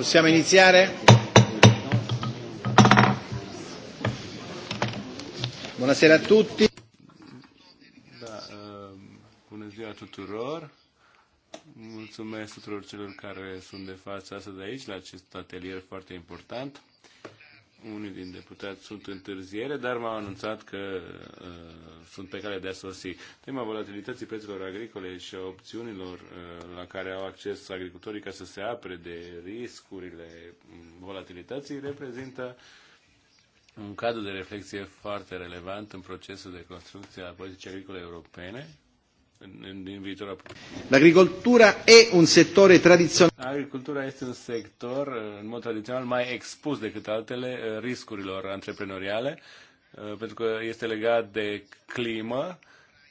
Possiamo iniziare? Buonasera a tutti. Da, uh, bună ziua tuturor. Mulțumesc tuturor celor care sunt de față astăzi aici la acest atelier foarte important unii din deputați sunt întârziere, dar m-au anunțat că uh, sunt pe cale de a sosi. Tema volatilității prețurilor agricole și a opțiunilor uh, la care au acces agricultorii ca să se apre de riscurile volatilității reprezintă un cadru de reflexie foarte relevant în procesul de construcție a politicii agricole europene L'agricoltura e un settore tradițional. Agricultura este un sector, uh, în mod tradițional, mai expus decât altele uh, riscurilor antreprenoriale, uh, pentru că este legat de climă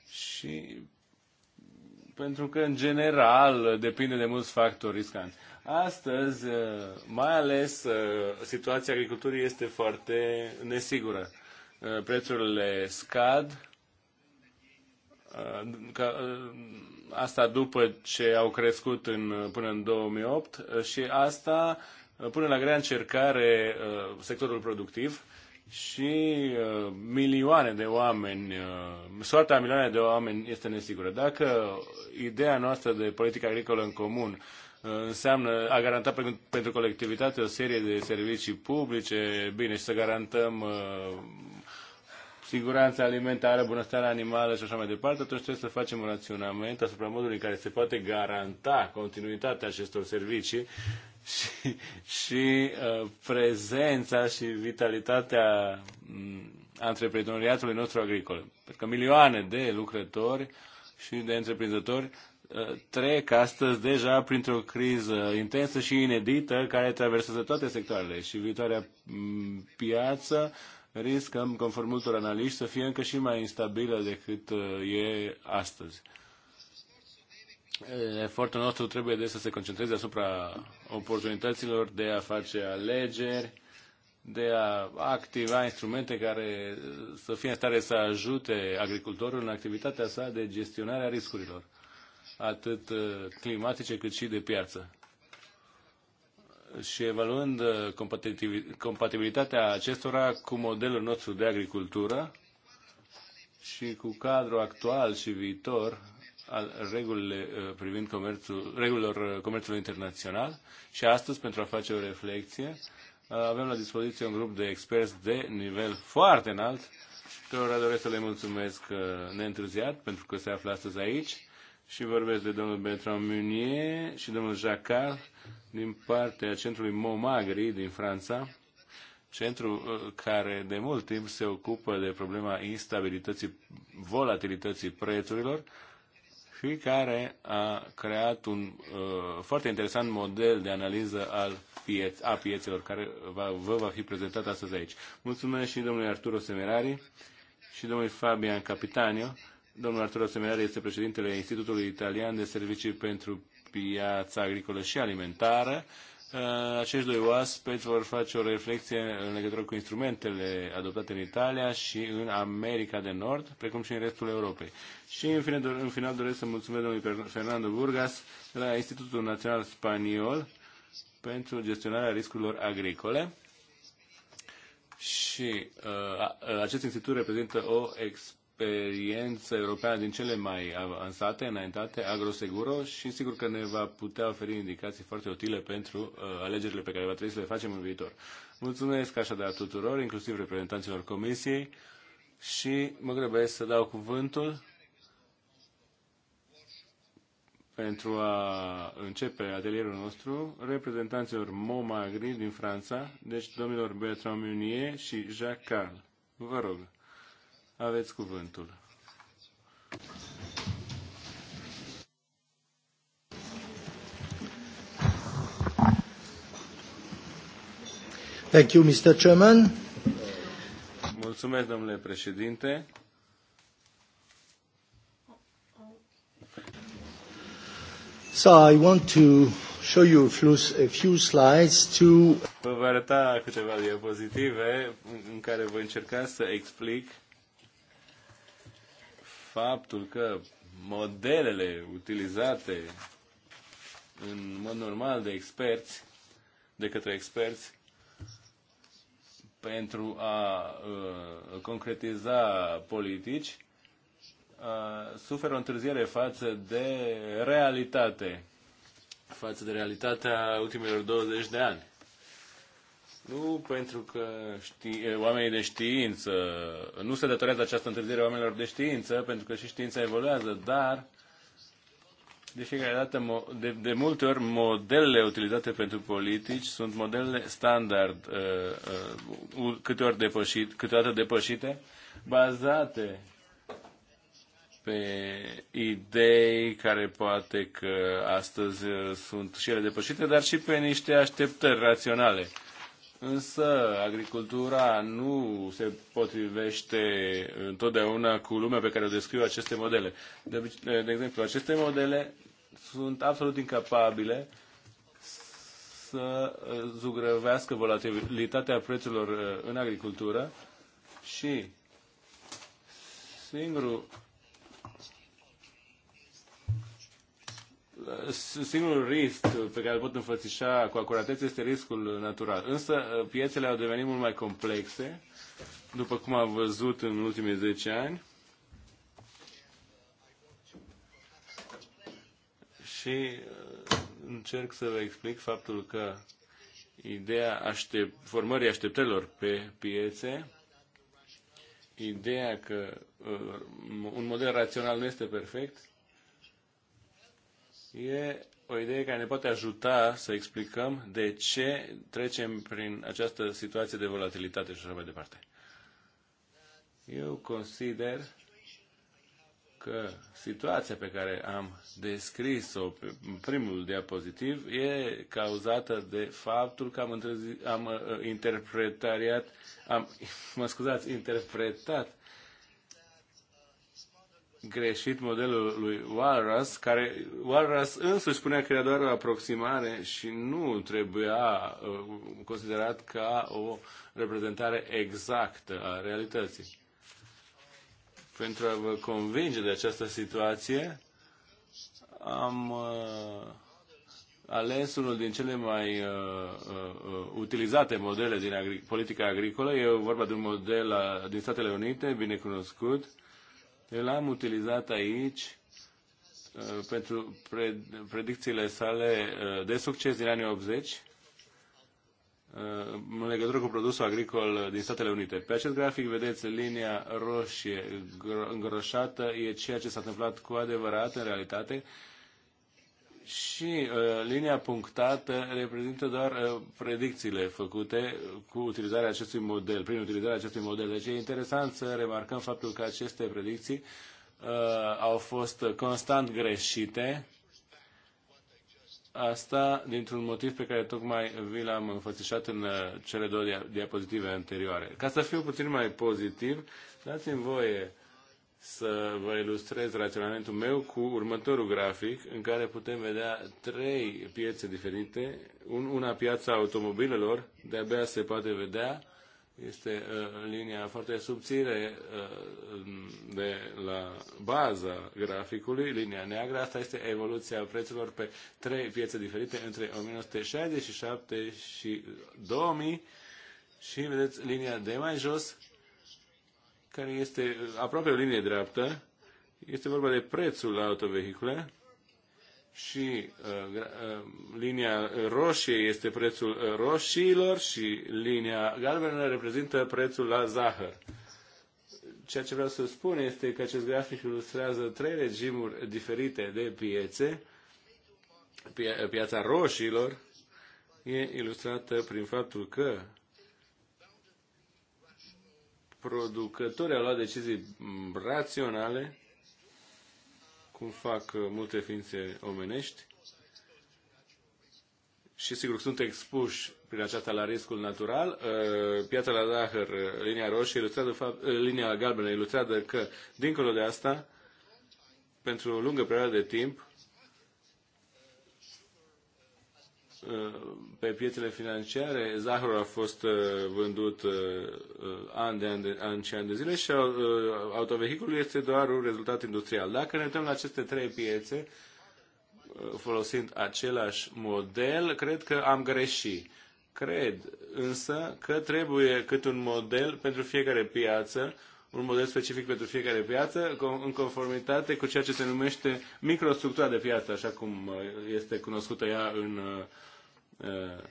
și pentru că, în general, depinde de mulți factori riscanți. Astăzi, mai ales, situația agriculturii este foarte nesigură. Prețurile scad, Uh, că uh, asta după ce au crescut în, uh, până în 2008 și asta pune la grea încercare sectorul productiv și milioane de oameni, soarta a milioane de oameni este nesigură. Dacă ideea noastră de politică agricolă în comun înseamnă a garanta pentru, colectivitate o serie de servicii publice, bine, și să garantăm siguranța alimentară, bunăstarea animală și așa mai departe, atunci trebuie să facem un raționament asupra modului în care se poate garanta continuitatea acestor servicii și, și uh, prezența și vitalitatea mm, antreprenoriatului nostru agricol. Pentru că milioane de lucrători și de întreprinzători uh, trec astăzi deja printr-o criză intensă și inedită care traversează toate sectoarele și viitoarea mm, piață riscăm, conform multor analiști, să fie încă și mai instabilă decât uh, e astăzi. Efortul nostru trebuie de să se concentreze asupra oportunităților de a face alegeri, de a activa instrumente care să fie în stare să ajute agricultorul în activitatea sa de gestionare a riscurilor, atât uh, climatice cât și de piață și evaluând uh, compatibilitatea acestora cu modelul nostru de agricultură și cu cadrul actual și viitor al regulile uh, privind comerțul, regulilor uh, comerțului internațional și astăzi, pentru a face o reflexie, avem la dispoziție un grup de experți de nivel foarte înalt, cărora doresc să le mulțumesc neîntruziat pentru că se află astăzi aici și vorbesc de domnul Bertrand Munier și domnul Jacquard, din partea centrului Momagri din Franța, centru uh, care de mult timp se ocupă de problema instabilității, volatilității prețurilor și care a creat un uh, foarte interesant model de analiză al pieț- a piețelor care va, vă va fi prezentat astăzi aici. Mulțumesc și domnului Arturo Semerari și domnului Fabian Capitanio. Domnul Arturo Semerari este președintele Institutului Italian de Servicii pentru piața agricolă și alimentară, uh, acești doi oaspeți vor face o reflexie în legătură cu instrumentele adoptate în Italia și în America de Nord, precum și în restul Europei. Și în, fine, în final doresc să mulțumesc domnului Fernando Burgas de la Institutul Național Spaniol pentru gestionarea riscurilor agricole. Și uh, acest institut reprezintă o expertă experiență europeană din cele mai avansate, înaintate, agroseguro și sigur că ne va putea oferi indicații foarte utile pentru uh, alegerile pe care va trebui să le facem în viitor. Mulțumesc așadar tuturor, inclusiv reprezentanților Comisiei și mă grăbesc să dau cuvântul pentru a începe atelierul nostru reprezentanților MoMagri din Franța, deci domnilor Bertrand Munier și Jacques Carl. Vă rog. Aveți cuvântul. Thank you, Mr. Chairman. Mulțumesc, domnule președinte. So I want to show you a few slides to Vă voi arăta câteva diapozitive în care voi încerca să explic faptul că modelele utilizate în mod normal de experți, de către experți, pentru a uh, concretiza politici, uh, suferă o întârziere față de realitate, față de realitatea ultimelor 20 de ani. Nu pentru că ști, oamenii de știință, nu se datorează această întârziere oamenilor de știință, pentru că și știința evoluează, dar de fiecare dată, de, de multe ori, modelele utilizate pentru politici sunt modelele standard, uh, uh, câteori depășit, câteodată depășite, bazate pe idei care poate că astăzi sunt și ele depășite, dar și pe niște așteptări raționale Însă agricultura nu se potrivește întotdeauna cu lumea pe care o descriu aceste modele. De, de exemplu, aceste modele sunt absolut incapabile să uh, zugrăvească volatilitatea prețurilor uh, în agricultură și singurul singurul risc pe care îl pot înfățișa cu acuratețe este riscul natural. Însă uh, piețele au devenit mult mai complexe, după cum am văzut în ultimii 10 ani. Și uh, încerc să vă explic faptul că ideea aștept, formării așteptărilor pe piețe, ideea că uh, un model rațional nu este perfect, E o idee care ne poate ajuta să explicăm de ce trecem prin această situație de volatilitate și așa mai departe. Eu consider că situația pe care am descris-o pe primul diapozitiv e cauzată de faptul că am, întrezi, am uh, interpretariat, am, mă scuzați, interpretat greșit modelul lui Walras, care Walras însuși spunea că era doar o aproximare și nu trebuia uh, considerat ca o reprezentare exactă a realității. Pentru a vă convinge de această situație, am uh, ales unul din cele mai uh, uh, utilizate modele din agri- politica agricolă. E vorba de un model a, uh, din Statele Unite, bine cunoscut, eu l-am utilizat aici uh, pentru predicțiile sale uh, de succes din anii 80 uh, în legătură cu produsul agricol din Statele Unite. Pe acest grafic vedeți linia roșie îngroșată, e ceea ce s-a întâmplat cu adevărat în realitate și uh, linia punctată reprezintă doar uh, predicțiile făcute cu utilizarea acestui model, prin utilizarea acestui model. Deci e interesant să remarcăm faptul că aceste predicții uh, au fost constant greșite. Asta dintr-un motiv pe care tocmai vi l-am înfățișat în uh, cele două dia- diapozitive anterioare. Ca să fiu puțin mai pozitiv, dați-mi voie să vă ilustrez raționamentul meu cu următorul grafic în care putem vedea trei piețe diferite. Una piața automobilelor, de-abia se poate vedea, este uh, linia foarte subțire uh, de la baza graficului, linia neagră. Asta este evoluția prețurilor pe trei piețe diferite între 1967 și 2000. Și vedeți linia de mai jos, care este uh, aproape o linie dreaptă. Este vorba de prețul la autovehicule și uh, uh, linia roșie este prețul uh, roșiilor și linia galbenă reprezintă prețul la zahăr. Ceea ce vreau să spun este că acest grafic ilustrează trei regimuri diferite de piețe. Pia- piața roșiilor e ilustrată prin faptul că producători au luat decizii raționale, cum fac uh, multe ființe omenești, și sigur sunt expuși prin aceasta la riscul natural. Uh, piața la zahăr, uh, linia roșie, ilustrează fapt, linia galbenă ilustrează că, dincolo de asta, pentru o lungă perioadă de timp, pe piețele financiare, zahărul a fost uh, vândut uh, uh, an de an, de, an și an de zile și autovehiculul este doar un rezultat industrial. Dacă ne uităm la aceste trei piețe, folosind același model, cred că am greșit. Cred însă că trebuie cât un model pentru fiecare piață un model specific pentru fiecare piață, în conformitate cu ceea ce se numește microstructura de piață, așa cum uh, este cunoscută ea în uh, uh,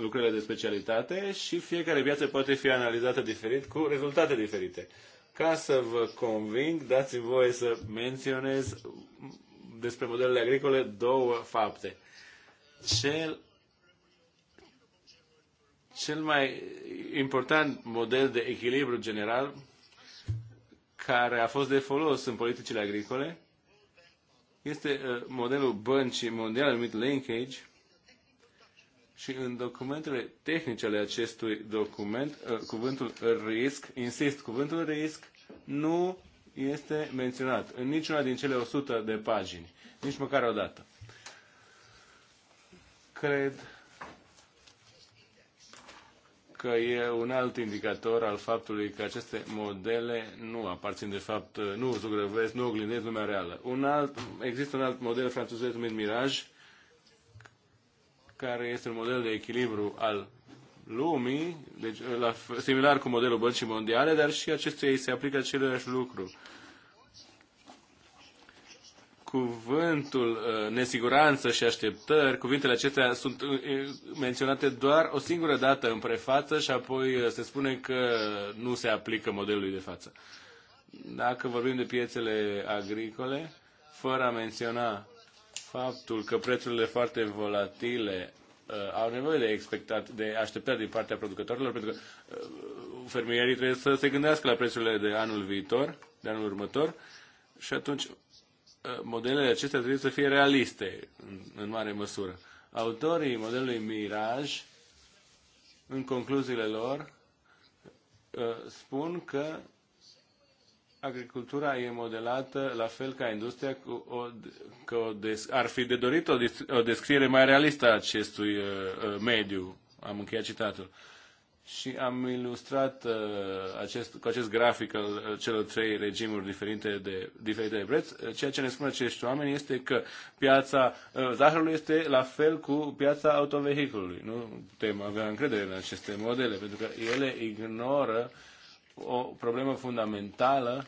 lucrurile de specialitate și fiecare piață poate fi analizată diferit cu rezultate diferite. Ca să vă conving, dați-mi voie să menționez despre modelele agricole două fapte. Cel cel mai important model de echilibru general care a fost de folos în politicile agricole este uh, modelul băncii mondiale numit linkage și în documentele tehnice ale acestui document, uh, cuvântul risc, insist, cuvântul risc nu este menționat în niciuna din cele 100 de pagini, nici măcar o dată. Cred că e un alt indicator al faptului că aceste modele nu aparțin de fapt, nu zugrăvesc, nu oglindesc lumea reală. Un alt, există un alt model francez numit Mirage, care este un model de echilibru al lumii, deci la, similar cu modelul Băncii Mondiale, dar și acestuia îi se aplică același lucru cuvântul uh, nesiguranță și așteptări, cuvintele acestea sunt uh, uh, menționate doar o singură dată în prefață și apoi se spune că nu se aplică modelului de față. Dacă vorbim de piețele agricole, fără a menționa faptul că prețurile foarte volatile uh, au nevoie de, expectat, de așteptat din partea producătorilor, pentru că uh, fermierii trebuie să se gândească la prețurile de anul viitor, de anul următor, și atunci modelele acestea trebuie să fie realiste în, în mare măsură. Autorii modelului Mirage, în concluziile lor, uh, spun că agricultura e modelată la fel ca industria, cu o, că o des, ar fi de dorit o, o descriere mai realistă a acestui uh, uh mediu. Am încheiat citatul. Uh, și am ilustrat uh, acest, cu acest grafic al uh, celor trei regimuri diferite de, diferite de preț. Uh, ceea ce ne spun acești oameni este că piața uh, zahărului este la fel cu piața autovehiculului. Nu putem avea încredere în aceste modele, pentru că ele ignoră o problemă fundamentală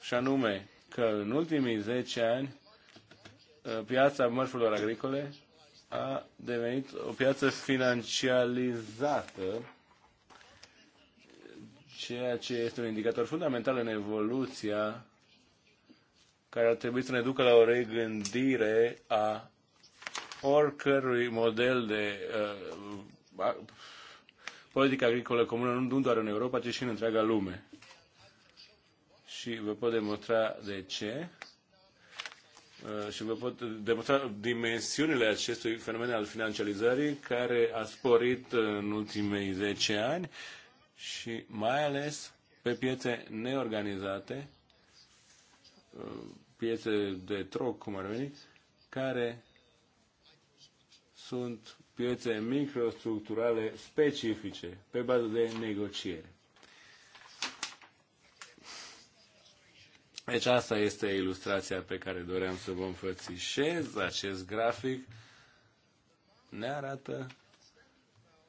și anume că în ultimii 10 ani uh, piața mărfurilor agricole a devenit o piață financiarizată ceea ce este un indicator fundamental în evoluția care ar trebui să ne ducă la o regândire a oricărui model de uh, politică agricolă comună, nu doar în Europa, ci și în întreaga lume. Și vă pot demonstra de ce uh, și vă pot demonstra dimensiunile acestui fenomen al financiarizării care a sporit în ultimii 10 ani și mai ales pe piețe neorganizate, uh, piețe de troc, cum ar veni, care sunt piețe microstructurale specifice, pe bază de negociere. Deci asta este ilustrația pe care doream să vă înfățișez. Acest grafic ne arată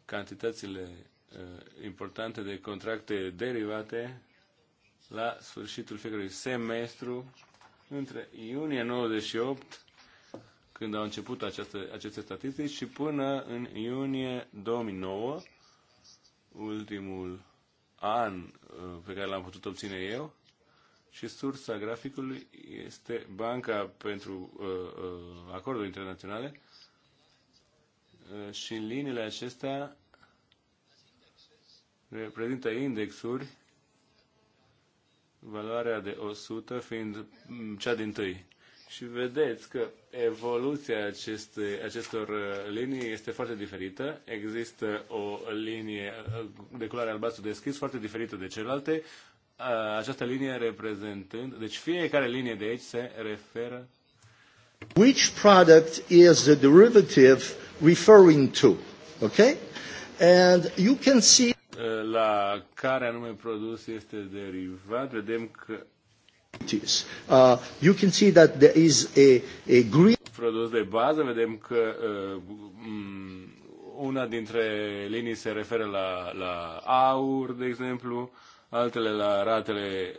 cantitățile Uh, importante de contracte derivate la sfârșitul fiecărui semestru între iunie 98 când au început această, aceste statistici și până în iunie 2009 ultimul an uh, pe care l-am putut obține eu și sursa graficului este Banca pentru uh, uh, Acorduri Internaționale uh, și liniile acestea reprezintă indexuri, valoarea de 100 fiind cea din tâi. Și vedeți că evoluția aceste, acestor uh, linii este foarte diferită. Există o linie uh, de culoare albastru deschis foarte diferită de celelalte. Uh, această linie reprezentând, deci fiecare linie de aici se referă Which product is the derivative referring to? Okay? And you can see la care anume produs este derivat. Vedem că Uh, you can see that there is a, a green produs de bază, vedem că uh, mm, una dintre linii se referă la, la aur, de exemplu, altele la ratele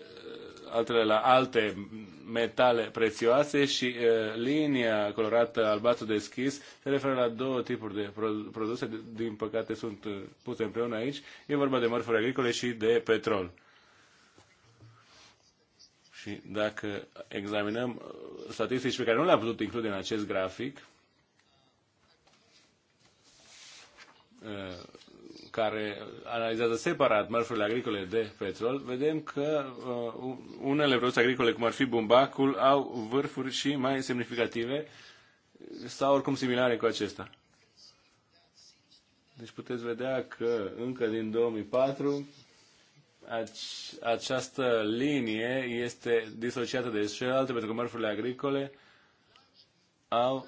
altele la alte metale prețioase și uh, linia colorată albastru deschis se referă la două tipuri de produse, din păcate sunt uh, puse împreună aici. E vorba de mărfuri agricole și de petrol. Și dacă examinăm uh, statistici pe care nu le-am putut include în acest grafic, care analizează separat mărfurile agricole de petrol, vedem că uh, unele produse agricole, cum ar fi bumbacul, au vârfuri și mai semnificative sau oricum similare cu acesta. Deci puteți vedea că încă din 2004 această linie este disociată de celelalte pentru că mărfurile agricole au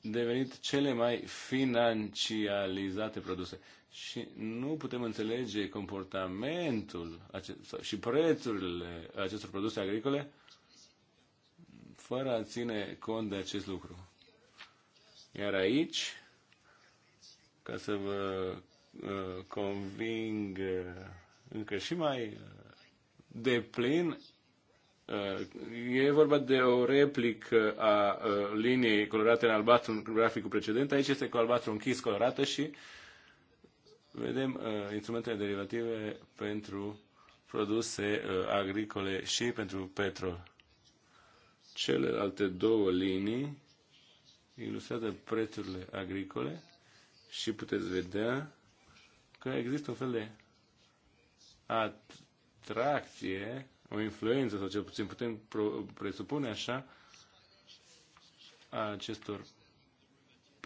devenit cele mai financializate produse și nu putem înțelege comportamentul și prețurile acestor produse agricole fără a ține cont de acest lucru. Iar aici, ca să vă uh, conving uh, încă și mai uh, de plin, e vorba de o replică a liniei colorate în albastru în graficul precedent. Aici este cu albastru închis colorată și vedem uh, instrumentele derivative pentru produse uh, agricole și pentru petrol. Celelalte două linii ilustrează prețurile agricole și puteți vedea că există un fel de atracție, o influență, sau cel puțin putem presupune așa, a acestor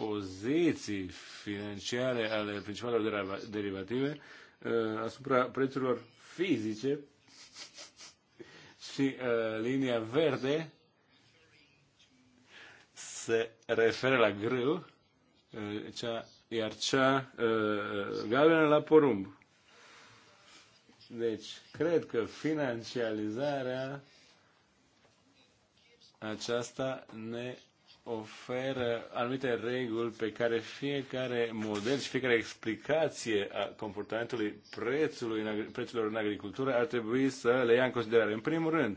poziții financiare ale principalelor derivative uh, asupra prețurilor fizice și uh, linia verde se referă la grâu, uh, cea, iar cea galbenă la porumb. Deci, cred că financializarea aceasta ne oferă anumite reguli pe care fiecare model și fiecare explicație a comportamentului prețului în, prețurilor în agricultură ar trebui să le ia în considerare. În primul rând,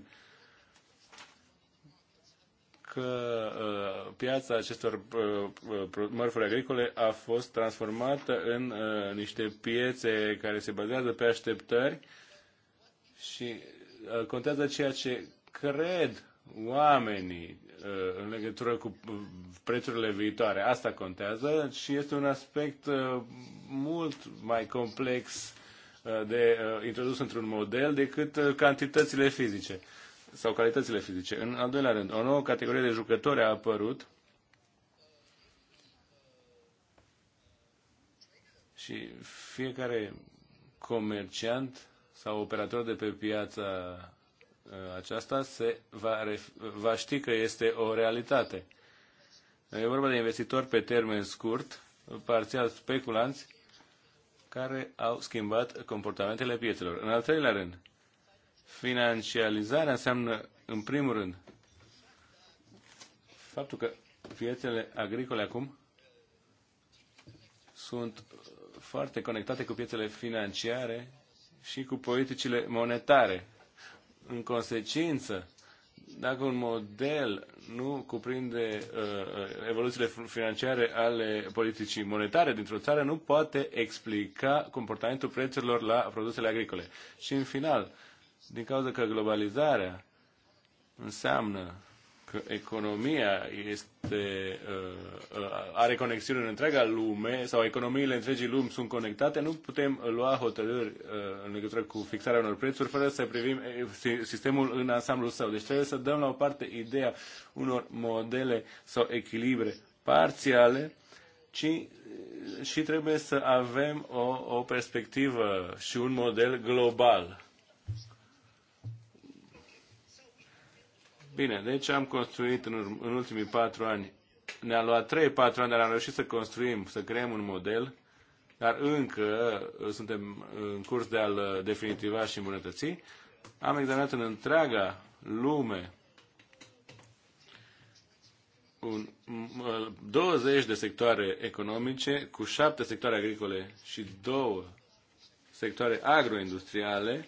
că uh, piața acestor uh, mărfuri agricole a fost transformată în uh, niște piețe care se bazează pe așteptări și uh, contează ceea ce cred oamenii Uh, în legătură cu uh, prețurile viitoare. Asta contează și este un aspect uh, mult mai complex de introdus într-un model decât cantitățile fizice sau calitățile fizice. În al doilea rând, o nouă categorie de jucători a apărut și fiecare comerciant sau operator de pe piața Uh, aceasta se va, va ști că este o realitate. E vorba de investitori pe termen scurt, parțial speculanți, care au schimbat comportamentele piețelor. În al treilea rând, financializarea înseamnă, în primul rând, faptul că piețele agricole acum sunt foarte conectate cu piețele financiare și cu politicile monetare în consecință, dacă un model nu cuprinde uh, uh evoluțiile financiare ale politicii monetare dintr-o țară, nu poate explica comportamentul prețurilor la produsele agricole. Și în final, din cauza că globalizarea înseamnă că economia este, uh, uh, are conexiuni în întreaga lume sau economiile întregii lumi sunt conectate, nu putem lua hotărâri uh, în legătură cu fixarea unor prețuri fără să privim eh, sistemul în ansamblu său. Deci trebuie să dăm la o parte ideea unor modele sau echilibre parțiale, ci eh, și trebuie să avem o, o perspectivă și un model global Bine, deci am construit în, în ultimii patru ani, ne-a luat 3-4 ani, dar am reușit să construim, să creăm un model, dar încă uh, suntem în curs de a-l uh, definitiva și îmbunătăți. Am examinat în întreaga lume un, 20 uh, de sectoare economice cu 7 sectoare agricole și 2 sectoare agroindustriale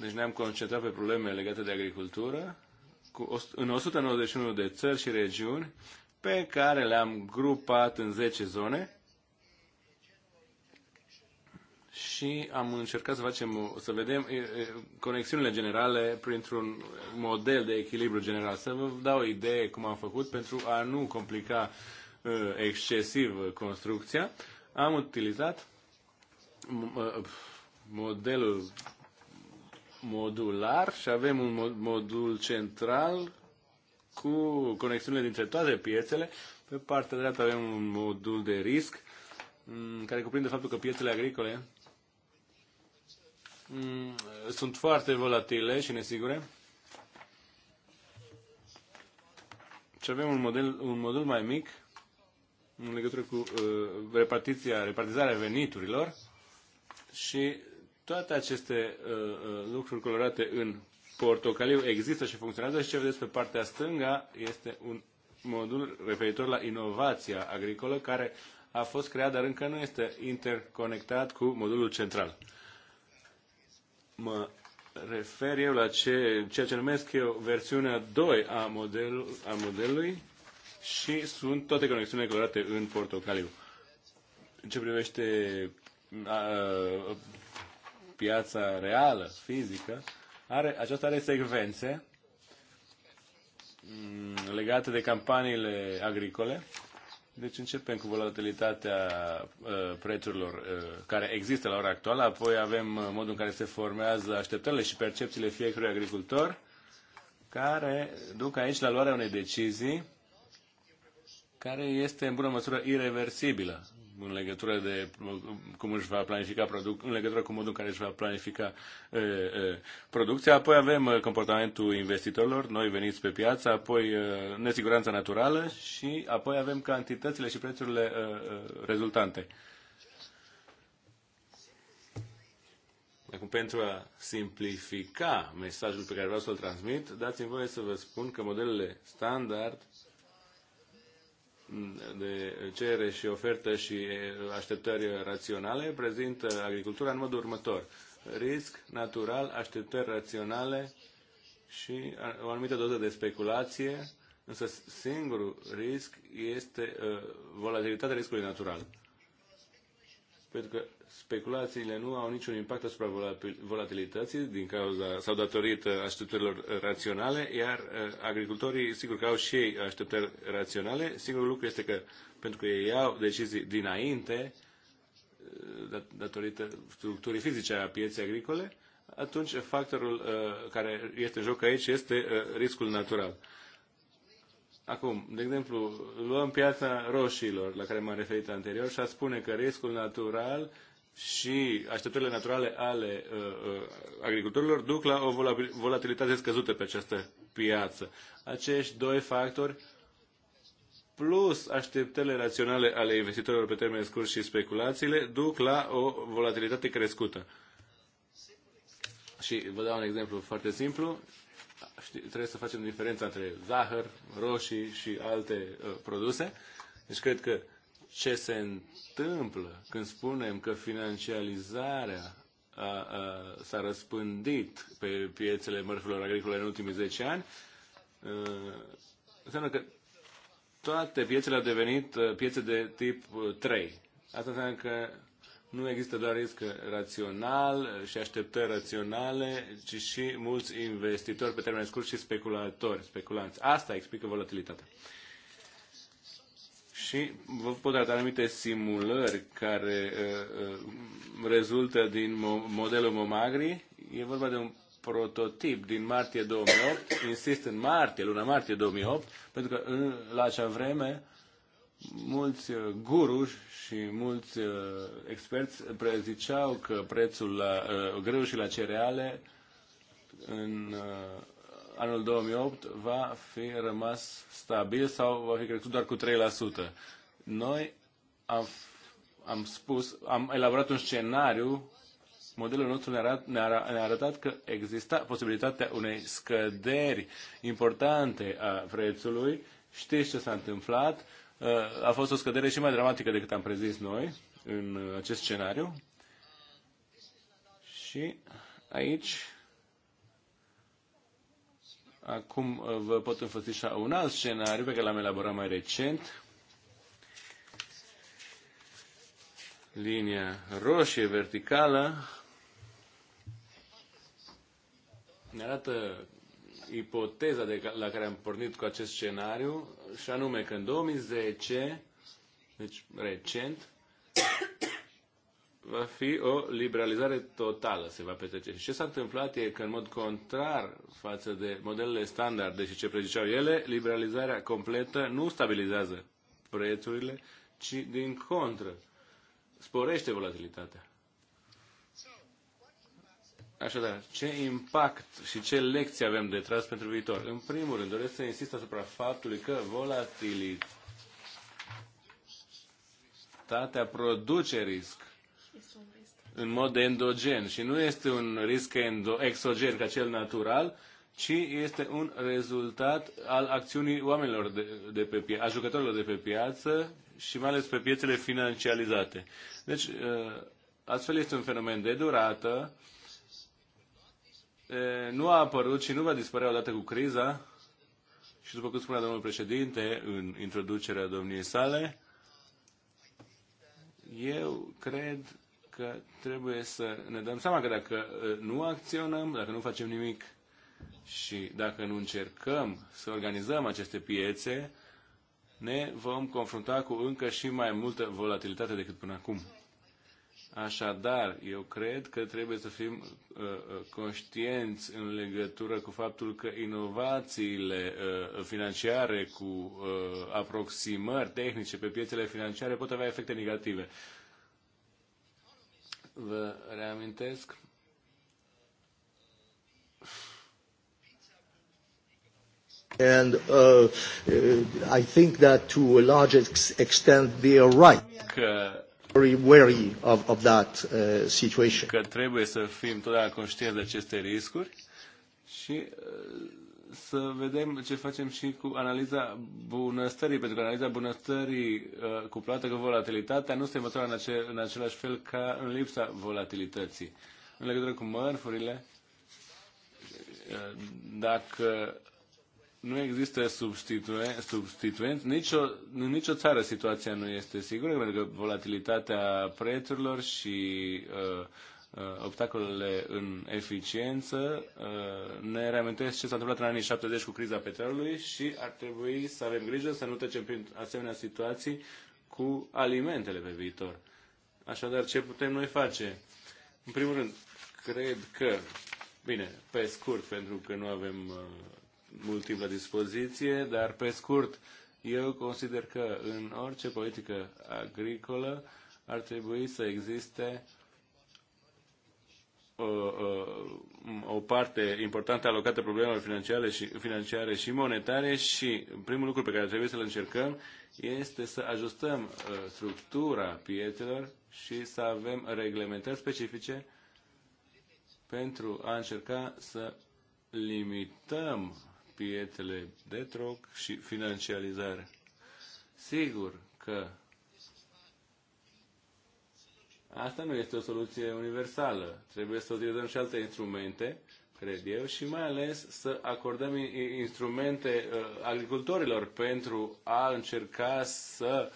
deci ne-am concentrat pe probleme legate de agricultură cu, în 191 de țări și regiuni pe care le-am grupat în 10 zone și am încercat să facem, să vedem conexiunile generale printr-un model de echilibru general. Să vă dau o idee cum am făcut pentru a nu complica excesiv construcția. Am utilizat modelul modular și avem un modul central cu conexiunile dintre toate piețele. Pe partea dreaptă avem un modul de risc mm, care cuprinde faptul că piețele agricole mm, sunt foarte volatile și nesigure. Și avem un model, un model mai mic în legătură cu uh, repartiția, repartizarea veniturilor și toate aceste uh, uh, lucruri colorate în portocaliu există și funcționează și ce vedeți pe partea stânga este un modul referitor la inovația agricolă care a fost creat, dar încă nu este interconectat cu modulul central. Mă refer eu la ce, ceea ce numesc eu versiunea 2 a, model, a modelului și sunt toate conexiunile colorate în portocaliu. În ce privește a, piața reală, fizică, are, aceasta are secvențe mm, legate de campaniile agricole. Deci începem cu volatilitatea uh, prețurilor uh, care există la ora actuală, apoi avem uh, modul în care se formează așteptările și percepțiile fiecărui agricultor, care duc aici la luarea unei decizii care este în bună măsură irreversibilă în legătură de cum își va planifica produc, în legătură cu modul în care își va planifica e, e, producția. Apoi avem comportamentul investitorilor, noi veniți pe piață, apoi e, nesiguranța naturală și apoi avem cantitățile și prețurile e, rezultante. Acum, pentru a simplifica mesajul pe care vreau să-l transmit, dați-mi voie să vă spun că modelele standard de cerere și ofertă și așteptări raționale prezintă agricultura în modul următor. Risc natural, așteptări raționale și o anumită doză de speculație, însă singurul risc este uh, volatilitatea riscului natural. Pentru că speculațiile nu au niciun impact asupra volatilității din cauza sau datorită așteptărilor raționale, iar uh, agricultorii sigur că au și ei așteptări raționale. Singurul lucru este că pentru că ei iau decizii dinainte, uh, datorită structurii fizice a pieței agricole, atunci factorul uh, care este în joc aici este riscul natural. Acum, de exemplu, luăm piața roșiilor, la care m-am referit anterior, și a spune că riscul natural și așteptările naturale ale uh, uh, agricultorilor duc la o volatilitate scăzută pe această piață. Acești doi factori plus așteptările raționale ale investitorilor pe termen scurt și speculațiile duc la o volatilitate crescută. Și vă dau un exemplu foarte simplu. Știi, trebuie să facem diferența între zahăr, roșii și alte uh, produse. Deci cred că ce se întâmplă când spunem că financiarizarea s-a răspândit pe piețele mărfurilor agricole în ultimii 10 ani, înseamnă că toate piețele au devenit piețe de tip 3. Asta înseamnă că nu există doar risc rațional și așteptări raționale, ci și mulți investitori pe termen scurt și speculatori, speculanți. Asta explică volatilitatea. Și vă pot da anumite simulări care uh, uh rezultă din modelul Momagri. E vorba de un prototip din martie 2008, insist în martie, luna martie 2008, pentru că în, la acea vreme mulți uh, guruși și mulți uh, experți preziceau că prețul la uh, greu și la cereale în uh, anul 2008 va fi rămas stabil sau va fi crescut doar cu 3%. Noi am, am spus, am elaborat un scenariu, modelul nostru ne-a arat, ne arat, ne arătat că exista posibilitatea unei scăderi importante a prețului. Știți ce s-a întâmplat? Uh, a fost o scădere și mai dramatică decât am prezis noi în acest scenariu. Și aici Acum uh, vă pot înfățișa un alt scenariu pe care l-am elaborat mai recent. Linia roșie verticală ne arată ipoteza de la care am pornit cu acest scenariu, și anume că în 2010, deci recent, va fi o liberalizare totală, se va petrece. Și ce s-a întâmplat e că, în mod contrar față de modelele standarde și ce preziceau ele, liberalizarea completă nu stabilizează prețurile, ci, din contră, sporește volatilitatea. Așadar, ce impact și ce lecții avem de tras pentru viitor? În primul rând, doresc să insist asupra faptului că volatilitatea produce risc în mod endogen și nu este un risc endo- exogen ca cel natural, ci este un rezultat al acțiunii oamenilor de, de pe pia- a jucătorilor de pe piață și mai ales pe piețele financializate. Deci, ă, astfel este un fenomen de durată, nu a apărut și nu va dispărea odată cu criza și după cum spunea domnul președinte în introducerea domniei sale, eu cred că trebuie să ne dăm seama că dacă uh, nu acționăm, dacă nu facem nimic și dacă nu încercăm să organizăm aceste piețe, ne vom confrunta cu încă și mai multă volatilitate decât până acum. Așadar, eu cred că trebuie să fim uh, uh, conștienți în legătură cu faptul că inovațiile uh, financiare cu uh, aproximări tehnice pe piețele financiare pot avea efecte negative. Vă reamintesc? And uh, I think that to a large extent they are right. Că Uh, că trebuie să fim totdeauna conștienți de aceste riscuri și uh, să vedem ce facem și cu analiza bunăstării, pentru că analiza bunăstării uh, cuplată cu volatilitatea nu se măsoară în, ace- în același fel ca în lipsa volatilității. În legătură cu mărfurile, dacă nu există substituent. nicio, în nicio țară situația nu este sigură, pentru că volatilitatea prețurilor și uh, uh, obstacolele în eficiență uh, ne reamintesc ce s-a întâmplat în anii 70 cu criza petrolului și ar trebui să avem grijă să nu trecem prin asemenea situații cu alimentele pe viitor. Așadar, ce putem noi face? În primul rând, cred că Bine, pe scurt, pentru că nu avem uh, mult dispoziție, dar pe scurt, eu consider că în orice politică agricolă ar trebui să existe o, uh, o, uh, o parte importantă alocată problemelor financiare și, financiare și monetare și primul lucru pe care trebuie să-l încercăm este să ajustăm uh, structura piețelor și să avem reglementări specifice pentru a încerca să limităm pietele de troc și financiarizare. Sigur că asta nu este o soluție universală. Trebuie să utilizăm și alte instrumente, cred eu, și mai ales să acordăm instrumente uh, agricultorilor pentru a încerca să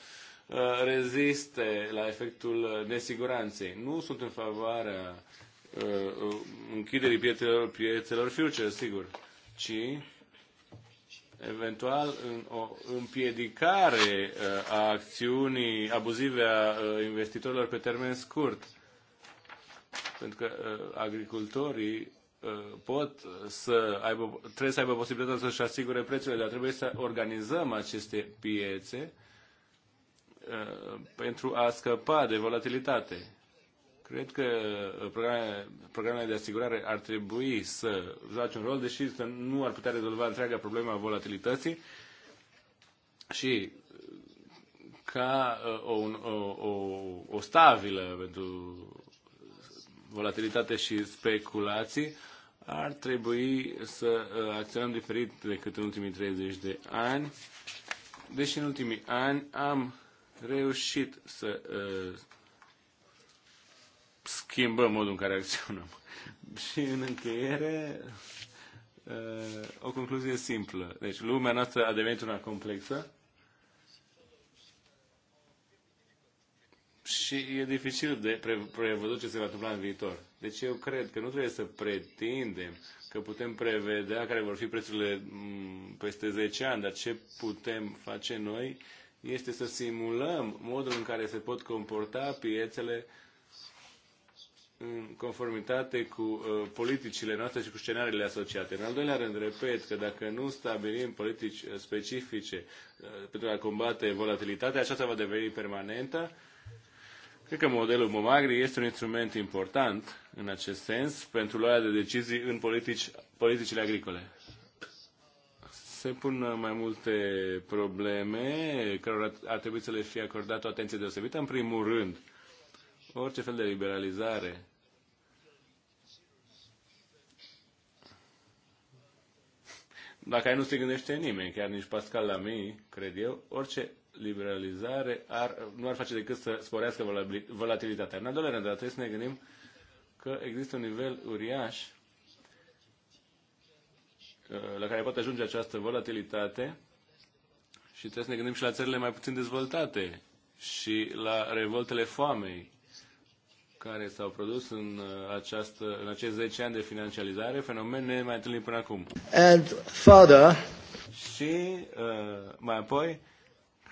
uh, reziste la efectul uh, nesiguranței. Nu sunt în favoarea închiderii pietelor, pietelor future, sigur, ci eventual în o împiedicare uh, a acțiunii abuzive a uh, investitorilor pe termen scurt. Pentru că uh, agricultorii pot să aibă, trebuie să aibă posibilitatea să-și asigure prețurile, dar trebuie să organizăm aceste piețe pentru a scăpa de volatilitate. Cred că uh, programele, programele de asigurare ar trebui să joace un rol, deși să nu ar putea rezolva întreaga problema volatilității și uh, ca uh, o, o, o, o stabilă pentru volatilitate și speculații, ar trebui să acționăm diferit decât în ultimii 30 de ani, deși în ultimii ani am reușit să schimbă modul în care acționăm. Și în încheiere, uh, o concluzie simplă. Deci lumea noastră a devenit una complexă și e dificil de pre- prevăzut ce se va întâmpla în viitor. Deci eu cred că nu trebuie să pretindem că putem prevedea care vor fi prețurile mm, peste 10 ani, dar ce putem face noi este să simulăm modul în care se pot comporta piețele în conformitate cu uh, politicile noastre și cu scenariile asociate. În al doilea rând, repet că dacă nu stabilim politici uh, specifice uh, pentru a combate volatilitatea, aceasta va deveni permanentă. Cred că modelul Momagri este un instrument important în acest sens pentru luarea de decizii în politici, politicile agricole. Se pun uh, mai multe probleme care ar trebui să le fie acordată o atenție deosebită. În primul rând, uh, orice fel de liberalizare dacă ai nu se gândește nimeni, chiar nici Pascal Lamy, cred eu, orice liberalizare ar, nu ar face decât să sporească volatilitatea. În al doilea rând, trebuie să ne gândim că există un nivel uriaș uh, la care poate ajunge această volatilitate și trebuie să ne gândim și la țările mai puțin dezvoltate și la revoltele foamei care s-au produs în, uh, această, în acest 10 ani de financializare, fenomen ne mai întâlnit până acum. And further... Și uh, mai apoi,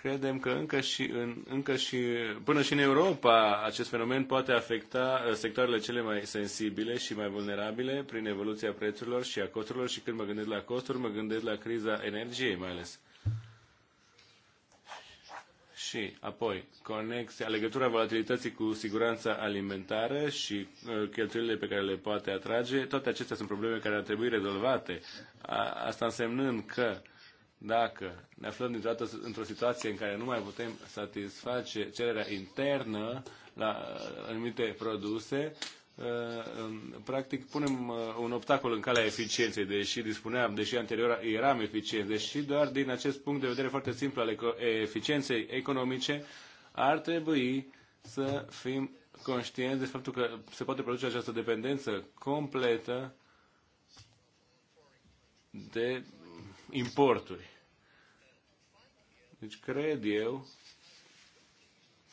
credem că încă și, în, încă și, până și în Europa acest fenomen poate afecta uh, sectoarele cele mai sensibile și mai vulnerabile prin evoluția prețurilor și a costurilor și când mă gândesc la costuri, mă gândesc la criza energiei mai ales și apoi, conexia, legătura volatilității cu siguranța alimentară și uh, cheltuielile pe care le poate atrage, toate acestea sunt probleme care ar trebui rezolvate. A, asta însemnând că dacă ne aflăm dintr-o într-o situație în care nu mai putem satisface cererea internă la uh, anumite produse, Uh, um, practic punem uh, un obstacol în calea eficienței, deși dispuneam, deși anterior eram eficienți, deși doar din acest punct de vedere foarte simplu al eficienței economice ar trebui să fim conștienți de faptul că se poate produce această dependență completă de importuri. Deci cred eu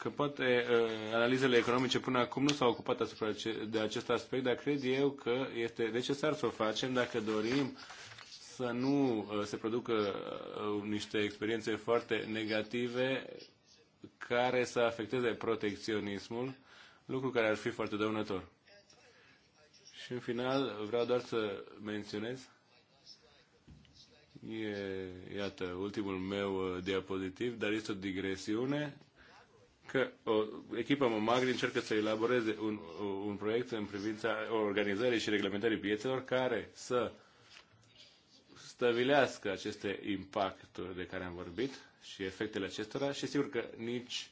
că poate uh, analizele economice până acum nu s-au ocupat asupra de acest aspect, dar cred eu că este necesar să o facem dacă dorim să nu uh, se producă uh, niște experiențe foarte negative care să afecteze protecționismul, lucru care ar fi foarte dăunător. Și în final vreau doar să menționez E, iată, ultimul meu diapozitiv, dar este o digresiune că o echipă Magri încearcă să elaboreze un, un proiect în privința organizării și reglementării piețelor care să stăvilească aceste impacturi de care am vorbit și efectele acestora și sigur că nici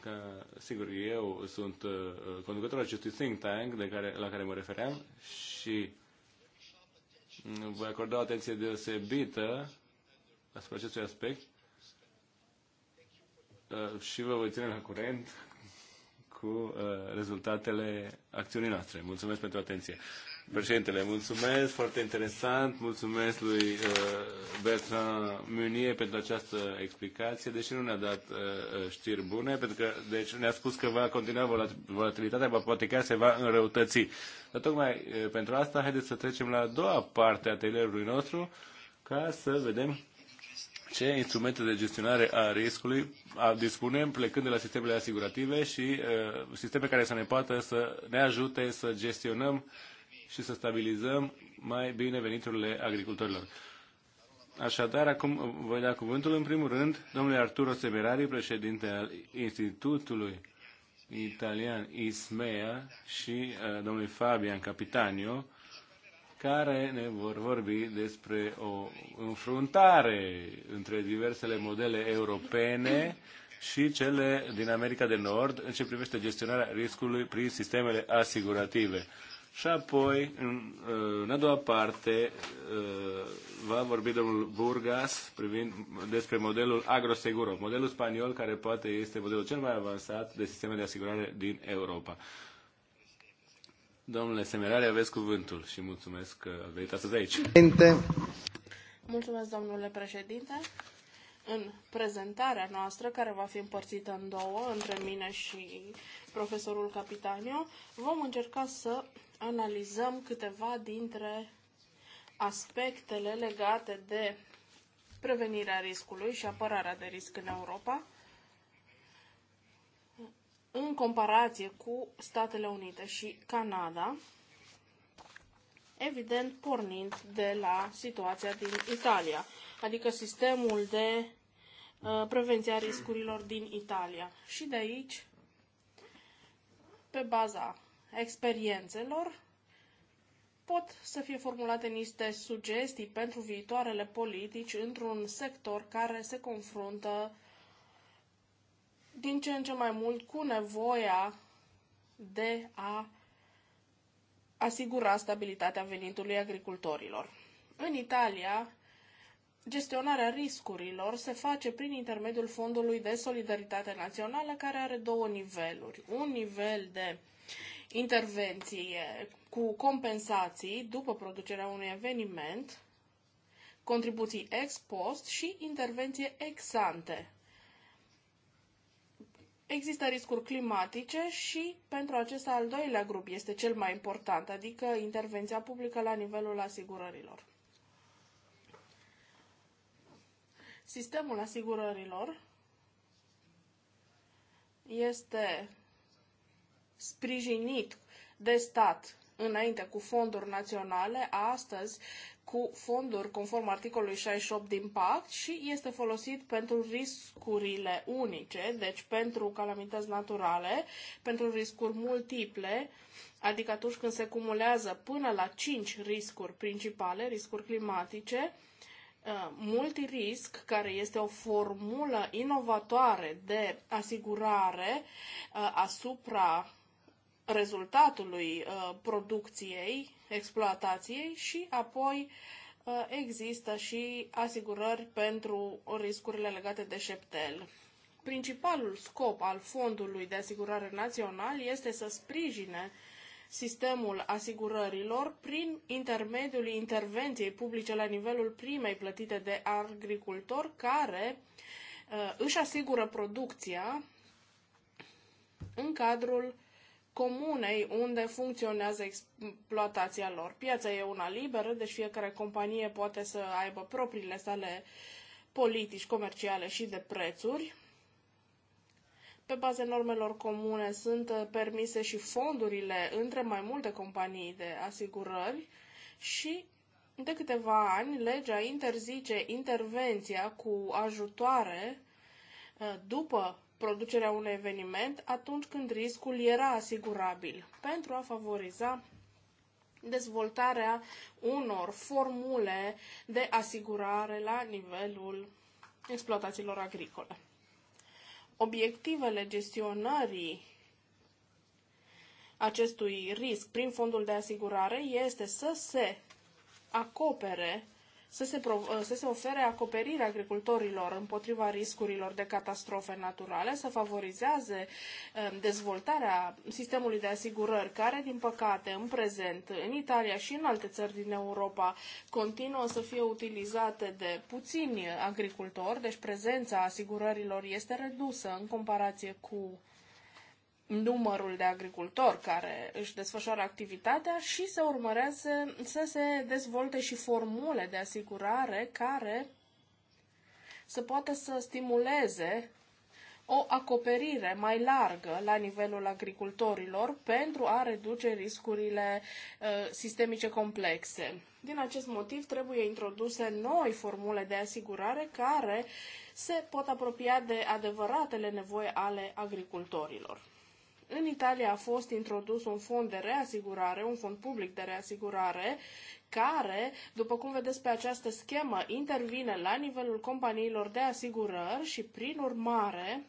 că, sigur, eu sunt uh, conducătorul acestui think tank de care, la care mă refeream și voi acorda o atenție deosebită asupra acestui aspect Uh, și vă voi ține la curent cu uh, rezultatele acțiunii noastre. Mulțumesc pentru atenție. Președintele, mulțumesc, foarte interesant, mulțumesc lui uh, Bertrand Munier pentru această explicație, deși nu ne-a dat știri bune, pentru că deci ne-a spus că va continua volatilitatea, va poate chiar se va înrăutăți. Dar tocmai pentru asta, haideți să trecem la a doua parte a atelierului nostru, ca să vedem ce instrumente de gestionare a riscului dispunem plecând de la sistemele asigurative și uh, sisteme care să ne poată să ne ajute să gestionăm și să stabilizăm mai bine veniturile agricultorilor. Așadar, acum voi da cuvântul în primul rând domnului Arturo Semerari, președinte al Institutului Italian ISMEA și uh, domnului Fabian Capitanio, care ne vor vorbi despre o înfruntare între diversele modele europene și cele din America de Nord în ce privește gestionarea riscului prin sistemele asigurative. Și apoi, în, în a doua parte, uh, va vorbi domnul Burgas privind despre modelul Agroseguro, modelul spaniol care poate este modelul cel mai avansat de sisteme de asigurare din Europa. Domnule Semerare, aveți cuvântul și mulțumesc că ați venit astăzi aici. Mulțumesc, domnule președinte. În prezentarea noastră, care va fi împărțită în două, între mine și profesorul Capitanio, vom încerca să analizăm câteva dintre aspectele legate de prevenirea riscului și apărarea de risc în Europa, în comparație cu Statele Unite și Canada, evident pornind de la situația din Italia, adică sistemul de uh, prevenție a riscurilor din Italia. Și de aici, pe baza experiențelor, pot să fie formulate niște sugestii pentru viitoarele politici într-un sector care se confruntă din ce în ce mai mult cu nevoia de a asigura stabilitatea venitului agricultorilor. În Italia, gestionarea riscurilor se face prin intermediul Fondului de Solidaritate Națională, care are două niveluri. Un nivel de intervenție cu compensații după producerea unui eveniment, contribuții ex post și intervenție ex ante Există riscuri climatice și pentru acesta al doilea grup este cel mai important, adică intervenția publică la nivelul asigurărilor. Sistemul asigurărilor este sprijinit de stat înainte cu fonduri naționale, astăzi cu fonduri conform articolului 68 din pact și este folosit pentru riscurile unice, deci pentru calamități naturale, pentru riscuri multiple, adică atunci când se cumulează până la 5 riscuri principale, riscuri climatice, uh, multirisc, care este o formulă inovatoare de asigurare uh, asupra rezultatului uh, producției exploatației și apoi uh, există și asigurări pentru riscurile legate de șeptel. Principalul scop al Fondului de Asigurare Național este să sprijine sistemul asigurărilor prin intermediul intervenției publice la nivelul primei plătite de agricultor care uh, își asigură producția în cadrul comunei unde funcționează exploatația lor. Piața e una liberă, deci fiecare companie poate să aibă propriile sale politici comerciale și de prețuri. Pe baza normelor comune sunt permise și fondurile între mai multe companii de asigurări și de câteva ani legea interzice intervenția cu ajutoare eh, după producerea unui eveniment atunci când riscul era asigurabil, pentru a favoriza dezvoltarea unor formule de asigurare la nivelul exploatațiilor agricole. Obiectivele gestionării acestui risc prin fondul de asigurare este să se acopere să se, uh, să se ofere acoperire agricultorilor împotriva riscurilor de catastrofe naturale, să favorizeze um, dezvoltarea sistemului de asigurări, care, din păcate, în prezent, în Italia și în alte țări din Europa, continuă să fie utilizate de puțini agricultori, deci prezența asigurărilor este redusă în comparație cu numărul de agricultori care își desfășoară activitatea și să urmărească să se dezvolte și formule de asigurare care să poată să stimuleze o acoperire mai largă la nivelul agricultorilor pentru a reduce riscurile uh, sistemice complexe. Din acest motiv trebuie introduse noi formule de asigurare care se pot apropia de adevăratele nevoi ale agricultorilor. În Italia a fost introdus un fond de reasigurare, un fond public de reasigurare, care, după cum vedeți pe această schemă, intervine la nivelul companiilor de asigurări și, prin urmare,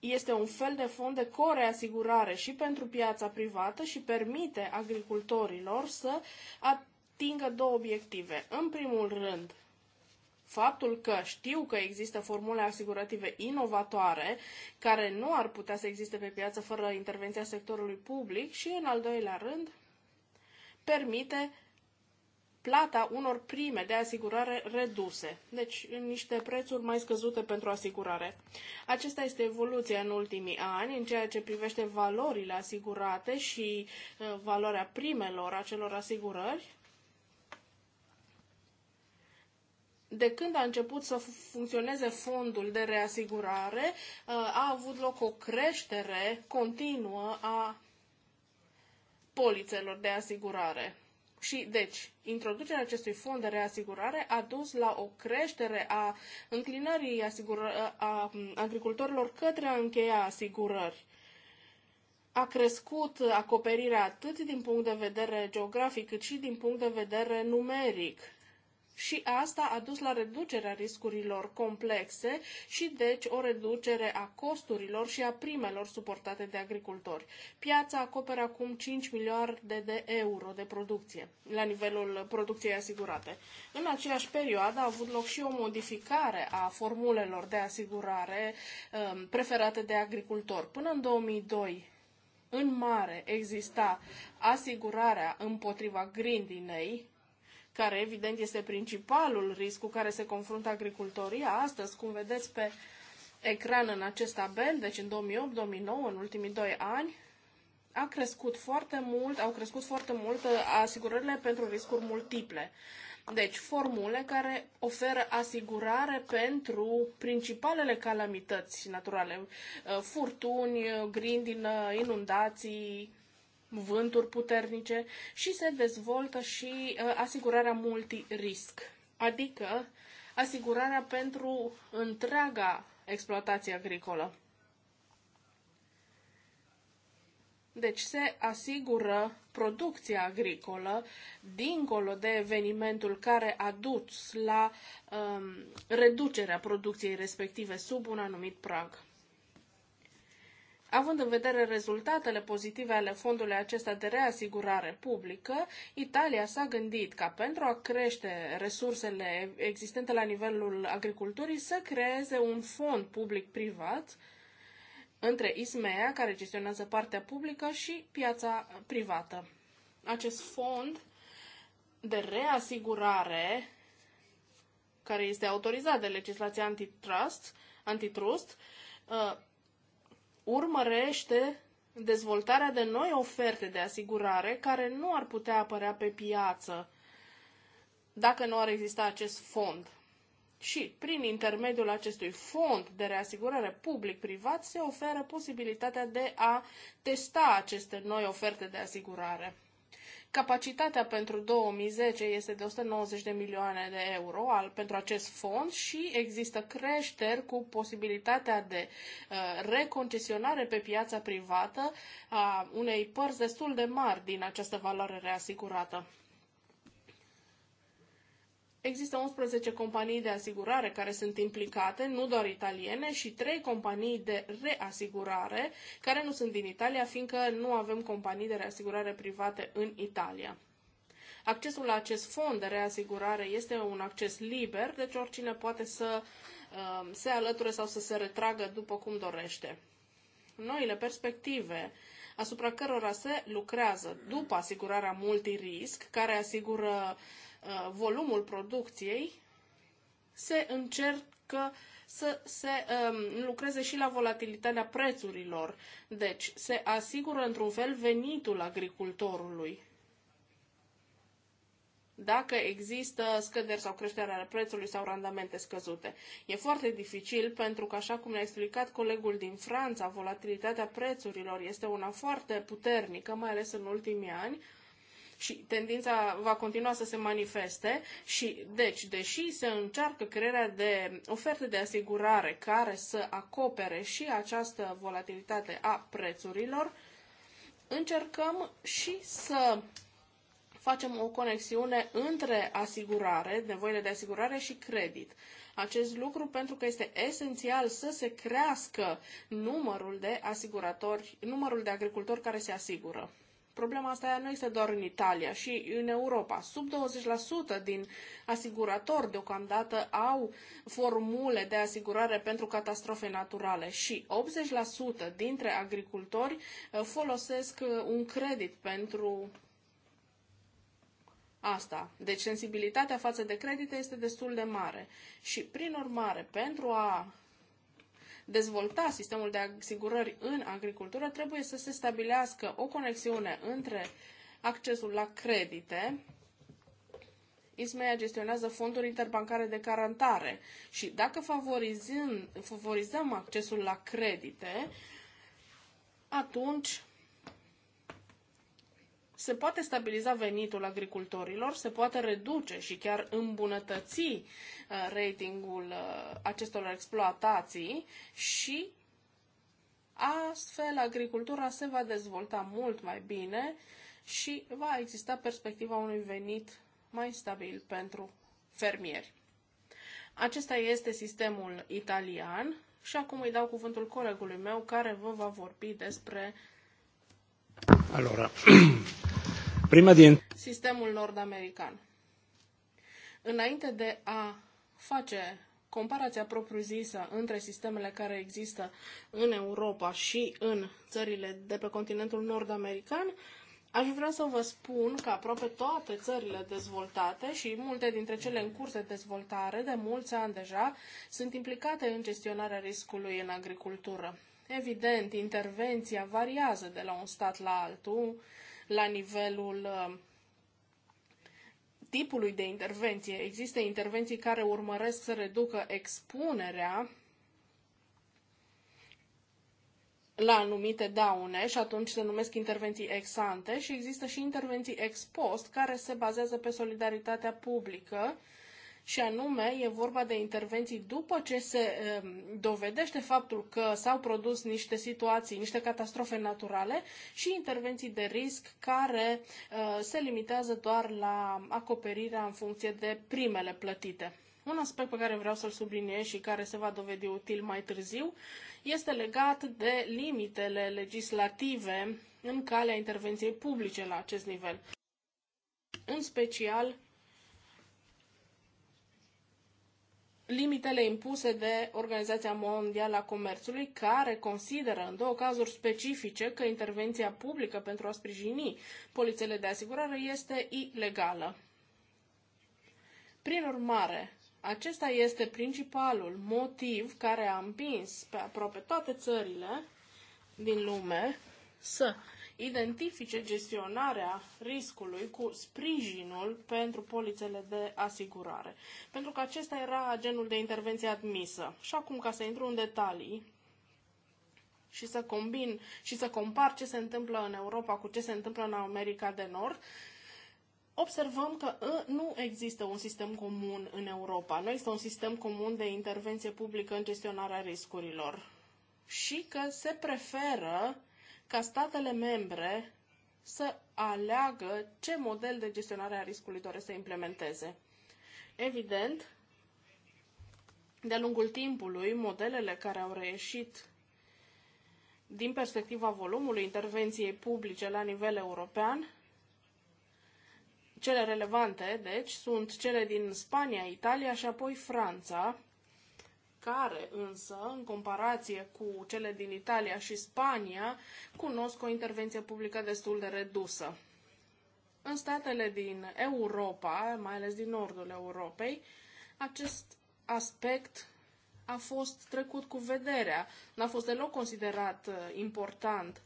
este un fel de fond de coreasigurare și pentru piața privată și permite agricultorilor să atingă două obiective. În primul rând, faptul că știu că există formule asigurative inovatoare care nu ar putea să existe pe piață fără intervenția sectorului public și, în al doilea rând, permite plata unor prime de asigurare reduse, deci niște prețuri mai scăzute pentru asigurare. Acesta este evoluția în ultimii ani în ceea ce privește valorile asigurate și uh, valoarea primelor acelor asigurări, de când a început să funcționeze fondul de reasigurare, uh, a avut loc o creștere continuă a polițelor de asigurare. Și, deci, introducerea acestui fond de reasigurare a dus la o creștere a înclinării asigură- a agricultorilor către a încheia asigurări. A crescut acoperirea atât din punct de vedere geografic cât și din punct de vedere numeric și asta a dus la reducerea riscurilor complexe și deci o reducere a costurilor și a primelor suportate de agricultori. Piața acoperă acum 5 miliarde de euro de producție la nivelul producției asigurate. În aceeași perioadă a avut loc și o modificare a formulelor de asigurare um, preferate de agricultori. Până în 2002, în mare exista asigurarea împotriva grindinei, care evident este principalul risc cu care se confruntă agricultoria astăzi, cum vedeți pe ecran în acest tabel, deci în 2008-2009, în ultimii doi ani, a crescut foarte mult, au crescut foarte mult uh, asigurările pentru riscuri multiple. Deci, formule care oferă asigurare pentru principalele calamități naturale, uh, furtuni, uh, grindină, inundații, vânturi puternice și se dezvoltă și uh, asigurarea multirisc, adică asigurarea pentru întreaga exploatație agricolă. Deci se asigură producția agricolă dincolo de evenimentul care a dus la um, reducerea producției respective sub un anumit prag. Având în vedere rezultatele pozitive ale fondului acesta de reasigurare publică, Italia s-a gândit ca pentru a crește resursele existente la nivelul agriculturii să creeze un fond public-privat între ISMEA, care gestionează partea publică, și piața privată. Acest fond de reasigurare, care este autorizat de legislația antitrust, antitrust uh, urmărește dezvoltarea de noi oferte de asigurare care nu ar putea apărea pe piață dacă nu ar exista acest fond. Și prin intermediul acestui fond de reasigurare public-privat se oferă posibilitatea de a testa aceste noi oferte de asigurare. Capacitatea pentru 2010 este de 190 de milioane de euro al, pentru acest fond și există creșteri cu posibilitatea de uh, reconcesionare pe piața privată a unei părți destul de mari din această valoare reasigurată. Există 11 companii de asigurare care sunt implicate, nu doar italiene, și 3 companii de reasigurare care nu sunt din Italia, fiindcă nu avem companii de reasigurare private în Italia. Accesul la acest fond de reasigurare este un acces liber, deci oricine poate să uh, se alăture sau să se retragă după cum dorește. Noile perspective asupra cărora se lucrează după asigurarea multirisc, care asigură uh, Uh, volumul producției, se încercă să se um, lucreze și la volatilitatea prețurilor. Deci, se asigură într-un fel venitul agricultorului. Dacă există scăderi sau creșterea ale prețului sau randamente scăzute. E foarte dificil pentru că, așa cum ne-a explicat colegul din Franța, volatilitatea prețurilor este una foarte puternică, mai ales în ultimii ani, și tendința va continua să se manifeste și, deci, deși se încearcă crearea de oferte de asigurare care să acopere și această volatilitate a prețurilor, încercăm și să facem o conexiune între asigurare, nevoile de asigurare și credit. Acest lucru pentru că este esențial să se crească numărul de asiguratori, numărul de agricultori care se asigură. Problema asta nu este doar în Italia și în Europa. Sub 20% din asiguratori deocamdată au formule de asigurare pentru catastrofe naturale și 80% dintre agricultori uh, folosesc uh, un credit pentru asta. Deci sensibilitatea față de credite este destul de mare și, prin urmare, pentru a dezvolta sistemul de asigurări în agricultură, trebuie să se stabilească o conexiune între accesul la credite, ISMEA gestionează fonduri interbancare de garantare și dacă favorizăm, favorizăm accesul la credite, atunci se poate stabiliza venitul agricultorilor, se poate reduce și chiar îmbunătăți uh, ratingul uh, acestor exploatații și astfel agricultura se va dezvolta mult mai bine și va exista perspectiva unui venit mai stabil pentru fermieri. Acesta este sistemul italian și acum îi dau cuvântul colegului meu care vă va vorbi despre Allora, Prima din... Sistemul nord-american. Înainte de a face comparația propriu-zisă între sistemele care există în Europa și în țările de pe continentul nord-american, aș vrea să vă spun că aproape toate țările dezvoltate și multe dintre cele în curs de dezvoltare de mulți ani deja sunt implicate în gestionarea riscului în agricultură. Evident, intervenția variază de la un stat la altul, la nivelul uh, tipului de intervenție. Există intervenții care urmăresc să reducă expunerea la anumite daune și atunci se numesc intervenții ex-ante și există și intervenții ex-post care se bazează pe solidaritatea publică și anume e vorba de intervenții după ce se ehm, dovedește faptul că s-au produs niște situații, niște catastrofe naturale și intervenții de risc care eh, se limitează doar la acoperirea în funcție de primele plătite. Un aspect pe care vreau să-l subliniez și care se va dovedi util mai târziu este legat de limitele legislative în calea intervenției publice la acest nivel. În special, limitele impuse de Organizația Mondială a Comerțului, care consideră în două cazuri specifice că intervenția publică pentru a sprijini polițele de asigurare este ilegală. Prin urmare, acesta este principalul motiv care a împins pe aproape toate țările din lume să identifice gestionarea riscului cu sprijinul pentru polițele de asigurare. Pentru că acesta era genul de intervenție admisă. Și acum, ca să intru în detalii și să combin și să compar ce se întâmplă în Europa cu ce se întâmplă în America de Nord, observăm că ă, nu există un sistem comun în Europa. Nu există un sistem comun de intervenție publică în gestionarea riscurilor și că se preferă ca statele membre să aleagă ce model de gestionare a riscului doresc să implementeze. Evident, de-a lungul timpului, modelele care au reieșit din perspectiva volumului intervenției publice la nivel european, cele relevante, deci, sunt cele din Spania, Italia și apoi Franța, care însă, în comparație cu cele din Italia și Spania, cunosc o intervenție publică destul de redusă. În statele din Europa, mai ales din nordul Europei, acest aspect a fost trecut cu vederea, n-a fost deloc considerat uh, important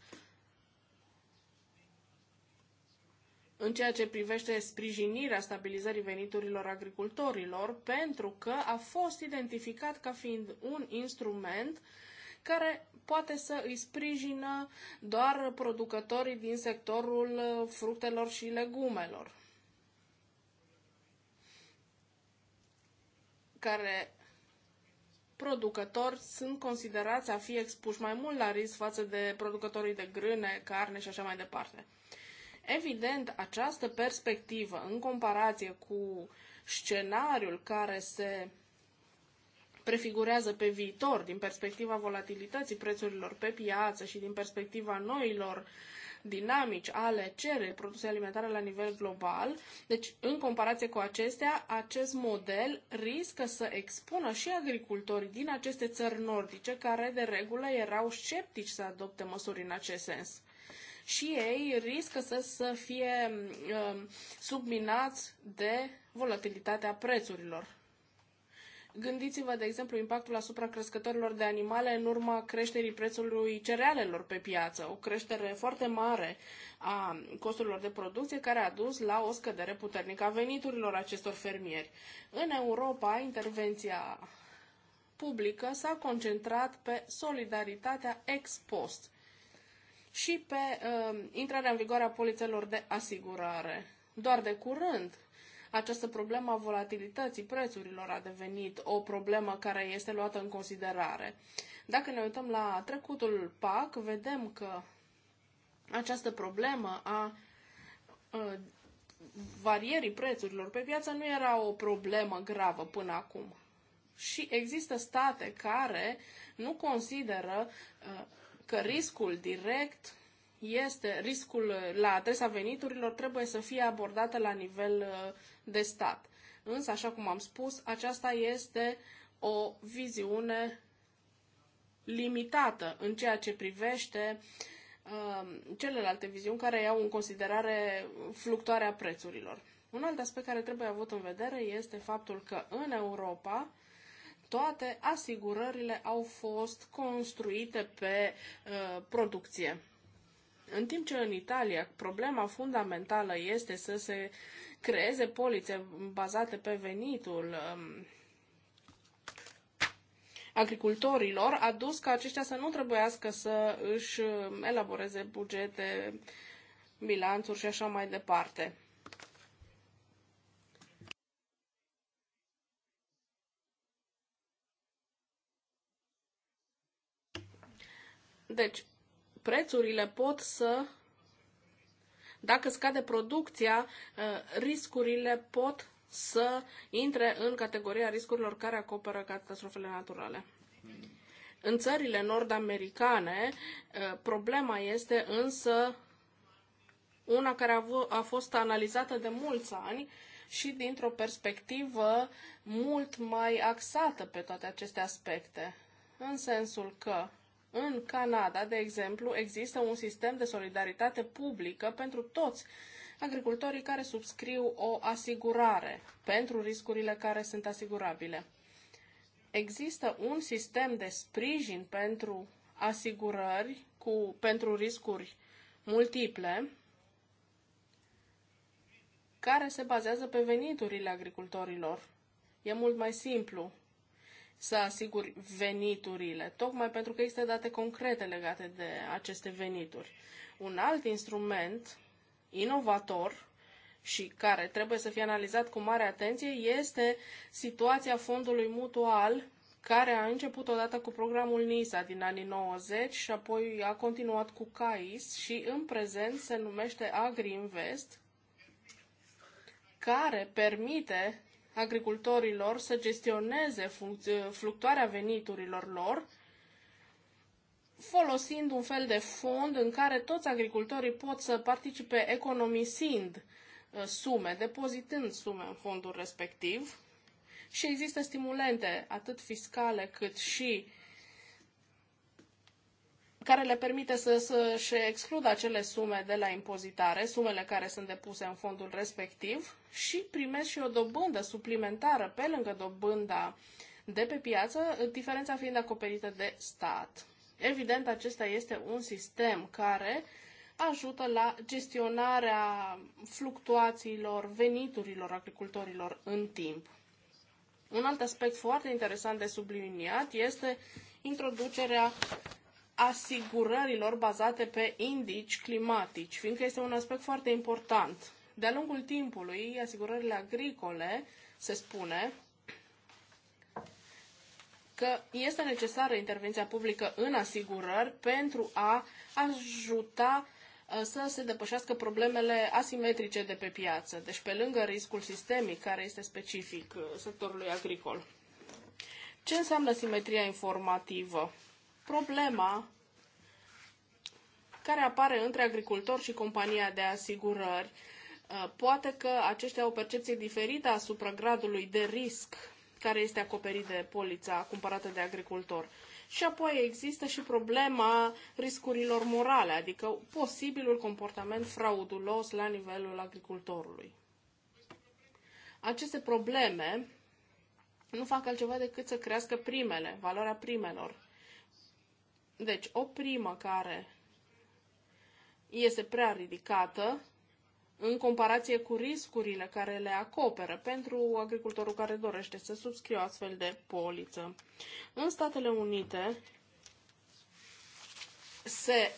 în ceea ce privește sprijinirea stabilizării veniturilor agricultorilor, pentru că a fost identificat ca fiind un instrument care poate să îi sprijină doar producătorii din sectorul fructelor și legumelor. Care producători sunt considerați a fi expuși mai mult la risc față de producătorii de grâne, carne și așa mai departe. Evident, această perspectivă, în comparație cu scenariul care se prefigurează pe viitor, din perspectiva volatilității prețurilor pe piață și din perspectiva noilor dinamici ale cererii produse alimentare la nivel global. Deci, în comparație cu acestea, acest model riscă să expună și agricultorii din aceste țări nordice, care de regulă erau sceptici să adopte măsuri în acest sens și ei riscă să, să fie um, subminați de volatilitatea prețurilor. Gândiți-vă, de exemplu, impactul asupra crescătorilor de animale în urma creșterii prețului cerealelor pe piață, o creștere foarte mare a costurilor de producție care a dus la o scădere puternică a veniturilor acestor fermieri. În Europa, intervenția publică s-a concentrat pe solidaritatea ex post și pe uh, intrarea în vigoare a polițelor de asigurare. Doar de curând, această problemă a volatilității prețurilor a devenit o problemă care este luată în considerare. Dacă ne uităm la trecutul PAC, vedem că această problemă a uh, varierii prețurilor pe piață nu era o problemă gravă până acum. Și există state care nu consideră uh, că riscul direct este riscul la adresa veniturilor trebuie să fie abordată la nivel uh, de stat. Însă, așa cum am spus, aceasta este o viziune limitată în ceea ce privește uh, celelalte viziuni care iau în considerare fluctuarea prețurilor. Un alt aspect care trebuie avut în vedere este faptul că în Europa toate asigurările au fost construite pe uh, producție. În timp ce în Italia problema fundamentală este să se creeze polițe bazate pe venitul um, agricultorilor, a dus ca aceștia să nu trebuiască să își elaboreze bugete, bilanțuri și așa mai departe. Deci, prețurile pot să. Dacă scade producția, uh, riscurile pot să intre în categoria riscurilor care acoperă catastrofele naturale. În țările nord-americane, uh, problema este însă una care a, a fost analizată de mulți ani și dintr-o perspectivă mult mai axată pe toate aceste aspecte, în sensul că în Canada, de exemplu, există un sistem de solidaritate publică pentru toți agricultorii care subscriu o asigurare pentru riscurile care sunt asigurabile. Există un sistem de sprijin pentru asigurări cu, pentru riscuri multiple care se bazează pe veniturile agricultorilor. E mult mai simplu să asiguri veniturile, tocmai pentru că există date concrete legate de aceste venituri. Un alt instrument inovator și care trebuie să fie analizat cu mare atenție este situația fondului mutual care a început odată cu programul NISA din anii 90 și apoi a continuat cu CAIS și în prezent se numește AgriInvest, care permite agricultorilor să gestioneze fluctuarea veniturilor lor, folosind un fel de fond în care toți agricultorii pot să participe economisind uh, sume, depozitând sume în fondul respectiv și există stimulente atât fiscale cât și uh, care le permite să, să-și excludă acele sume de la impozitare, sumele care sunt depuse în fondul respectiv și primesc și o dobândă suplimentară pe lângă dobânda de pe piață, diferența fiind acoperită de stat. Evident, acesta este un sistem care ajută la gestionarea fluctuațiilor veniturilor agricultorilor în timp. Un alt aspect foarte interesant de subliniat este introducerea asigurărilor bazate pe indici climatici, fiindcă este un aspect foarte important. De-a lungul timpului, asigurările agricole, se spune, că este necesară intervenția publică în asigurări pentru a ajuta uh, să se depășească problemele asimetrice de pe piață, deci pe lângă riscul sistemic care este specific uh, sectorului agricol. Ce înseamnă simetria informativă? problema care apare între agricultor și compania de asigurări. Uh, poate că aceștia au o percepție diferită asupra gradului de risc care este acoperit de polița cumpărată de agricultor. Și apoi există și problema riscurilor morale, adică posibilul comportament fraudulos la nivelul agricultorului. Aceste probleme nu fac altceva decât să crească primele, valoarea primelor. Deci, o primă care este prea ridicată în comparație cu riscurile care le acoperă pentru agricultorul care dorește să subscrie o astfel de poliță. În Statele Unite, se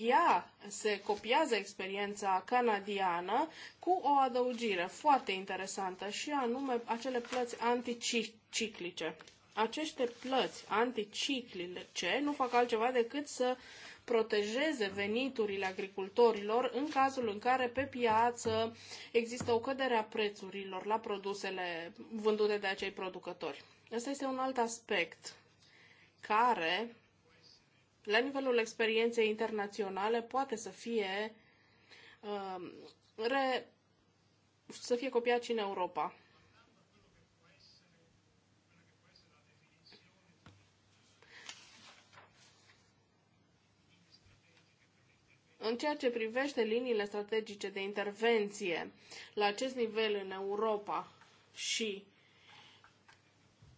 ia, se copiază experiența canadiană cu o adăugire foarte interesantă și anume acele plăți anticiclice aceste plăți anticiclice nu fac altceva decât să protejeze veniturile agricultorilor în cazul în care pe piață există o cădere a prețurilor la produsele vândute de acei producători. Asta este un alt aspect care, la nivelul experienței internaționale, poate să fie, uh, re, să fie copiat și în Europa. În ceea ce privește liniile strategice de intervenție la acest nivel în Europa și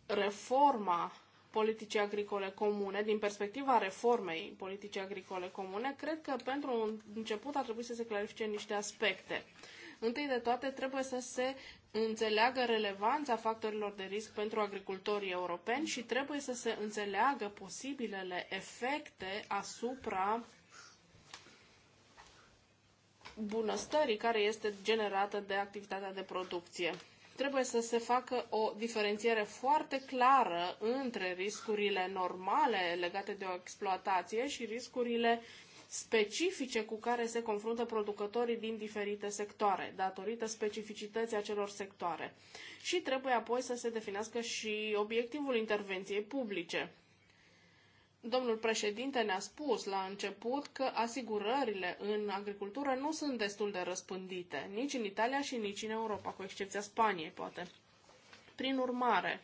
reforma politicii agricole comune, din perspectiva reformei politicii agricole comune, cred că pentru un început ar trebui să se clarifice niște aspecte. Întâi de toate, trebuie să se înțeleagă relevanța factorilor de risc pentru agricultorii europeni și trebuie să se înțeleagă posibilele efecte asupra bunăstării care este generată de activitatea de producție. Trebuie să se facă o diferențiere foarte clară între riscurile normale legate de o exploatație și riscurile specifice cu care se confruntă producătorii din diferite sectoare, datorită specificității acelor sectoare. Și trebuie apoi să se definească și obiectivul intervenției publice. Domnul președinte ne-a spus la început că asigurările în agricultură nu sunt destul de răspândite, nici în Italia și nici în Europa, cu excepția Spaniei, poate. Prin urmare,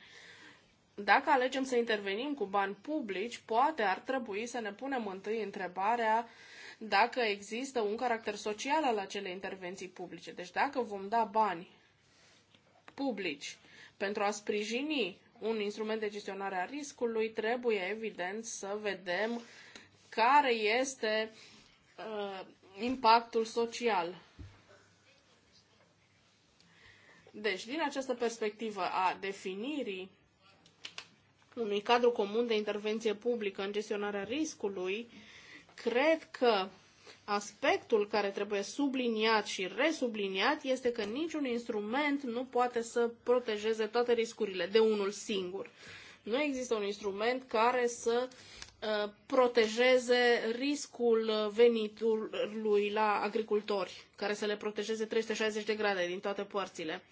dacă alegem să intervenim cu bani publici, poate ar trebui să ne punem întâi întrebarea dacă există un caracter social al acelei intervenții publice. Deci dacă vom da bani publici pentru a sprijini un instrument de gestionare a riscului, trebuie evident să vedem care este uh, impactul social. Deci, din această perspectivă a definirii unui cadru comun de intervenție publică în gestionarea riscului, cred că Aspectul care trebuie subliniat și resubliniat este că niciun instrument nu poate să protejeze toate riscurile de unul singur. Nu există un instrument care să uh, protejeze riscul uh, venitului la agricultori, care să le protejeze 360 de grade din toate părțile.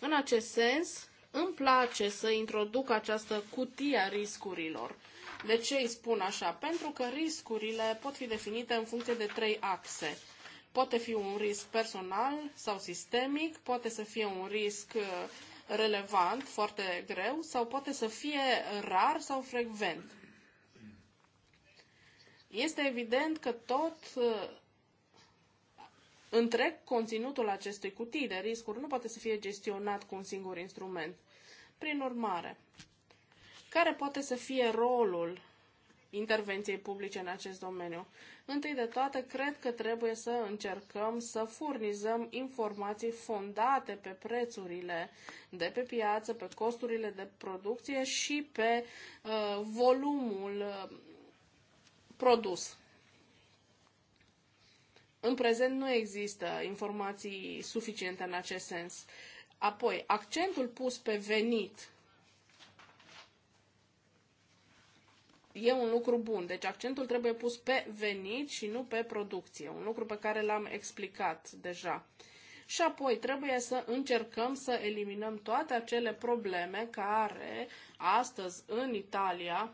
În acest sens, îmi place să introduc această cutie a riscurilor de ce îi spun așa? Pentru că riscurile pot fi definite în funcție de trei axe. Poate fi un risc personal sau sistemic, poate să fie un risc uh, relevant, foarte greu, sau poate să fie rar sau frecvent. Este evident că tot uh, întreg conținutul acestei cutii de riscuri nu poate să fie gestionat cu un singur instrument. Prin urmare, care poate să fie rolul intervenției publice în acest domeniu? Întâi de toate, cred că trebuie să încercăm să furnizăm informații fondate pe prețurile de pe piață, pe costurile de producție și pe uh, volumul uh, produs. În prezent nu există informații suficiente în acest sens. Apoi, accentul pus pe venit e un lucru bun. Deci accentul trebuie pus pe venit și nu pe producție, un lucru pe care l-am explicat deja. Și apoi trebuie să încercăm să eliminăm toate acele probleme care astăzi în Italia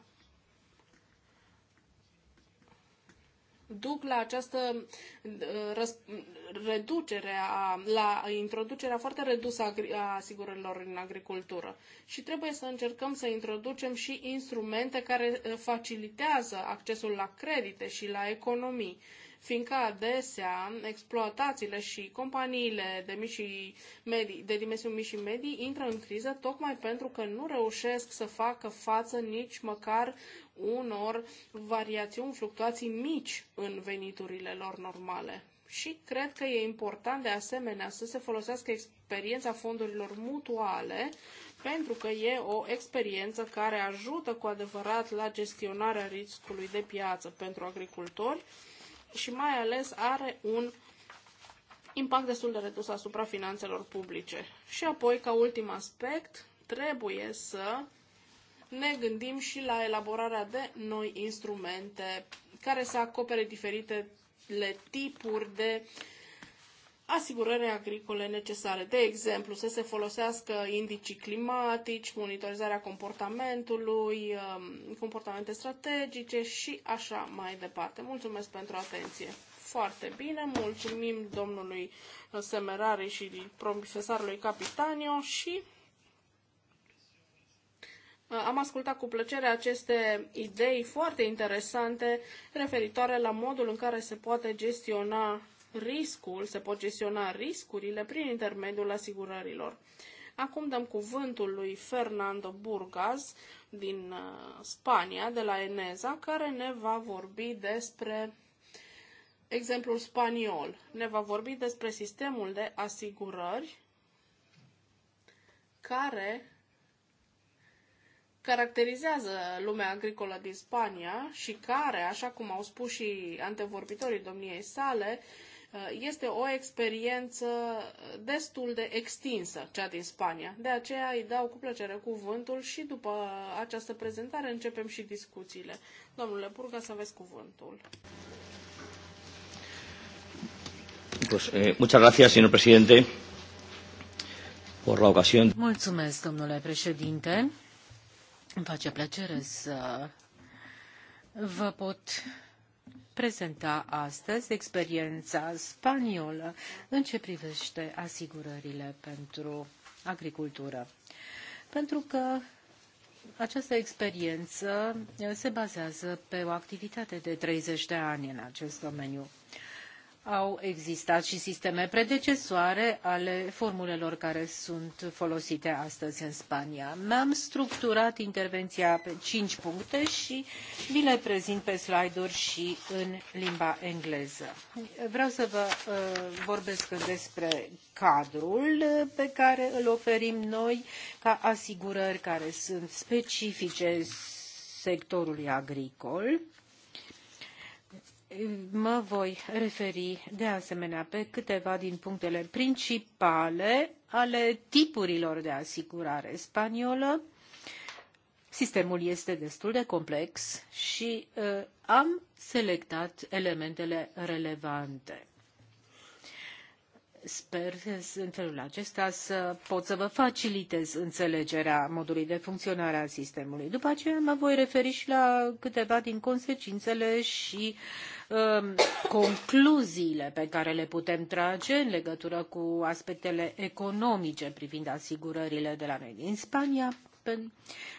duc la această uh, reducere, a, la introducerea foarte redusă a asigurărilor în agricultură. Și trebuie să încercăm să introducem și instrumente care uh, facilitează accesul la credite și la economii fiindcă adesea exploatațiile și companiile de, mici și medii, de dimensiuni mici și medii intră în criză tocmai pentru că nu reușesc să facă față nici măcar unor variațiuni, fluctuații mici în veniturile lor normale. Și cred că e important de asemenea să se folosească experiența fondurilor mutuale, pentru că e o experiență care ajută cu adevărat la gestionarea riscului de piață pentru agricultori și mai ales are un impact destul de redus asupra finanțelor publice. Și apoi, ca ultim aspect, trebuie să ne gândim și la elaborarea de noi instrumente care să acopere diferitele tipuri de asigurări agricole necesare. De exemplu, să se folosească indicii climatici, monitorizarea comportamentului, um, comportamente strategice și așa mai departe. Mulțumesc pentru atenție! Foarte bine, mulțumim domnului Semerari și profesorului Capitanio și Uh, am ascultat cu plăcere aceste idei foarte interesante referitoare la modul în care se poate gestiona riscul, se pot gestiona riscurile prin intermediul asigurărilor. Acum dăm cuvântul lui Fernando Burgas din uh, Spania, de la Eneza, care ne va vorbi despre exemplul spaniol. Ne va vorbi despre sistemul de asigurări care caracterizează lumea agricolă din Spania și care, așa cum au spus și antevorbitorii domniei sale, uh, este o experiență destul de extinsă, cea din Spania. De aceea îi dau cu plăcere cuvântul și după această prezentare începem și discuțiile. Domnule Purga, să aveți cuvântul. Pues, eh, muchas gracias, señor presidente, por la ocasión. Mulțumesc, domnule președinte. Îmi face plăcere să vă pot prezenta astăzi experiența spaniolă în ce privește asigurările pentru agricultură. Pentru că această experiență se bazează pe o activitate de 30 de ani în acest domeniu au existat și sisteme predecesoare ale formulelor care sunt folosite astăzi în Spania. Mi-am structurat intervenția pe cinci puncte și vi le prezint pe slide-uri și în limba engleză. Vreau să vă uh, vorbesc despre cadrul pe care îl oferim noi ca asigurări care sunt specifice sectorului agricol. Uh, mă voi referi de asemenea pe câteva din punctele principale ale tipurilor de asigurare spaniolă. Sistemul este destul de complex și uh, am selectat elementele relevante. Sper în felul acesta să pot să vă facilitez înțelegerea modului de funcționare a sistemului. După aceea mă voi referi și la câteva din consecințele și uh, Ehm, concluziile pe care le putem trage în legătură cu aspectele economice privind asigurările de la noi din Spania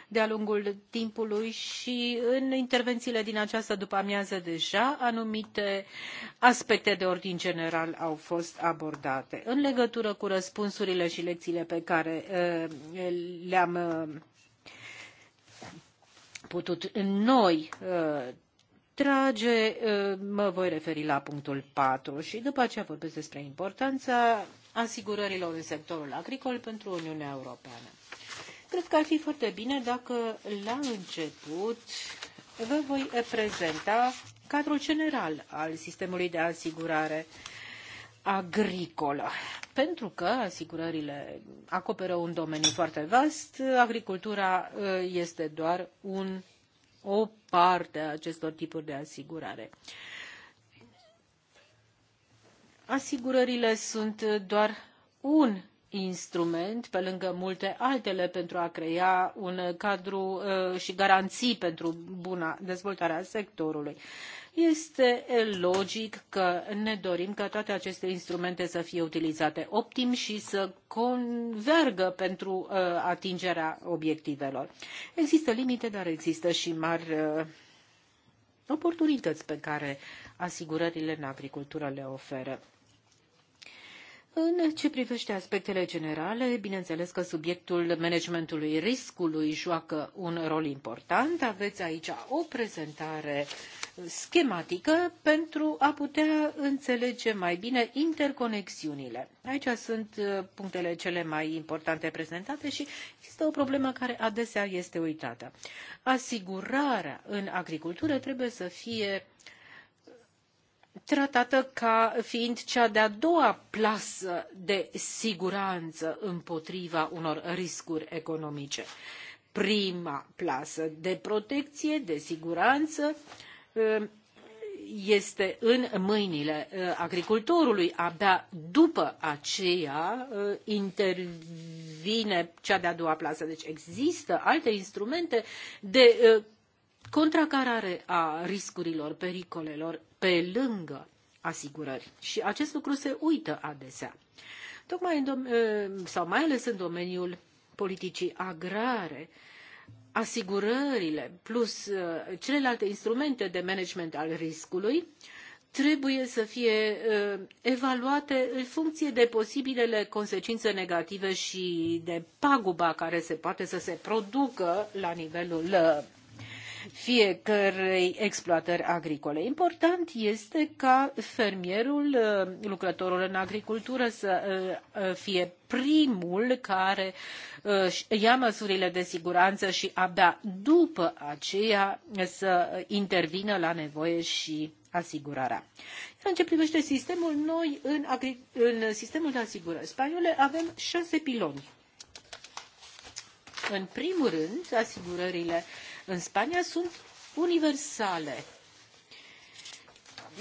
de-a lungul timpului și în intervențiile din această după-amiază deja anumite aspecte de ordin general au fost abordate. În legătură cu răspunsurile și lecțiile pe care ehm, le-am ehm, putut noi Trage, ă, mă voi referi la punctul patru, și după aceea vorbesc despre importanța asigurărilor în sectorul agricol pentru Uniunea Europeană. Cred că ar fi foarte bine dacă la început vă voi prezenta cadrul general al sistemului de asigurare agricolă. Pentru că asigurările acoperă un domeniu foarte vast, agricultura ă, este doar un o parte a acestor tipuri de asigurare. Asigurările sunt doar un instrument, pe lângă multe altele, pentru a crea un cadru uh, și garanții pentru buna dezvoltare a sectorului. Este logic că ne dorim ca toate aceste instrumente să fie utilizate optim și să convergă pentru uh, atingerea obiectivelor. Există limite, dar există și mari uh, oportunități pe care asigurările în agricultură le oferă. În ce privește aspectele generale, bineînțeles că subiectul managementului riscului joacă un rol important. Aveți aici o prezentare uh, schematică pentru a putea înțelege mai bine interconexiunile. Aici sunt uh, punctele cele mai importante prezentate și există o problemă care adesea este uitată. Asigurarea în agricultură trebuie să fie tratată ca fiind cea de-a doua plasă de siguranță împotriva unor riscuri economice. Prima plasă de protecție, de siguranță, uh, este în mâinile uh, agricultorului. Abia după aceea uh, intervine cea de-a doua plasă. Deci există alte instrumente de uh, contracarare a riscurilor, pericolelor, pe lângă asigurări. Și acest lucru se uită adesea. Tocmai în sau mai ales în domeniul politicii agrare, asigurările plus uh, celelalte instrumente de management al riscului trebuie să fie uh, evaluate în funcție de posibilele consecințe negative și de paguba care se poate să se producă la nivelul uh, fiecărei exploatări agricole. Important este ca fermierul, uh, lucrătorul în agricultură să uh, uh, fie primul care ia măsurile de siguranță și abia după aceea să intervină la nevoie și asigurarea. Iar în ce privește sistemul, noi în, în sistemul de asigurări spaniole avem șase piloni. În primul rând, asigurările uh, în Spania sunt universale.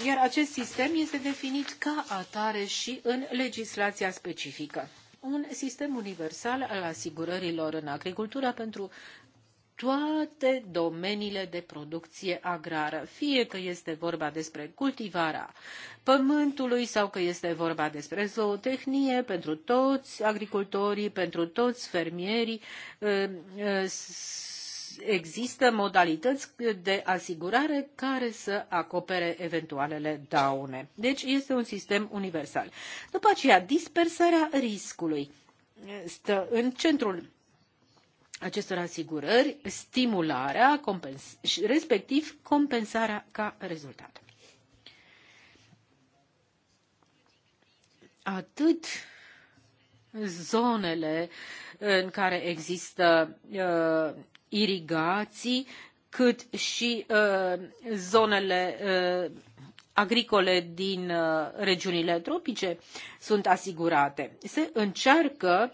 Iar acest sistem este definit ca atare și în legislația specifică. Un sistem universal al asigurărilor în agricultură pentru toate domeniile de producție agrară, fie că este vorba despre cultivarea pământului sau că este vorba despre zootehnie, pentru toți agricultorii, pentru toți fermierii ă, ă, există modalități de asigurare care să acopere eventualele daune. Deci este un sistem universal. După aceea, dispersarea riscului stă în centrul acestor asigurări, stimularea, compens- respectiv compensarea ca rezultat. Atât zonele în care există uh, irigații, cât și uh, zonele uh, agricole din uh, regiunile tropice sunt asigurate. Se încearcă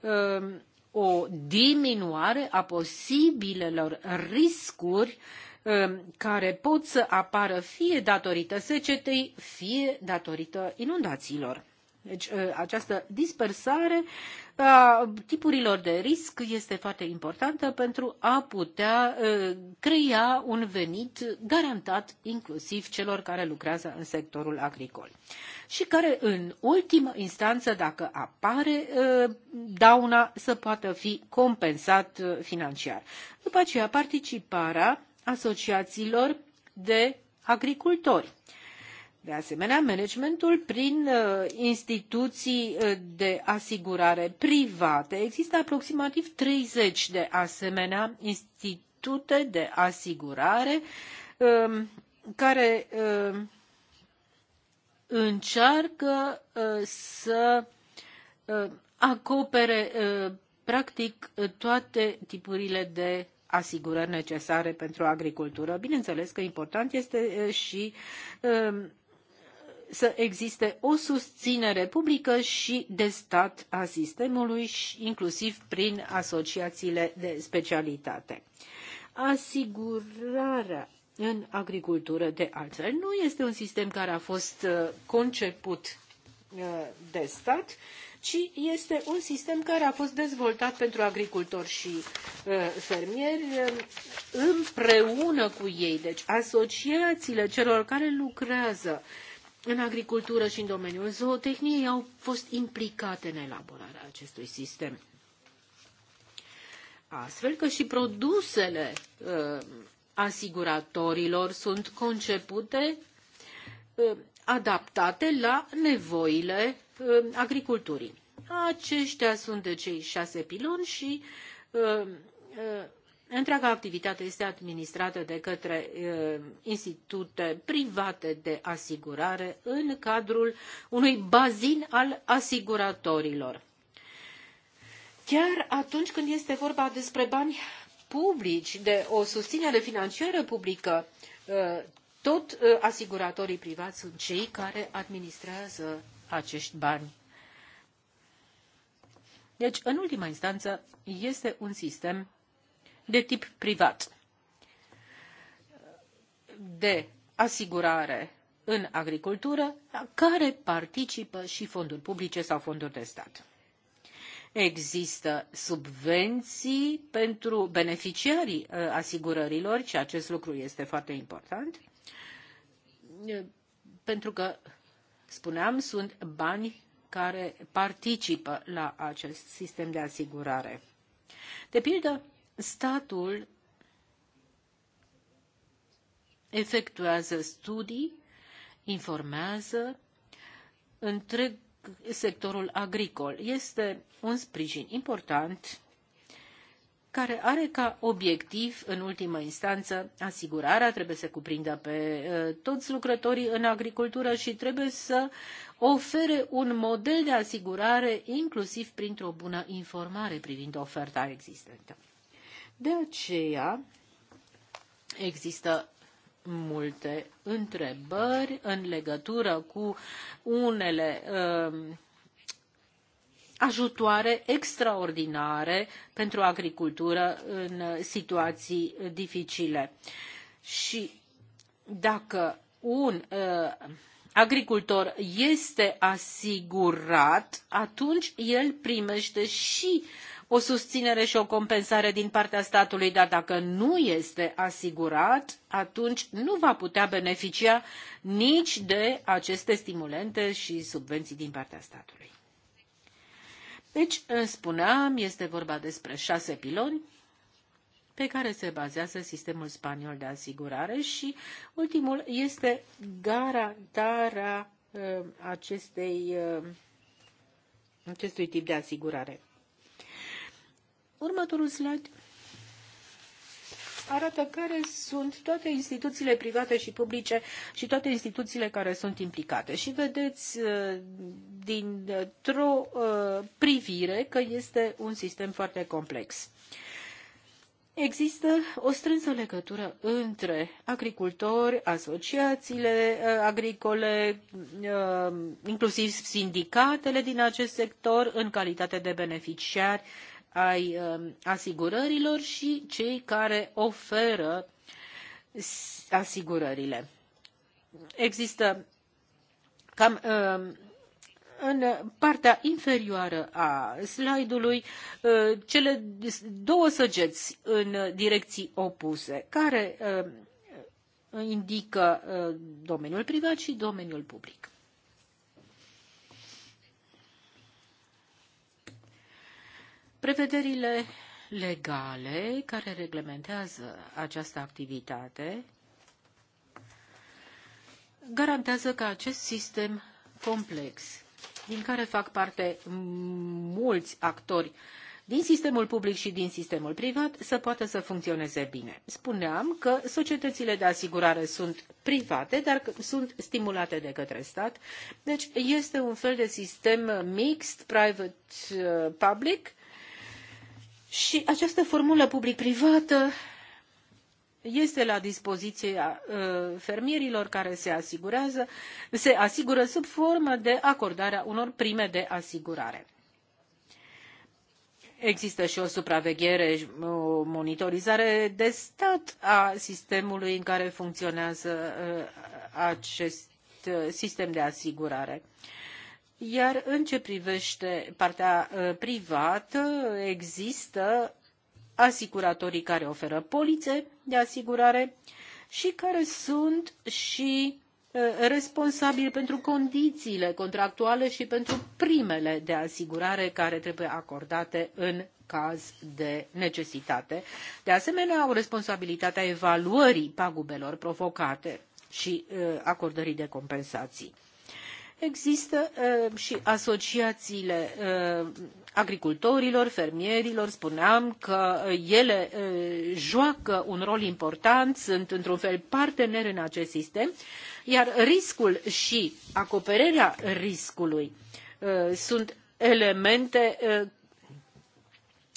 uh, o diminuare a posibilelor riscuri uh, care pot să apară fie datorită secetei, fie datorită inundațiilor. Deci ă, această dispersare a tipurilor de risc este foarte importantă pentru a putea ă, crea un venit garantat inclusiv celor care lucrează în sectorul agricol și care în ultimă instanță, dacă apare ă, dauna, să poată fi compensat financiar. După aceea, participarea asociațiilor de agricultori. De asemenea, managementul prin uh, instituții uh, de asigurare private. Există aproximativ 30 de asemenea institute de asigurare um, care um, încearcă uh, să acopere practic toate tipurile de asigurări necesare pentru agricultură. Bineînțeles că important este și um, să existe o susținere publică și de stat a sistemului, inclusiv prin asociațiile de specialitate. Asigurarea în agricultură, de altfel, nu este un sistem care a fost uh, conceput uh, de stat, ci este un sistem care a fost dezvoltat pentru agricultori și uh, fermieri um, împreună cu ei. Deci asociațiile celor care lucrează în agricultură și în domeniul zootehniei au fost implicate în elaborarea acestui sistem. Astfel că și produsele uh, asiguratorilor sunt concepute, uh, adaptate la nevoile uh, agriculturii. Aceștia sunt de cei șase piloni și uh, uh, Întreaga activitate este administrată de către uh, institute private de asigurare în cadrul unui bazin al asiguratorilor. Chiar atunci când este vorba despre bani publici, de o susținere financiară publică, uh, tot uh, asiguratorii privați sunt cei care administrează acești bani. Deci, în ultima instanță, este un sistem de tip privat de asigurare în agricultură, la care participă și fonduri publice sau fonduri de stat. Există subvenții pentru beneficiarii uh, asigurărilor și acest lucru este foarte important, uh, pentru că, spuneam, sunt bani care participă la acest sistem de asigurare. De pildă, statul efectuează studii, informează întreg sectorul agricol. Este un sprijin important care are ca obiectiv, în ultimă instanță, asigurarea, trebuie să cuprindă pe uh, toți lucrătorii în agricultură și trebuie să ofere un model de asigurare, inclusiv printr-o bună informare privind oferta existentă. De aceea există multe întrebări în legătură cu unele uh, ajutoare extraordinare pentru agricultură în situații dificile. Și dacă un uh, agricultor este asigurat, atunci el primește și uh, o susținere și o compensare din partea statului, dar dacă nu este asigurat, atunci nu va putea beneficia nici de aceste stimulente și subvenții din partea statului. Deci, spuneam, este vorba despre șase piloni pe care se bazează sistemul spaniol de asigurare și ultimul este garantarea uh, acestei, uh, acestui tip de asigurare. Următorul slide arată care sunt toate instituțiile private și publice și toate instituțiile care sunt implicate. Și vedeți uh, dintr-o uh, privire că este un sistem foarte complex. Există o strânsă legătură între agricultori, asociațiile uh, agricole, inclusiv sindicatele din acest sector în calitate de beneficiari ai um, asigurărilor și cei care oferă asigurările. Există cam um, în partea inferioară a slide-ului uh, cele două săgeți în direcții opuse care um, indică uh, domeniul privat și domeniul public. Prevederile legale care reglementează această activitate garantează că acest sistem complex, din care fac parte mulți actori din sistemul public și din sistemul privat, să poată să funcționeze bine. Spuneam că societățile de asigurare sunt private, dar sunt stimulate de către stat. Deci este un fel de sistem mixt, private-public, uh, și această formulă public-privată este la dispoziția uh, fermierilor care se, asigurează, se asigură sub formă de acordarea unor prime de asigurare. Există și o supraveghere, o monitorizare de stat a sistemului în care funcționează uh, acest uh, sistem de asigurare. Uh, iar în ce privește partea ă, privată, există asiguratorii care oferă polițe de asigurare și care sunt și ă, responsabili pentru condițiile contractuale și pentru primele de asigurare care trebuie acordate în caz de necesitate. De asemenea, au responsabilitatea evaluării pagubelor provocate și ă, acordării de compensații există uh, și asociațiile uh, agricultorilor fermierilor spuneam că ele uh, joacă un rol important sunt într un fel parteneri în acest sistem iar riscul și acoperirea riscului sunt elemente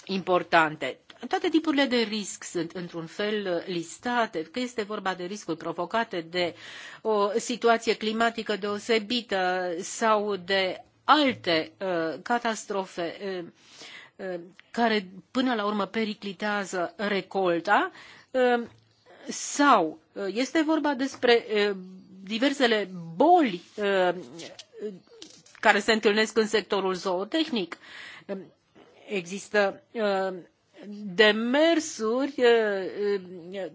importante toate tipurile de risc sunt într-un fel listate, că este vorba de riscuri provocate de o situație climatică deosebită sau de alte uh, catastrofe uh, uh, care până la urmă periclitează recolta uh, sau uh, este vorba despre uh, diversele boli care se întâlnesc în sectorul zootehnic. Există demersuri uh, uh,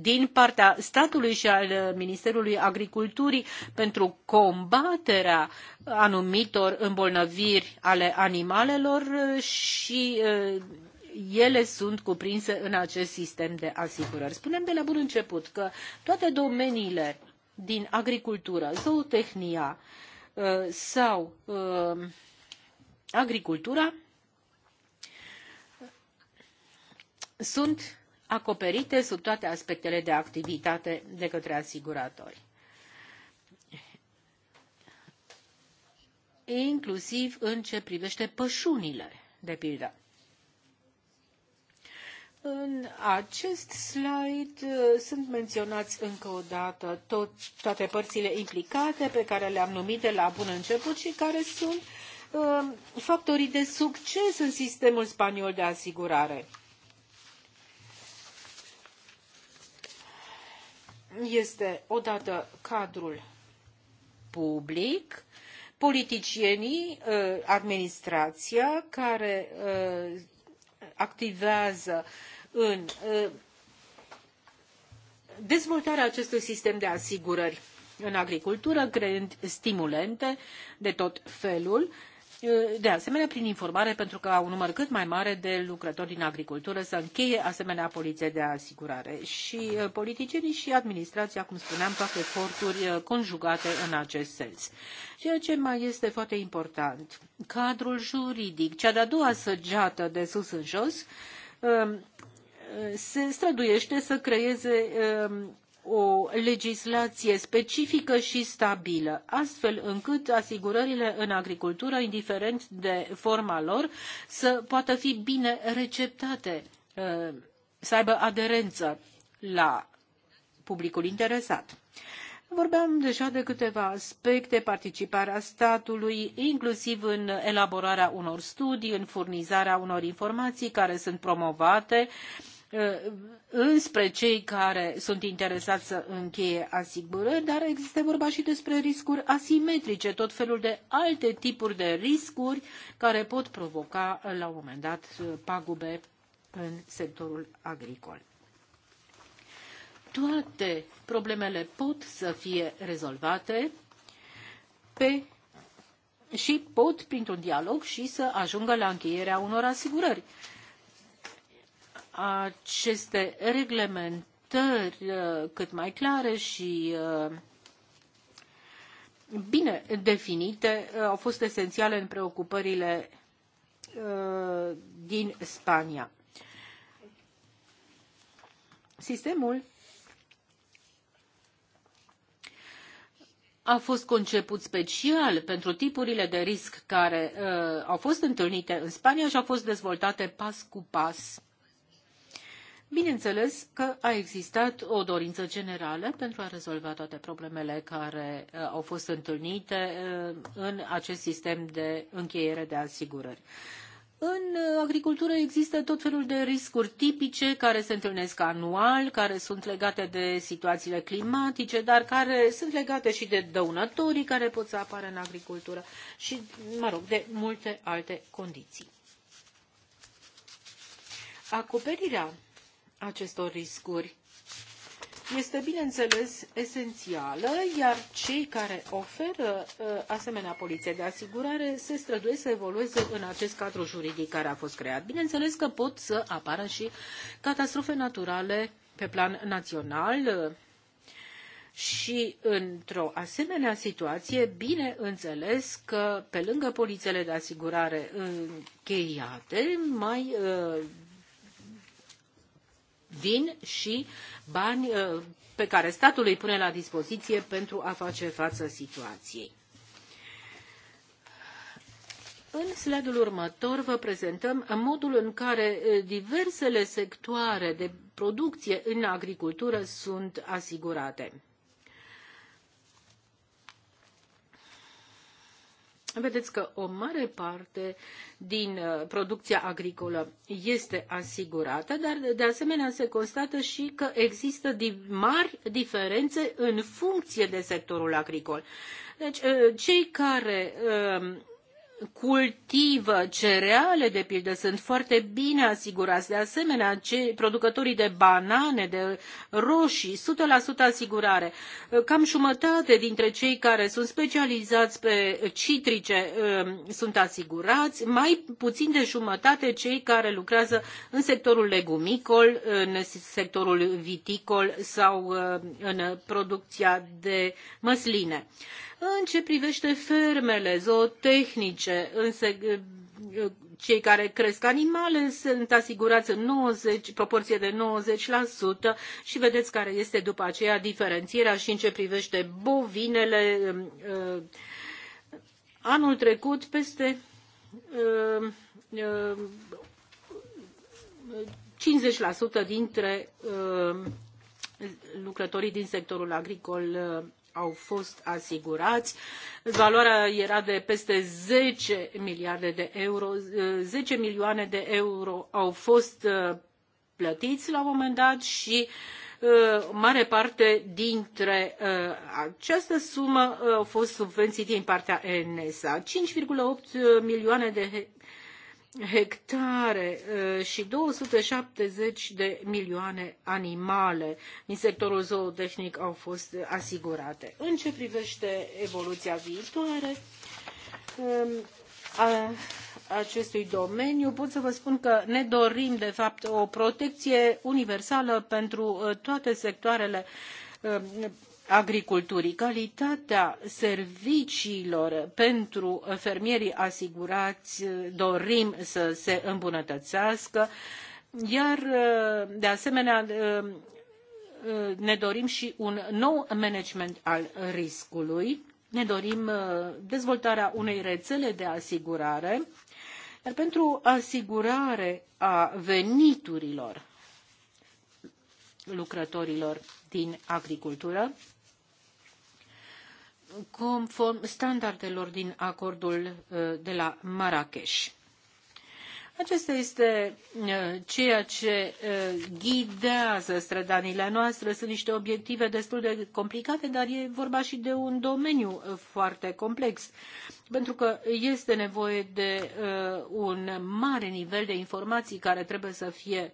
din partea statului și al uh, Ministerului Agriculturii pentru combaterea anumitor îmbolnăviri ale animalelor și ele sunt cuprinse în acest sistem de asigurări. Spunem de la bun început că toate domeniile din agricultură, zootehnia sau agricultura sunt acoperite sub toate aspectele de activitate de către asiguratori. Inclusiv în ce privește pășunile, de pildă. În acest slide uh, sunt menționați încă o dată tot, toate părțile implicate pe care le-am numit de la bun început și care sunt uh, factorii de succes în sistemul spaniol de asigurare este odată cadrul public, politicienii, uh, administrația care uh, activează în uh, dezvoltarea acestui sistem de asigurări în agricultură creând stimulente de tot felul Eh, de asemenea prin informare pentru ca un număr cât mai mare de lucrători din agricultură să încheie asemenea polițe de asigurare. Și eh, politicienii și administrația, cum spuneam, fac eforturi eh, conjugate în acest sens. Ceea ce mai este foarte important, cadrul juridic, cea de-a doua săgeată de sus în jos, se străduiește să creeze o legislație specifică și stabilă, astfel încât asigurările în agricultură, indiferent de forma lor, să poată fi bine receptate, uh, să aibă aderență la publicul interesat. Vorbeam deja de câteva aspecte, participarea statului, inclusiv în elaborarea unor studii, în furnizarea unor informații care sunt promovate uh, Uh, înspre cei care sunt interesați să încheie asigurări, dar există vorba și despre riscuri asimetrice, tot felul de alte tipuri de riscuri care pot provoca uh, la un moment dat uh, pagube în sectorul agricol. Toate problemele pot să fie rezolvate pe și pot, printr-un dialog, și să ajungă la încheierea unor asigurări aceste reglementări uh, cât mai clare și uh, bine definite uh, au fost esențiale în preocupările din Spania. Sistemul a fost conceput special pentru tipurile de risc care uh, au fost întâlnite în Spania și au fost dezvoltate pas cu pas. Bineînțeles că a existat o dorință generală pentru a rezolva toate problemele care uh, au fost întâlnite uh, în acest sistem de încheiere de asigurări. În uh, agricultură există tot felul de riscuri tipice care se întâlnesc anual, care sunt legate de situațiile climatice, dar care sunt legate și de dăunătorii care pot să apară în agricultură și, mă rog, de multe alte condiții. Acoperirea acestor riscuri este, bineînțeles, esențială, iar cei care oferă ă, asemenea poliție de asigurare se străduiesc să evolueze în acest cadru juridic care a fost creat. Bineînțeles că pot să apară și catastrofe naturale pe plan național ă, și într-o asemenea situație, bineînțeles că pe lângă polițele de asigurare încheiate mai ă, vin și bani uh, pe care statul îi pune la dispoziție pentru a face față situației. În slide-ul următor vă prezentăm modul în care uh, diversele sectoare de producție în agricultură sunt asigurate. Vedeți că o mare parte din uh, producția agricolă este asigurată, dar de asemenea se constată și că există mari diferențe în funcție de sectorul agricol. Deci, uh, cei care uh, cultivă cereale, de pildă, sunt foarte bine asigurați. De asemenea, ce, producătorii de banane, de roșii, 100% asigurare. Cam jumătate dintre cei care sunt specializați pe citrice um, sunt asigurați, mai puțin de jumătate cei care lucrează în sectorul legumicol, în sectorul viticol sau uh, în producția de măsline. În ce privește fermele zootehnice, în cei care cresc animale sunt asigurați în 90, proporție de 90% și vedeți care este după aceea diferențierea și în ce privește bovinele. Anul trecut peste 50% dintre lucrătorii din sectorul agricol au fost asigurați. Valoarea era de peste 10 miliarde de euro. 10 milioane de euro au fost uh, plătiți la un moment dat și uh, mare parte dintre uh, această sumă au fost subvenții din partea ENESA. 5,8 milioane de hectare uh, și 270 de milioane animale din sectorul zootehnic au fost asigurate. În ce privește evoluția viitoare um, a acestui domeniu, pot să vă spun că ne dorim, de fapt, o protecție universală pentru uh, toate sectoarele um, agriculturii. Calitatea serviciilor pentru fermierii asigurați dorim să se îmbunătățească, iar de asemenea ne dorim și un nou management al riscului, ne dorim uh, dezvoltarea unei rețele de asigurare, iar pentru asigurare a veniturilor lucrătorilor din agricultură conform standardelor din acordul uh, de la Marrakesh. Acesta este uh, ceea ce uh, ghidează strădanile noastre. Sunt niște obiective destul de complicate, dar e vorba și de un domeniu foarte complex, pentru că este nevoie de un mare nivel de informații care trebuie să fie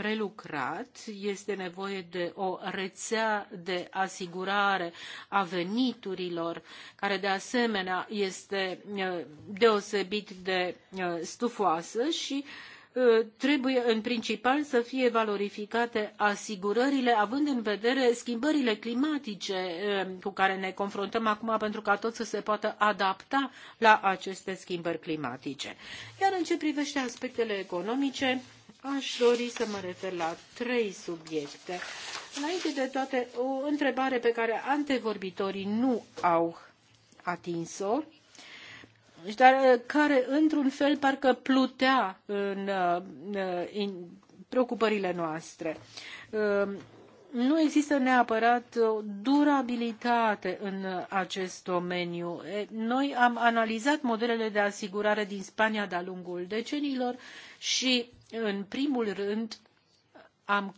prelucrat, este nevoie de o rețea de asigurare a veniturilor, care de asemenea este deosebit de stufoasă și trebuie în principal să fie valorificate asigurările având în vedere schimbările climatice cu care ne confruntăm acum pentru ca toți să se poată adapta la aceste schimbări climatice. Iar în ce privește aspectele economice, Aș dori să mă refer la trei subiecte. Înainte de toate, o întrebare pe care antevorbitorii nu au atins-o, dar uh, care, într-un fel, parcă plutea în, în uh, uh, preocupările noastre. Nu există neapărat durabilitate în acest domeniu. Noi am analizat modelele de asigurare din Spania de-a lungul decenilor și în primul rând, am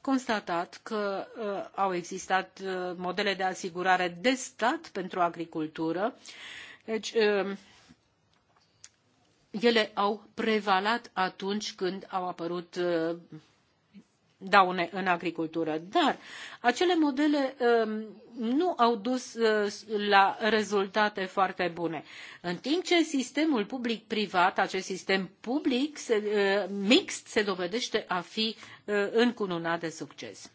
constatat că uh, au existat uh, modele de asigurare de stat pentru agricultură, deci uh, ele au prevalat atunci când au apărut daune în agricultură. Dar acele modele um, nu au dus uh, la rezultate foarte bune. În timp ce sistemul public-privat, acest sistem public uh, mixt, se dovedește a fi uh, încununat de succes.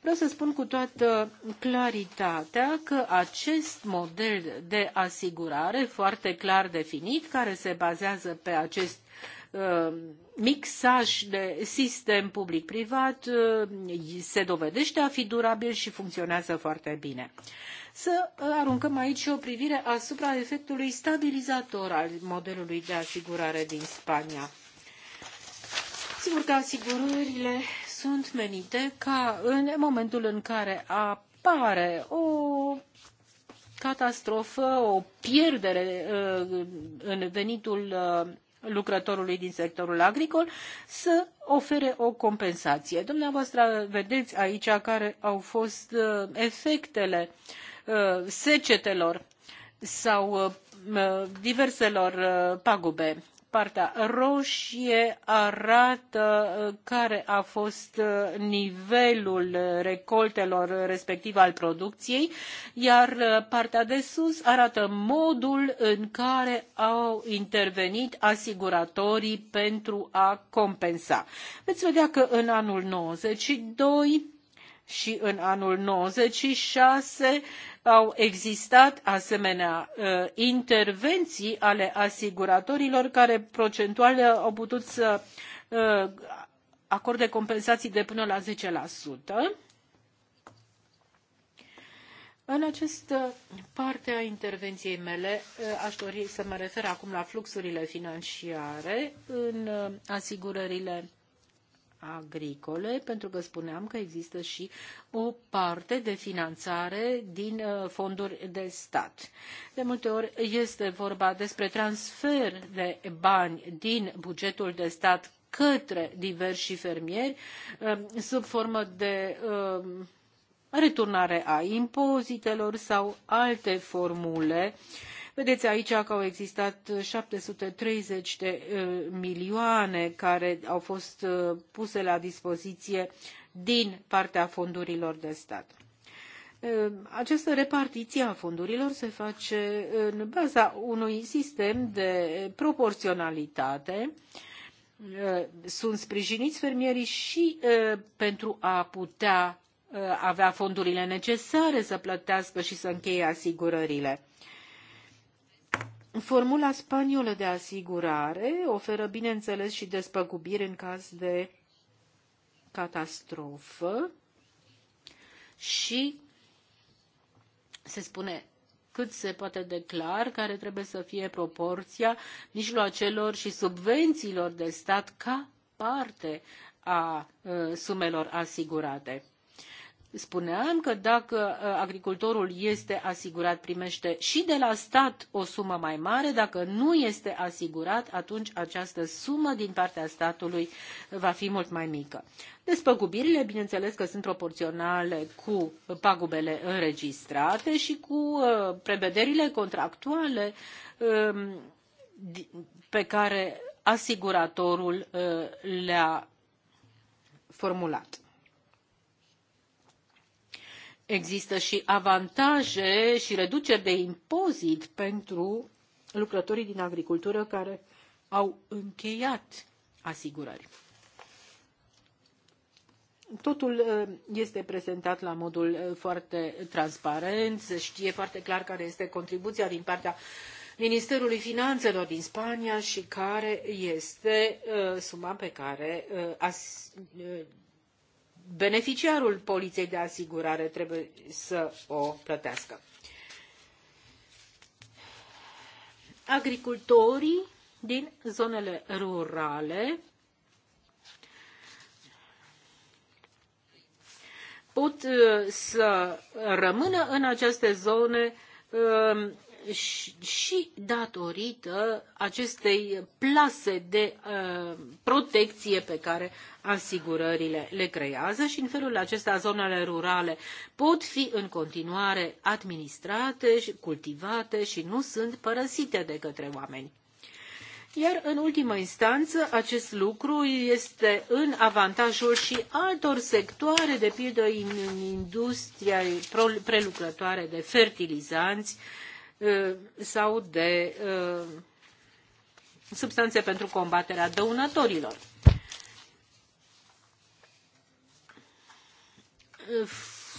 Vreau să spun cu toată claritatea că acest model de asigurare, foarte clar definit, care se bazează pe acest Uh, mixaj de sistem public-privat uh, se dovedește a fi durabil și funcționează foarte bine. Să uh, aruncăm aici o privire asupra efectului stabilizator al modelului de asigurare din Spania. Sigur că asigurările sunt menite ca în momentul în care apare o catastrofă, o pierdere în venitul lucrătorului din sectorul agricol să ofere o compensație. Dumneavoastră vedeți aici care au fost uh, efectele uh, secetelor sau uh, diverselor pagube partea roșie arată uh, care a fost uh, nivelul uh, recoltelor respectiv al producției, iar partea de sus arată modul în care au intervenit asiguratorii pentru a compensa. Veți vedea că în anul 92 și în anul 96 au existat asemenea uh, intervenții ale asiguratorilor care procentual au putut să uh, acorde compensații de până la 10%. În această uh, parte a intervenției mele aș dori să mă refer acum la fluxurile financiare în asigurările agricole, pentru că spuneam că există și o parte de finanțare din uh, fonduri de stat. De multe ori este vorba despre transfer de bani din bugetul de stat către diversi fermieri uh, sub formă de uh, returnare a impozitelor sau alte formule uh, Vedeți aici că au existat 730 de uh, milioane care au fost uh, puse la dispoziție din partea fondurilor de stat. Uh, această repartiție a fondurilor se face în baza unui sistem de proporționalitate. Sunt sprijiniți fermierii și pentru a putea avea fondurile necesare să plătească și să încheie asigurările. Formula spaniolă de asigurare oferă, bineînțeles, și despăgubiri în caz de catastrofă și se spune cât se poate de clar care trebuie să fie proporția mijloacelor și subvențiilor de stat ca parte a uh, sumelor asigurate spuneam că dacă ă, agricultorul este asigurat, primește și de la stat o sumă mai mare. Dacă nu este asigurat, atunci această sumă din partea statului va fi mult mai mică. Despăgubirile, bineînțeles că sunt proporționale cu pagubele înregistrate și cu ă, prevederile contractuale ă, pe care asiguratorul le-a formulat există și avantaje și reduceri de impozit pentru lucrătorii din agricultură care au încheiat asigurări. Totul uh, este prezentat la modul uh, foarte transparent, se știe foarte clar care este contribuția din partea Ministerului Finanțelor din Spania și care este uh, suma pe care beneficiarul poliței de asigurare trebuie să o plătească. Agricultorii din zonele rurale pot uh, să rămână în aceste zone um, și datorită acestei plase de uh, protecție pe care asigurările le creează și în felul acesta zonele rurale pot fi în continuare administrate și cultivate și nu sunt părăsite de către oameni. Iar în ultimă instanță, acest lucru este în avantajul și altor sectoare, de pildă în industria prelucrătoare de fertilizanți, uh, Uh, sau de uh, substanțe pentru combaterea dăunătorilor.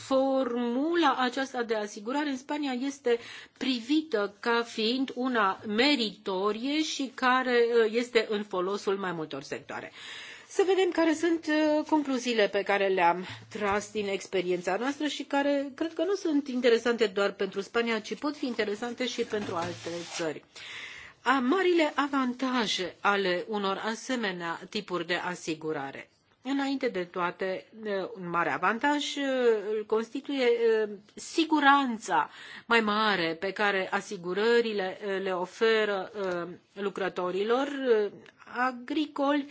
formula aceasta de asigurare în Spania este privită ca fiind una meritorie și care uh, este în folosul mai multor sectoare să vedem care sunt uh, concluziile pe care le-am tras din experiența noastră și care cred că nu sunt interesante doar pentru Spania, ci pot fi interesante și pentru alte țări. A marile avantaje ale unor asemenea tipuri de asigurare. Înainte de toate, uh, un mare avantaj uh, îl constituie siguranța mai mare pe care asigurările le oferă lucrătorilor agricoli,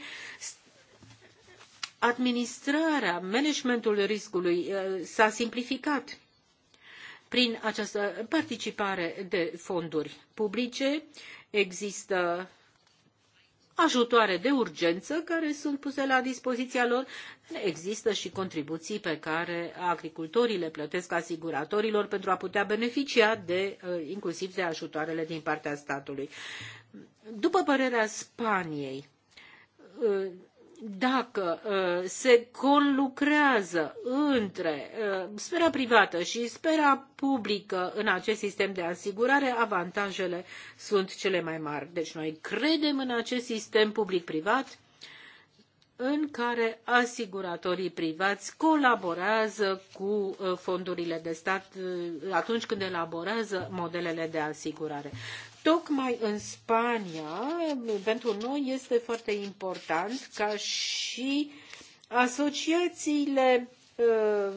administrarea, managementul riscului uh, s-a simplificat prin această participare de fonduri publice. Există ajutoare de urgență care sunt puse la dispoziția lor. Există și contribuții pe care agricultorii le plătesc asiguratorilor pentru a putea beneficia de, uh, inclusiv de ajutoarele din partea statului. După părerea Spaniei, uh, dacă uh, se conlucrează între uh, sfera privată și sfera publică în acest sistem de asigurare, avantajele sunt cele mai mari. Deci noi credem în acest sistem public-privat în care asiguratorii privați colaborează cu uh, fondurile de stat atunci când elaborează modelele de asigurare tocmai în Spania, pentru noi este foarte important ca și asociațiile uh,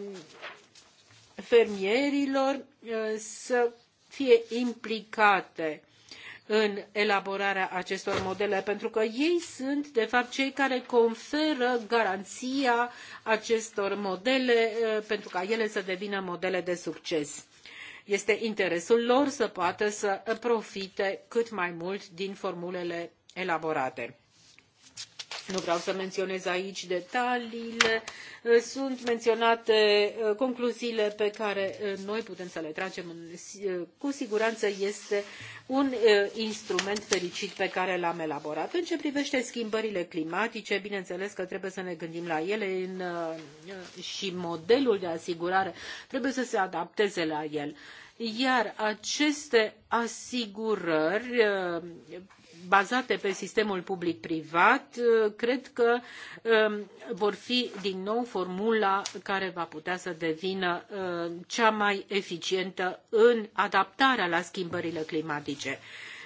fermierilor uh, să fie implicate în elaborarea acestor modele, pentru că ei sunt, de fapt, cei care conferă garanția acestor modele uh, pentru ca ele să devină modele de succes este interesul lor să poată să profite cât mai mult din formulele elaborate. Nu vreau să menționez aici detaliile. Uh, sunt menționate uh, concluziile pe care uh, noi putem să le tragem. Cu siguranță este un instrument fericit pe care l-am elaborat. În ce privește schimbările climatice, bineînțeles că trebuie să ne gândim la ele în, și modelul de asigurare trebuie să se adapteze la el iar aceste asigurări bazate pe sistemul public privat cred că um, vor fi din nou formula care va putea să devină um, cea mai eficientă în adaptarea la schimbările climatice.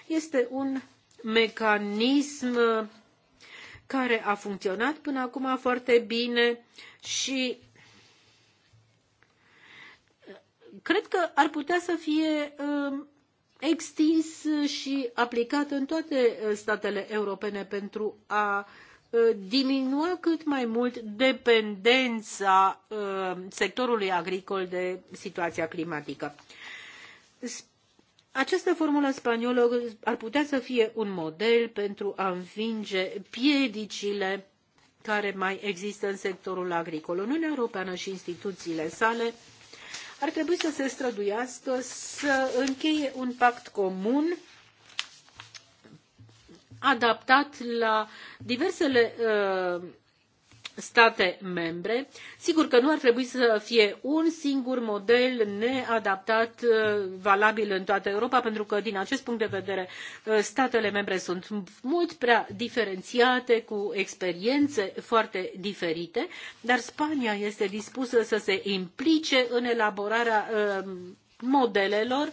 este un mecanism uh, care a funcționat până acum foarte bine și uh, cred că ar putea să fie um, extins și aplicat în toate uh, statele europene pentru a uh, diminua cât mai mult dependența uh, sectorului agricol de situația climatică. Această formulă spaniolă ar putea să fie un model pentru a învinge piedicile care mai există în sectorul agricol. Uniunea Europeană și instituțiile sale ar trebui să se străduiască să încheie un pact comun adaptat la diversele uh, state membre. Sigur că nu ar trebui să fie un singur model neadaptat uh, valabil în toată Europa, pentru că din acest punct de vedere uh, statele membre sunt mult prea diferențiate, cu experiențe foarte diferite, dar Spania este dispusă să se implice în elaborarea uh, modelelor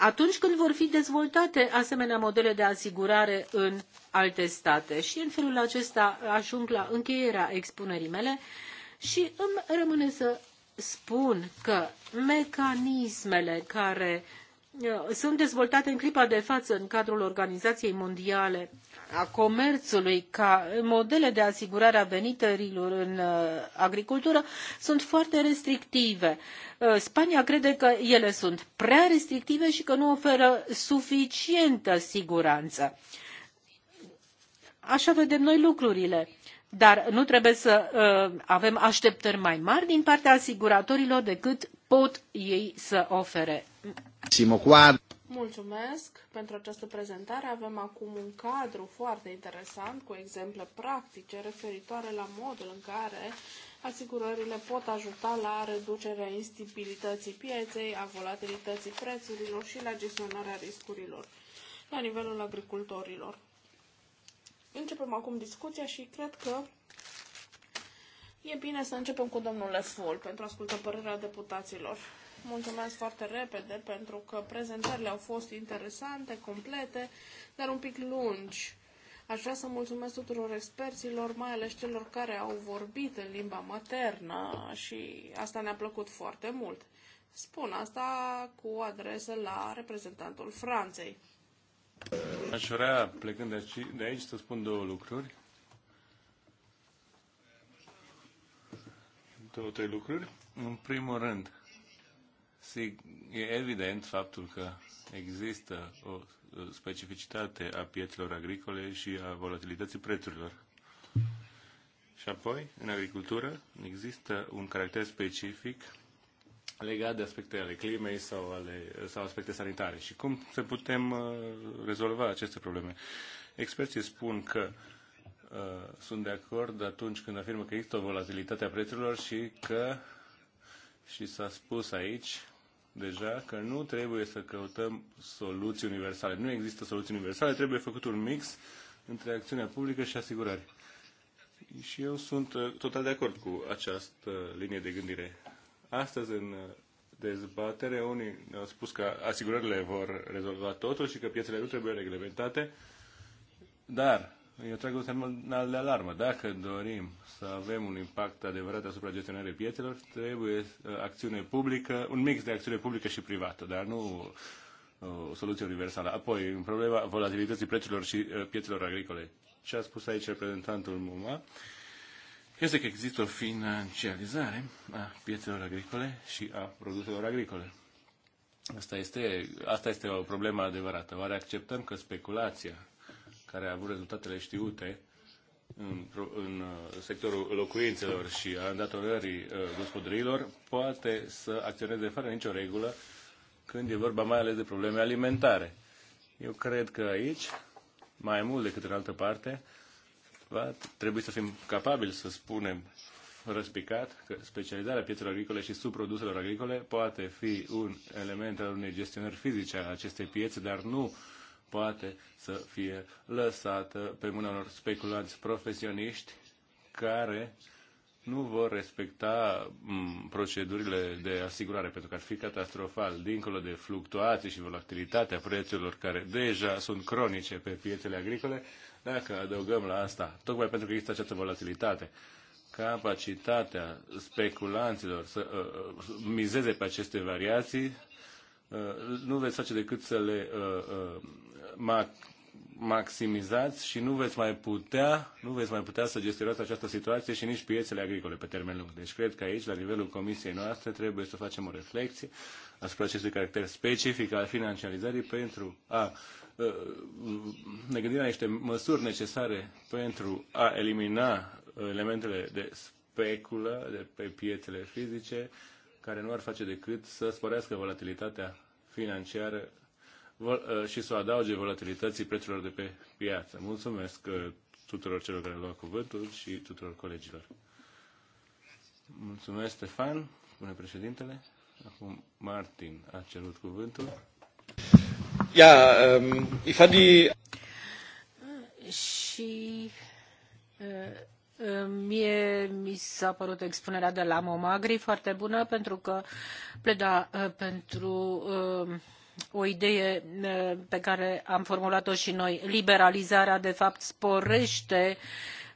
atunci când vor fi dezvoltate asemenea modele de asigurare în alte state. Și în felul acesta ajung la încheierea expunerii mele și îmi rămâne să spun că mecanismele care uh, sunt dezvoltate în clipa de față în cadrul Organizației Mondiale a comerțului ca modele de asigurare a veniturilor în uh, agricultură sunt foarte restrictive. Uh, Spania crede că ele sunt prea restrictive și că nu oferă suficientă siguranță. Așa vedem noi lucrurile dar nu trebuie să uh, avem așteptări mai mari din partea asiguratorilor decât pot ei să ofere. Mulțumesc pentru această prezentare. Avem acum un cadru foarte interesant cu exemple practice referitoare la modul în care asigurările pot ajuta la reducerea instabilității pieței, a volatilității prețurilor și la gestionarea riscurilor la nivelul agricultorilor. Începem acum discuția și cred că e bine să începem cu domnul Lefol pentru a asculta părerea deputaților. Mulțumesc foarte repede pentru că prezentările au fost interesante, complete, dar un pic lungi. Aș vrea să mulțumesc tuturor experților, mai ales celor care au vorbit în limba maternă și asta ne-a plăcut foarte mult. Spun asta cu adresă la reprezentantul Franței. Aș vrea, plecând de aici, de aici să spun două lucruri. Două, trei lucruri. În primul rând, e evident faptul că există o specificitate a piețelor agricole și a volatilității prețurilor. Și apoi, în agricultură, există un caracter specific legat de aspecte ale climei sau, ale, sau aspecte sanitare. Și cum să putem uh, rezolva aceste probleme? Experții spun că uh, sunt de acord atunci când afirmă că există o volatilitate a prețurilor și că, și s-a spus aici, deja că nu trebuie să căutăm soluții universale. Nu există soluții universale, trebuie făcut un mix între acțiunea publică și asigurări. Și eu sunt uh, total de acord cu această linie de gândire. Astăzi, în uh, dezbatere, unii au spus că asigurările vor rezolva totul și că piețele nu trebuie reglementate, dar eu trag un semnal de alarmă. Dacă dorim să avem un impact adevărat asupra gestionării piețelor, trebuie uh, acțiune publică, un mix de acțiune publică și privată, dar nu uh, o soluție universală. Apoi, în problema volatilității prețurilor și uh, piețelor agricole. Ce a spus aici reprezentantul MUMA este că există o financiarizare a piețelor agricole și a produselor agricole. Asta este, asta este o problemă adevărată. Oare acceptăm că speculația care a avut rezultatele știute în, în uh, sectorul locuințelor și a îndatorării uh, gospodăriilor, poate să acționeze fără nicio regulă când e vorba mai ales de probleme alimentare. Eu cred că aici, mai mult decât în altă parte, va trebui să fim capabili să spunem răspicat că specializarea piețelor agricole și subproduselor agricole poate fi un element al unei gestionări fizice a acestei piețe, dar nu uh, poate să fie lăsată pe mâna unor speculanți profesioniști care nu vor respecta procedurile de asigurare, pentru că ar fi catastrofal, dincolo de fluctuații și volatilitatea prețurilor care deja sunt cronice pe piețele agricole, dacă adăugăm la asta, tocmai pentru că există această volatilitate, capacitatea speculanților să uh, uh mizeze pe aceste variații, uh, nu veți face decât să le uh, uh, maximizați și nu veți mai putea, nu veți mai putea să gestionați această situație și nici piețele agricole pe termen lung. Deci cred că aici, la nivelul comisiei noastre, trebuie să facem o reflexie asupra acestui caracter specific al financiarizării pentru a uh, ne gândim la niște măsuri necesare pentru a elimina elementele de speculă de pe piețele fizice, care nu ar face decât să sporească volatilitatea financiară Uh, și să o adauge volatilității prețurilor de pe piață. Mulțumesc uh, tuturor celor care au luat cuvântul și tuturor colegilor. Mulțumesc, Stefan, spune președintele. Acum Martin a cerut cuvântul. Ia, um, Ifadi... Și uh, um, mie mi s-a părut expunerea de la Momagri foarte bună pentru că pleda uh, pentru uh, o idee eh, pe care am formulat o și noi liberalizarea de fapt sporește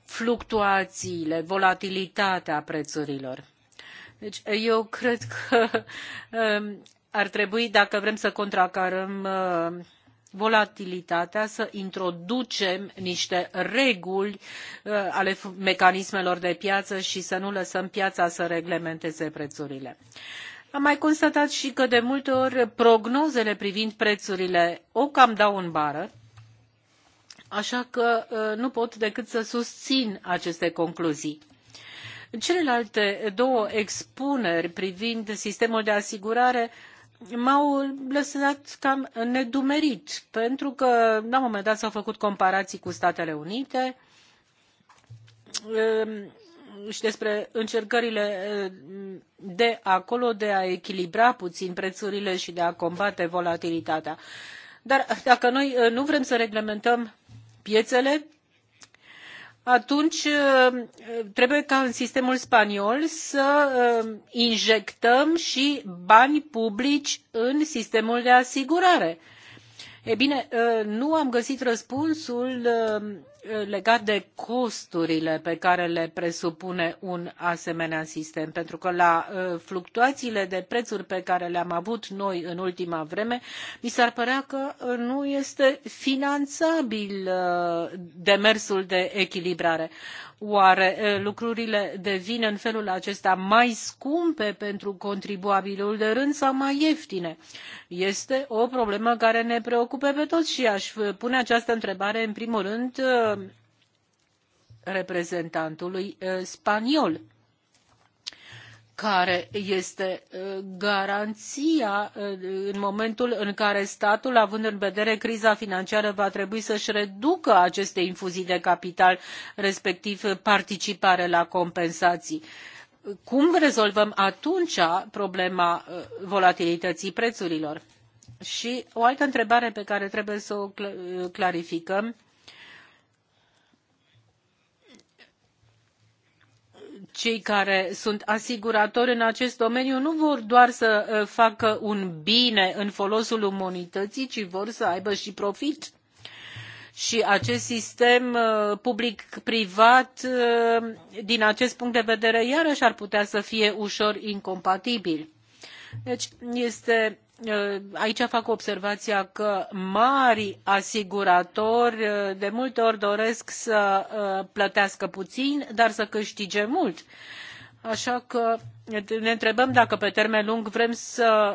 fluctuațiile volatilitatea prețurilor. Deci eh, eu cred că eh, ar trebui dacă vrem să contracarăm volatilitatea să introducem niște reguli ale mecanismelor de piață și să nu lăsăm piața să reglementeze prețurile. Am mai constatat și că de multe ori prognozele privind prețurile o cam dau în bară, așa că uh, nu pot decât să susțin aceste concluzii. Celelalte două expuneri privind sistemul de asigurare m-au lăsat cam nedumerit, pentru că la un moment dat s-au făcut comparații cu Statele Unite, um, și despre încercările eh, de acolo de a echilibra puțin prețurile și de a combate volatilitatea. Dar dacă noi eh, nu vrem să reglementăm piețele, atunci eh, trebuie ca în sistemul spaniol să injectăm și bani publici în sistemul de asigurare. E bine, nu am găsit răspunsul legat de costurile pe care le presupune un asemenea sistem pentru că la uh, fluctuațiile de prețuri pe care le am avut noi în ultima vreme mi s ar părea că uh, nu este finanțabil uh, demersul de echilibrare. Oare lucrurile devin în felul acesta mai scumpe pentru contribuabilul de rând sau mai ieftine? Este o problemă care ne preocupă pe toți și aș pune această întrebare în primul rând reprezentantului spaniol care este uh, garanția uh, în momentul în care statul, având în vedere criza financiară, va trebui să-și reducă aceste infuzii de capital, respectiv participare la compensații. Cum rezolvăm atunci problema uh, volatilității prețurilor? Și o altă întrebare pe care trebuie să o clarificăm cei care sunt asiguratori în acest domeniu nu vor doar să uh, facă un bine în folosul umanității, ci vor să aibă și profit. Și acest sistem uh, public-privat, uh, din acest punct de vedere, iarăși ar putea să fie ușor incompatibil. Deci este Eh, aici fac observația că mari asiguratori eh, de multe ori doresc să eh, plătească puțin, dar să câștige mult. Așa că ne întrebăm dacă pe termen lung vrem să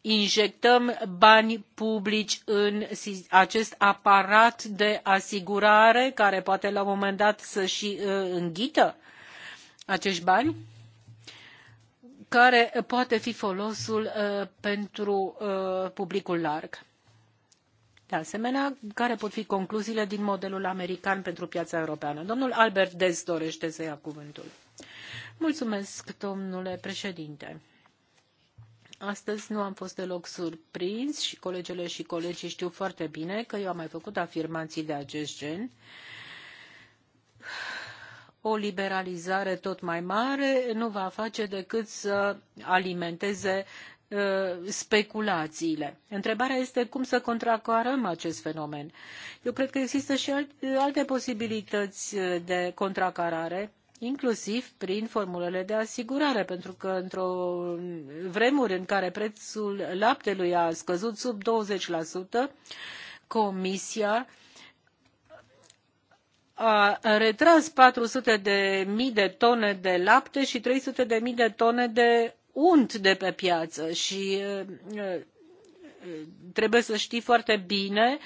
injectăm bani publici în acest aparat de asigurare care poate la un moment dat să și înghită acești bani? care poate fi folosul uh, pentru uh, publicul larg. De asemenea, care pot fi concluziile din modelul american pentru piața europeană? Domnul Albert Dez dorește să ia cuvântul. Mulțumesc, domnule președinte. Astăzi nu am fost deloc surprins și colegele și colegii știu foarte bine că eu am mai făcut afirmații de acest gen o liberalizare tot mai mare nu va face decât să alimenteze uh, speculațiile. Întrebarea este cum să contracarăm acest fenomen. Eu cred că există și alte posibilități uh, de contracarare, inclusiv prin formulele de asigurare, pentru că într-o vremuri în care prețul laptelui a scăzut sub 20%, Comisia uh, a retras 400 de mii de tone de lapte și 300 de mii de tone de unt de pe piață și trebuie să știi foarte bine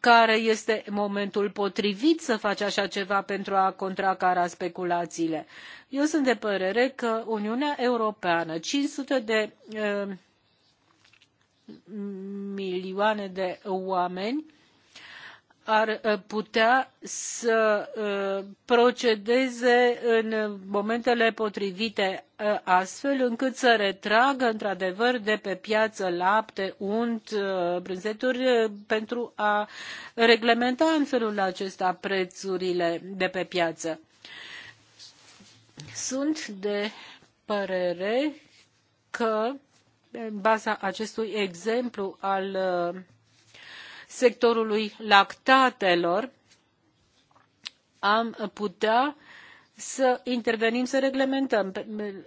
care este momentul potrivit să faci așa ceva pentru a contracara speculațiile. Eu sunt de părere că Uniunea Europeană, 500 de milioane de oameni, ar uh, putea să uh, procedeze în momentele potrivite uh, astfel încât să retragă într adevăr de pe piață lapte unt brânzeturi pentru a reglementa în felul acesta prețurile de pe piață. Sunt de părere că în baza acestui exemplu al sectorului lactatelor, am putea să intervenim, să reglementăm.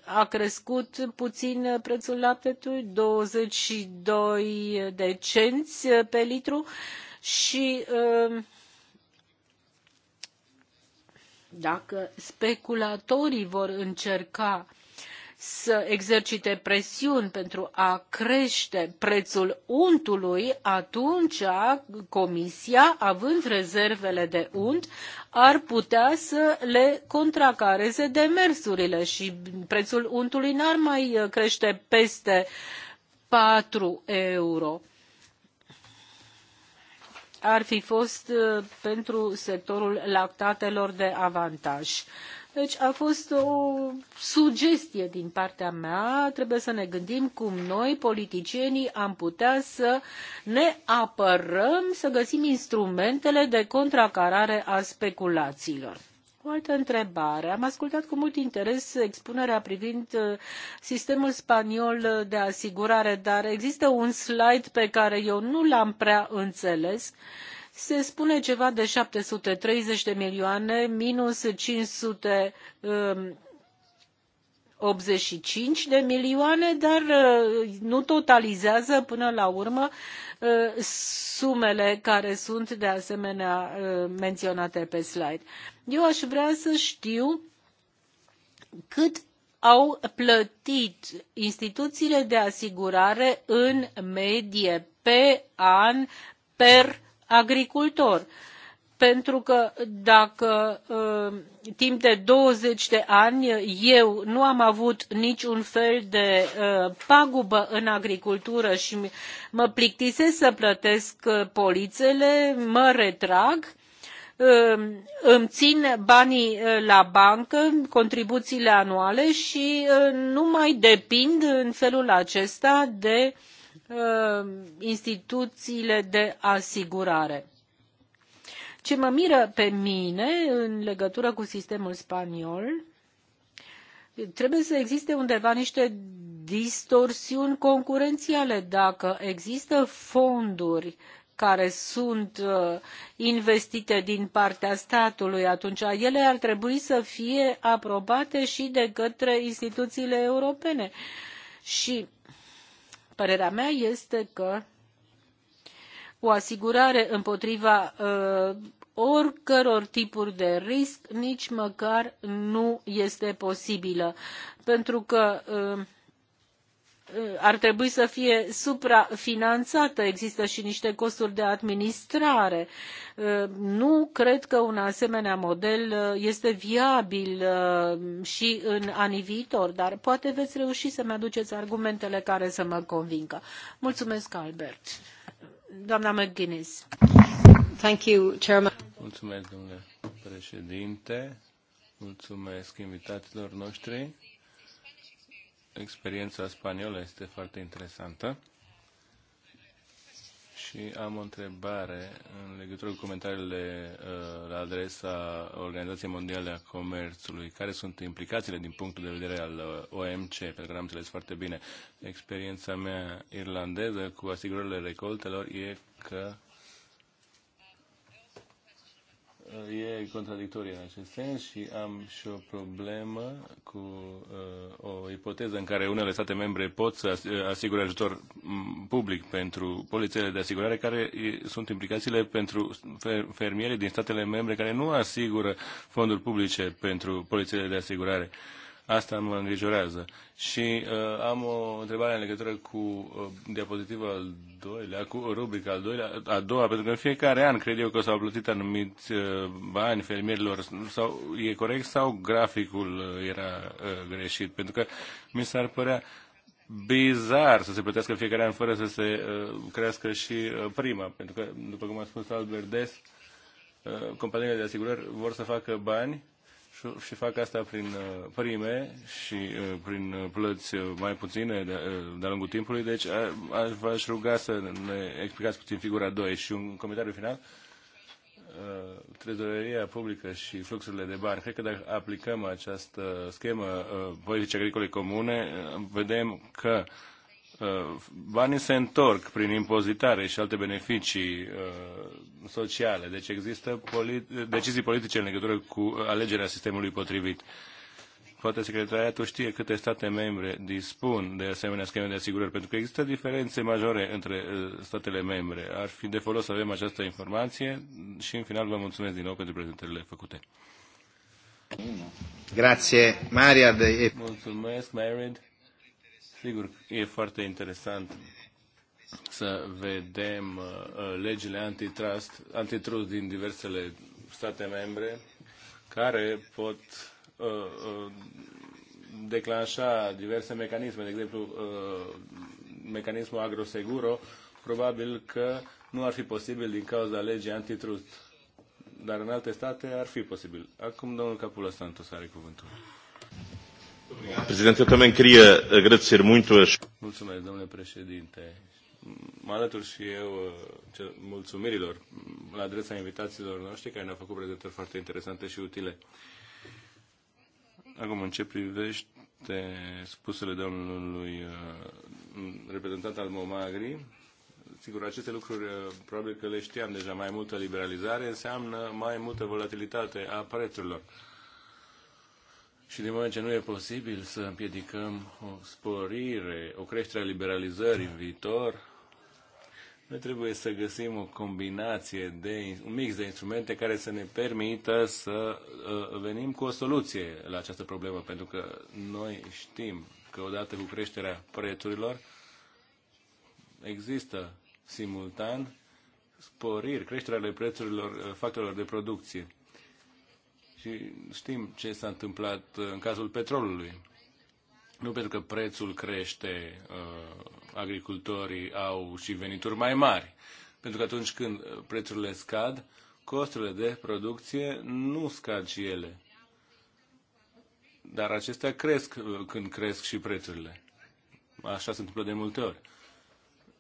A crescut puțin prețul laptelui, 22 de cenți pe litru și um, dacă speculatorii vor încerca să exercite presiuni pentru a crește prețul untului, atunci Comisia, având rezervele de unt, ar putea să le contracareze demersurile și prețul untului n-ar mai crește peste 4 euro ar fi fost uh, pentru sectorul lactatelor de avantaj. Deci a fost o sugestie din partea mea. Trebuie să ne gândim cum noi, politicienii, am putea să ne apărăm, să găsim instrumentele de contracarare a speculațiilor. O altă întrebare. Am ascultat cu mult interes expunerea privind uh, sistemul spaniol de asigurare, dar există un slide pe care eu nu l-am prea înțeles se spune ceva de 730 de milioane minus 585 um, de milioane, dar uh, nu totalizează până la urmă uh, sumele care sunt de asemenea uh, menționate pe slide. Eu aș vrea să știu cât au plătit instituțiile de asigurare în medie pe an per agricultor. Pentru că dacă uh, timp de 20 de ani eu nu am avut niciun fel de uh, pagubă în agricultură și mă plictisesc să plătesc uh, polițele, mă retrag, îmi țin banii la bancă, contribuțiile anuale și nu mai depind în felul acesta de uh, Uh, instituțiile de asigurare. Ce mă miră pe mine în legătură cu sistemul spaniol, trebuie să existe undeva niște distorsiuni concurențiale. Dacă există fonduri care sunt uh, investite din partea statului, atunci ele ar trebui să fie aprobate și de către instituțiile europene. Și Părerea mea este că o asigurare împotriva uh, oricăror tipuri de risc nici măcar nu este posibilă pentru că uh, Uh, ar trebui să fie suprafinanțată. Există și niște costuri de administrare. Uh, nu cred că un asemenea model uh, este viabil și în anii viitor, dar poate veți reuși să-mi aduceți argumentele care să mă convingă. Mulțumesc, Albert. Doamna McGuinness. Thank you, Chairman. Mulțumesc, domnule președinte. Mulțumesc invitaților noștri experiența spaniolă este foarte interesantă. Și am o întrebare în legătură cu comentariile uh, la adresa Organizației Mondiale a Comerțului. Care sunt implicațiile din punctul de vedere al uh, OMC? Pentru că am înțeles foarte bine. Experiența mea irlandeză cu asigurările recoltelor e că e contradictorie în acest sens și am și o problemă cu uh, o ipoteză în care unele state membre pot să uh, asigure ajutor public pentru polițele de asigurare, care sunt implicațiile pentru fermierii din statele membre care nu asigură fonduri publice pentru polițele de asigurare. Uh, Asta mă îngrijorează. Și uh, am o întrebare în legătură cu uh, diapozitiva al doilea, cu rubrica al doilea, a doua, pentru că în fiecare an cred eu că s-au plătit anumiți uh, bani fermierilor. Sau, e corect sau graficul uh, era uh, greșit? Pentru că mi s-ar părea bizar să se plătească fiecare an fără să se uh, crească și uh, prima. Pentru că, după cum a spus Albert Des, uh, companiile de asigurări vor să facă bani și fac asta prin uh, prime și uh, prin uh, plăți mai puține de-a lungul timpului, deci aș v-aș ruga să ne explicați puțin figura 2 și un comentariu final. Trezoreria publică și fluxurile de bani. Cred că dacă aplicăm această schemă politice agricole comune, vedem că uh, Uh, banii se întorc prin impozitare și alte beneficii uh, sociale. Deci există polit- decizii politice în legătură cu alegerea sistemului potrivit. Poate secretariatul știe câte state membre dispun de asemenea scheme de asigurări, pentru că există diferențe majore între uh, statele membre. Ar fi de folos să avem această informație și în final vă mulțumesc din nou pentru prezentările făcute. Grazie, De... Mulțumesc, Maria. Sigur, e foarte interesant să vedem uh, uh, legile antitrust, antitrust din diversele state membre care pot uh, uh, declanșa diverse mecanisme, de exemplu uh, mecanismul agroseguro, probabil că nu ar fi posibil din cauza legii antitrust, dar în alte state ar fi posibil. Acum domnul Capulă Santos are cuvântul. Președinte, eu também queria agradecer muito as... Mulțumesc, domnule președinte. Mă alătur și eu uh, mulțumirilor la adresa invitațiilor noștri care ne-au făcut prezentări foarte interesante și utile. Acum, în ce privește spusele domnului uh, reprezentant al Momagri, sigur, aceste lucruri uh, probabil că le știam deja, mai multă liberalizare înseamnă mai multă volatilitate a prețurilor. Și din moment ce nu e posibil să împiedicăm o sporire, o creștere a liberalizării în viitor, noi trebuie să găsim o combinație, de, un mix de instrumente care să ne permită să uh, venim cu o soluție la această problemă, pentru că noi știm că odată cu creșterea prețurilor există simultan sporiri, creșterea prețurilor uh, factorilor de producție. Și știm ce s-a întâmplat uh, în cazul petrolului. Nu pentru că prețul crește, uh, agricultorii au și venituri mai mari. Pentru că atunci când uh, prețurile scad, costurile de producție nu scad și ele. Dar acestea cresc când cresc și prețurile. Așa se întâmplă de multe ori.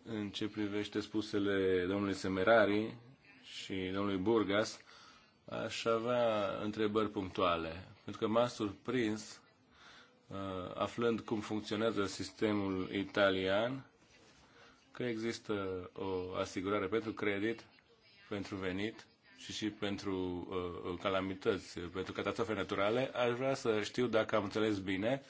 În ce privește spusele domnului Semerari și domnului Burgas, aș avea întrebări punctuale, pentru că m-a surprins uh, aflând cum funcționează sistemul italian, că există o asigurare pentru credit, pentru venit și și pentru uh, calamități, pentru catastrofe naturale. Aș vrea să știu dacă am înțeles bine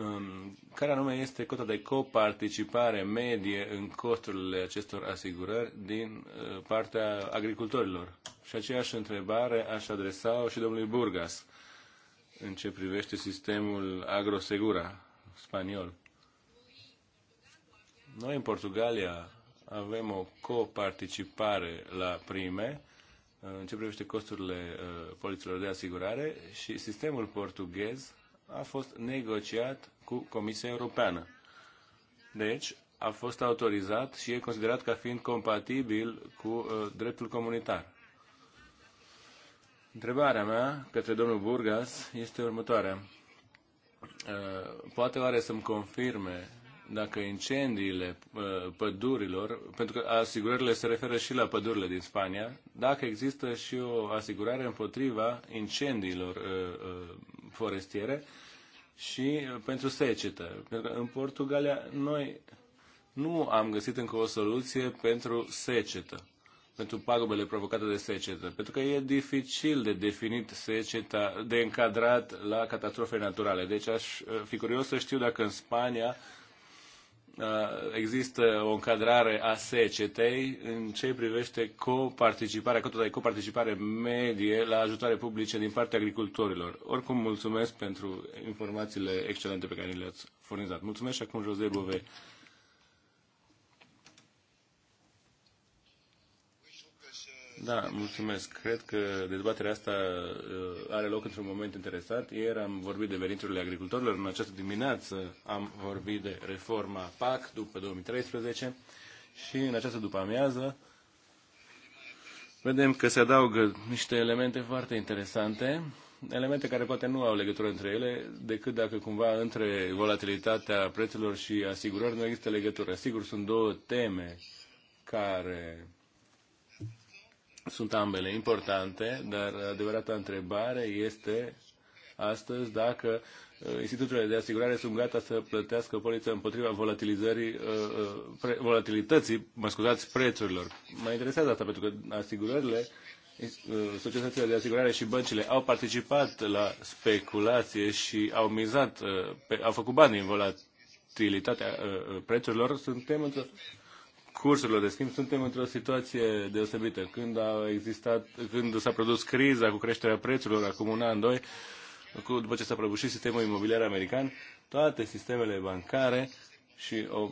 Um, care anume este cota de coparticipare medie în costurile acestor asigurări din uh, partea agricultorilor. Și aceeași întrebare aș adresa-o și domnului Burgas în ce privește sistemul agrosegura spaniol. Noi în Portugalia avem o coparticipare la prime uh, în ce privește costurile uh, polițelor de asigurare și sistemul portughez a fost negociat cu Comisia Europeană. Deci, a fost autorizat și e considerat ca fiind compatibil cu uh, dreptul comunitar. Întrebarea mea către domnul Burgas este următoarea. Uh, poate oare să-mi confirme dacă incendiile uh, pădurilor, pentru că asigurările se referă și la pădurile din Spania, dacă există și o asigurare împotriva incendiilor uh, uh, forestiere și uh, pentru secetă. În Portugalia noi nu am găsit încă o soluție pentru secetă, pentru pagubele provocate de secetă, pentru că e dificil de definit seceta, de încadrat la catastrofe naturale. Deci aș uh, fi curios să știu dacă în Spania Uh, există o încadrare a secetei în ce privește coparticiparea, cotul de coparticipare medie la ajutoare publice din partea agricultorilor. Oricum, mulțumesc pentru informațiile excelente pe care le-ați furnizat. Mulțumesc și acum Jose Bove Da, mulțumesc. Cred că dezbaterea asta uh, are loc într-un moment interesant. Ieri am vorbit de veniturile agricultorilor, în această dimineață am vorbit de reforma PAC după 2013 și în această după amiază vedem că se adaugă niște elemente foarte interesante, elemente care poate nu au legătură între ele, decât dacă cumva între volatilitatea prețurilor și asigurări nu există legătură. Sigur, sunt două teme care sunt ambele importante, dar adevărata întrebare este astăzi dacă uh, instituțiile de asigurare sunt gata să plătească o poliță împotriva volatilizării, uh, uh, volatilității, mă scuzați, prețurilor. Mă interesează asta pentru că asigurările, societățile de asigurare și băncile au participat la speculație și au mizat, au făcut bani în volatilitatea prețurilor. Suntem într-o cursurilor de schimb, suntem într-o situație deosebită. Când a existat, când s-a produs criza cu creșterea prețurilor acum un an, doi, cu, după ce s-a prăbușit sistemul imobiliar american, toate sistemele bancare și o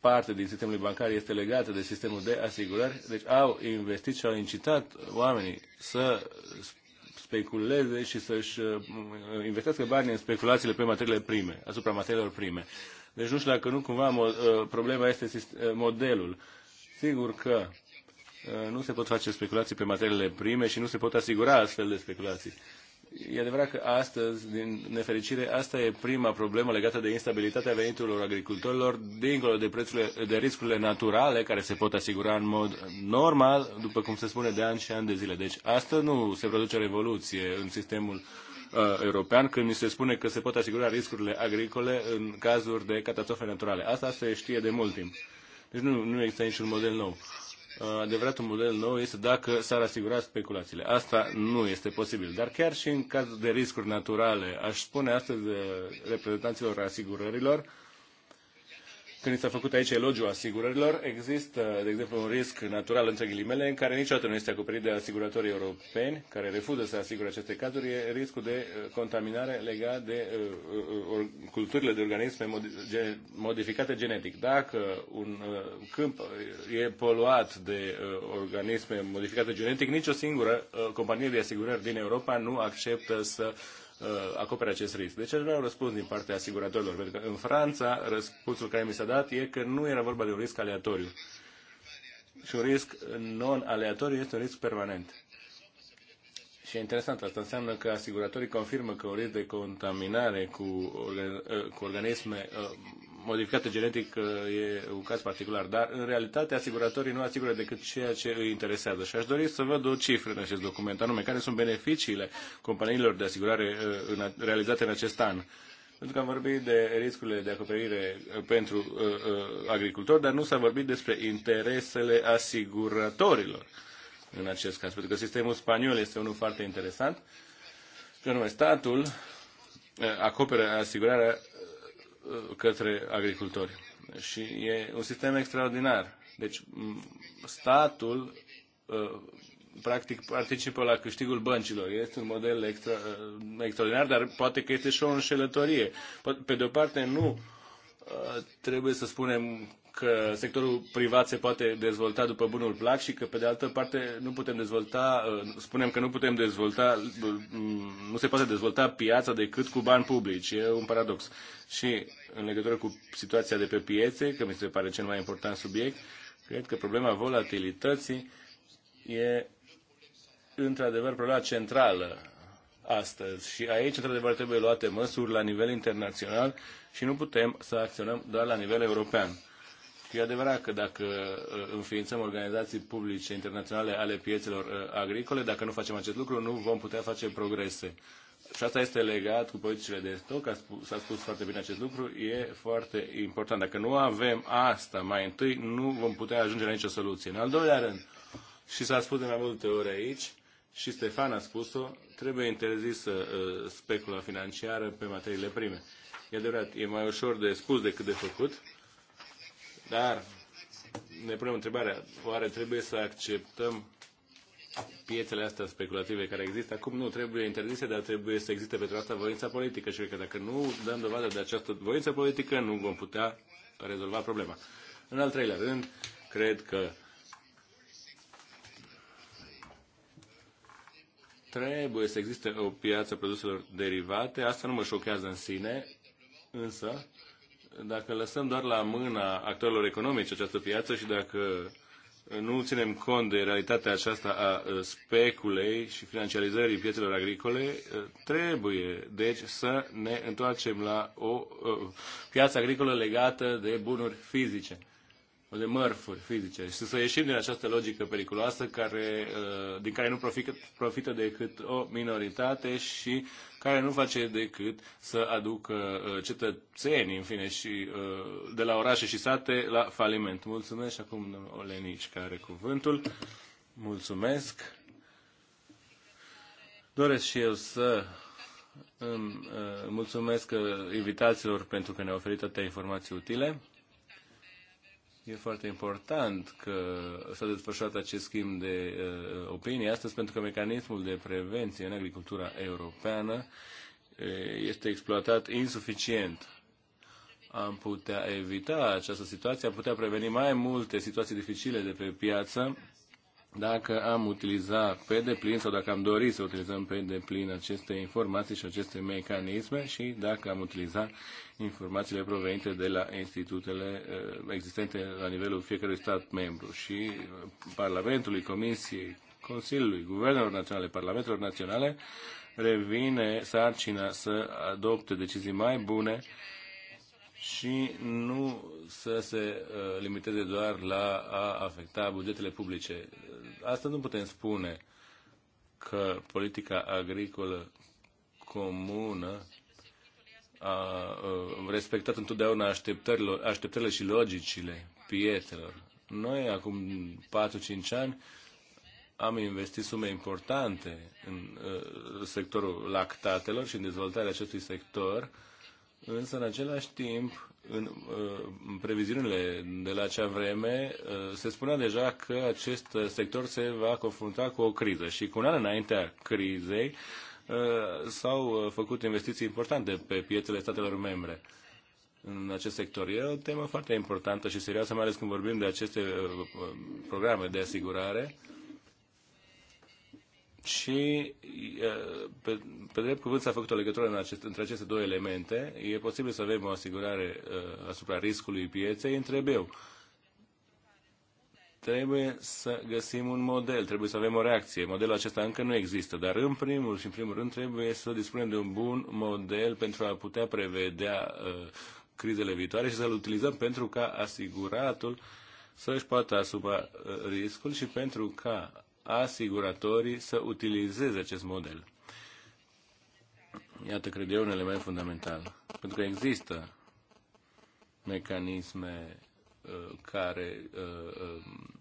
parte din sistemul bancar este legată de sistemul de asigurări, deci au investit și au incitat oamenii să speculeze și să-și uh, investească bani în speculațiile pe materiile prime, asupra materiilor prime. Deci nu știu dacă nu cumva ă, problema este ă, modelul. Sigur că ă, nu se pot face speculații pe materiile prime și nu se pot asigura astfel de speculații. E adevărat că astăzi, din nefericire, asta e prima problemă legată de instabilitatea veniturilor agricultorilor, dincolo de, prețurile, de riscurile naturale care se pot asigura în mod normal, după cum se spune, de ani și ani de zile. Deci asta nu se produce revoluție în sistemul Uh, european când ni se spune că se pot asigura riscurile agricole în cazuri de catastrofe naturale. Asta se știe de mult timp. Deci nu, nu există niciun model nou. Uh, adevăratul model nou este dacă s-ar asigura speculațiile. Asta nu este posibil. Dar chiar și în cazul de riscuri naturale, aș spune astăzi uh, reprezentanților asigurărilor, când s-a făcut aici elogiu asigurărilor, există, de exemplu, un risc natural, între ghilimele, în care niciodată nu este acoperit de asiguratorii europeni, care refuză să asigure aceste cazuri, e riscul de uh, contaminare legat de uh, uh, culturile de organisme modificate genetic. Dacă un uh, câmp e poluat de uh, organisme modificate genetic, nicio singură uh, companie de asigurări din Europa nu acceptă să Uh, acopere acest risc. Deci aș vrea un răspuns din partea asiguratorilor, pentru că în Franța răspunsul care mi s-a dat e că nu era vorba de un risc aleatoriu. Și un risc non-aleatoriu este un risc permanent. Și e interesant, asta înseamnă că asiguratorii confirmă că un risc de contaminare cu, organ, uh, cu organisme uh, modificată genetic uh, e un caz particular, dar în realitate asiguratorii nu asigură decât ceea ce îi interesează. Și aș dori să văd o cifră în acest document, anume care sunt beneficiile companiilor de asigurare uh, realizate în acest an. Pentru că am vorbit de riscurile de acoperire uh, pentru uh, uh, agricultori, dar nu s-a vorbit despre interesele asiguratorilor în acest caz. Pentru că sistemul spaniol este unul foarte interesant, și anume statul acoperă asigurarea către agricultori. Și e un sistem extraordinar. Deci statul uh, practic participă la câștigul băncilor. Este un model extra, uh, extraordinar, dar poate că este și o înșelătorie. Pe de o parte, nu uh, trebuie să spunem că sectorul privat se poate dezvolta după bunul plac și că, pe de altă parte, nu putem dezvolta, uh, spunem că nu putem dezvolta, mm, nu se poate dezvolta piața decât cu bani publici. E un paradox. Și în legătură cu situația de pe piețe, că mi se pare cel mai important subiect, cred că problema volatilității e într-adevăr problema centrală astăzi. Și aici, într-adevăr, trebuie luate măsuri la nivel internațional și nu putem să acționăm doar la nivel european. E adevărat că dacă uh, înființăm organizații publice internaționale ale piețelor uh, agricole, dacă nu facem acest lucru, nu vom putea face progrese. Și asta este legat cu politicile de stoc, s-a spus, spus foarte bine acest lucru, e foarte important. Dacă nu avem asta mai întâi, nu vom putea ajunge la nicio soluție. În al doilea rând, și s-a spus de mai multe ori aici, și Stefan a spus-o, trebuie interzisă uh, specula financiară pe materiile prime. E adevărat, e mai ușor de spus decât de făcut, dar ne punem întrebarea, oare trebuie să acceptăm piețele astea speculative care există acum nu trebuie interzise, dar trebuie să existe pentru asta voința politică și cred că dacă nu dăm dovadă de această voință politică, nu vom putea rezolva problema. În al treilea rând, cred că trebuie să existe o piață produselor derivate, asta nu mă șochează în sine, însă dacă lăsăm doar la mâna actorilor economici această piață și dacă nu ținem cont de realitatea aceasta a ă, speculei și financiarizării piețelor agricole, ă, trebuie, deci, să ne întoarcem la o ă, piață agricolă legată de bunuri fizice de mărfuri fizice și să ieșim din această logică periculoasă care, uh, din care nu profită, profită decât o minoritate și care nu face decât să aducă uh, cetățenii, în fine, și uh, de la orașe și sate la faliment. Mulțumesc și acum Olenici care are cuvântul. Mulțumesc. Doresc și eu să îmi mulțumesc invitațiilor pentru că ne-au oferit atâtea informații utile. E foarte important că s-a desfășurat acest schimb de uh, opinie astăzi pentru că mecanismul de prevenție în agricultura europeană uh, este exploatat insuficient. Am putea evita această situație, am putea preveni mai multe situații dificile de pe piață dacă am utilizat pe deplin sau dacă am dorit să utilizăm pe deplin aceste informații și aceste mecanisme și dacă am utilizat informațiile provenite de la institutele uh, existente la nivelul fiecărui stat membru și uh, Parlamentului, Comisiei, Consiliului, Guvernelor Naționale, Parlamentelor Naționale, revine sarcina să adopte decizii mai bune și nu să se uh, limiteze doar la a afecta bugetele publice. Asta nu putem spune că politica agricolă comună a uh, respectat întotdeauna așteptările, așteptările și logicile pietrelor. Noi, acum 4-5 ani, am investit sume importante în uh, sectorul lactatelor și în dezvoltarea acestui sector Însă, în același timp, în, uh, în previziunile de la acea vreme, uh, se spunea deja că acest sector se va confrunta cu o criză și cu un an înaintea crizei uh, s-au făcut investiții importante pe piețele statelor membre în acest sector. E o temă foarte importantă și serioasă, mai ales când vorbim de aceste programe de asigurare și pe, pe drept cuvânt s-a făcut o legătură în acest, între aceste două elemente. E posibil să avem o asigurare uh, asupra riscului pieței, întreb eu. Trebuie să găsim un model, trebuie să avem o reacție. Modelul acesta încă nu există, dar în primul și în primul rând trebuie să dispunem de un bun model pentru a putea prevedea uh, crizele viitoare și să-l utilizăm pentru ca asiguratul să își poată uh, riscul și pentru ca asiguratorii să utilizeze acest model. Iată, cred eu, un element fundamental. Pentru că există mecanisme uh, care uh, uh,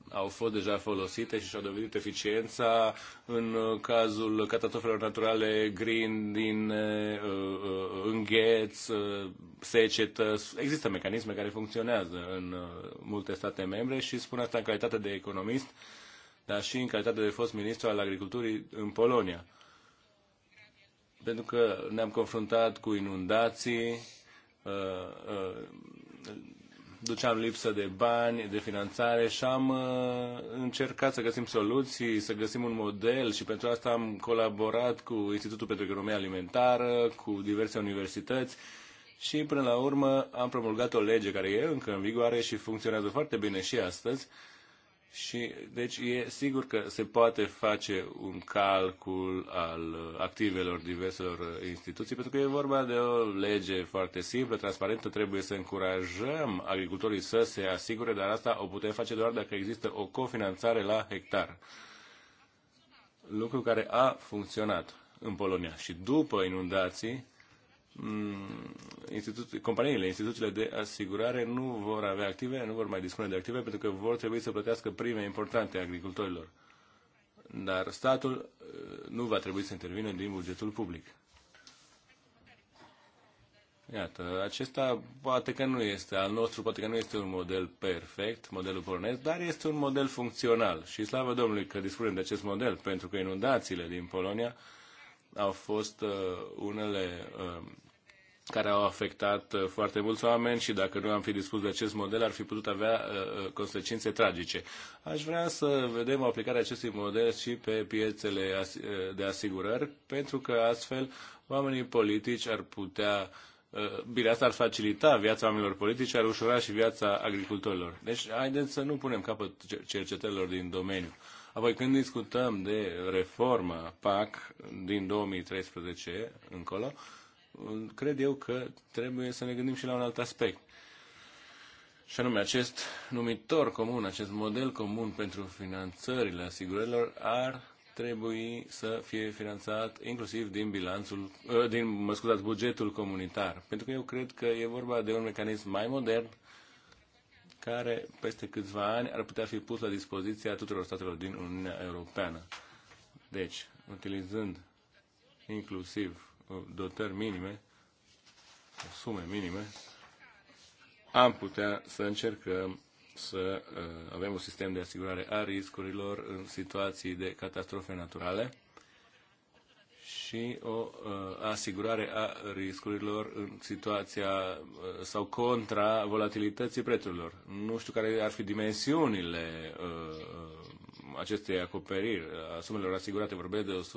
au fost deja folosite și și-au dovedit eficiența în uh, cazul catastrofelor naturale, green, din uh, îngheț, uh, secetă. Există mecanisme care funcționează în multe state membre și spun asta în calitate de economist dar și în calitate de fost ministru al agriculturii în Polonia. Pentru că ne-am confruntat cu inundații, uh, uh, duceam lipsă de bani, de finanțare și am uh, încercat să găsim soluții, să găsim un model și pentru asta am colaborat cu Institutul pentru Economie Alimentară, cu diverse universități și până la urmă am promulgat o lege care e încă în vigoare și funcționează foarte bine și astăzi, și, deci, e sigur că se poate face un calcul al activelor diverselor instituții, pentru că e vorba de o lege foarte simplă, transparentă, trebuie să încurajăm agricultorii să se asigure, dar asta o putem face doar dacă există o cofinanțare la hectar. Lucru care a funcționat în Polonia. Și după inundații, Mm, companiile, instituțiile de asigurare nu vor avea active, nu vor mai dispune de active pentru că vor trebui să plătească prime importante agricultorilor. Dar statul uh, nu va trebui să intervină din bugetul public. Iată, acesta poate că nu este al nostru, poate că nu este un model perfect, modelul polonez, dar este un model funcțional. Și slavă Domnului că dispunem de acest model, pentru că inundațiile din Polonia au fost uh, unele uh, care au afectat uh, foarte mulți oameni și dacă nu am fi dispus de acest model, ar fi putut avea uh, uh, consecințe tragice. Aș vrea să vedem aplicarea acestui model și pe piețele de asigurări, pentru că astfel oamenii politici ar putea Bine, asta ar facilita viața oamenilor politici, ar ușura și viața agricultorilor. Deci, haideți să nu punem capăt cercetărilor din domeniu. Apoi, când discutăm de reforma PAC din 2013 încolo, uh, cred eu că trebuie să ne gândim și la un alt aspect. Și anume, acest numitor comun, acest model comun pentru finanțările asigurărilor ar trebui să fie finanțat inclusiv din bilanțul, ă, din, mă scuzați, bugetul comunitar. Pentru că eu cred că e vorba de un mecanism mai modern care peste câțiva ani ar putea fi pus la dispoziția tuturor statelor din Uniunea Europeană. Deci, utilizând inclusiv dotări minime, sume minime, am putea să încercăm să uh, avem un sistem de asigurare a riscurilor în situații de catastrofe naturale și o uh, asigurare a riscurilor în situația uh, sau contra volatilității prețurilor. Nu știu care ar fi dimensiunile acestei acoperiri a sumelor asigurate, vorbesc de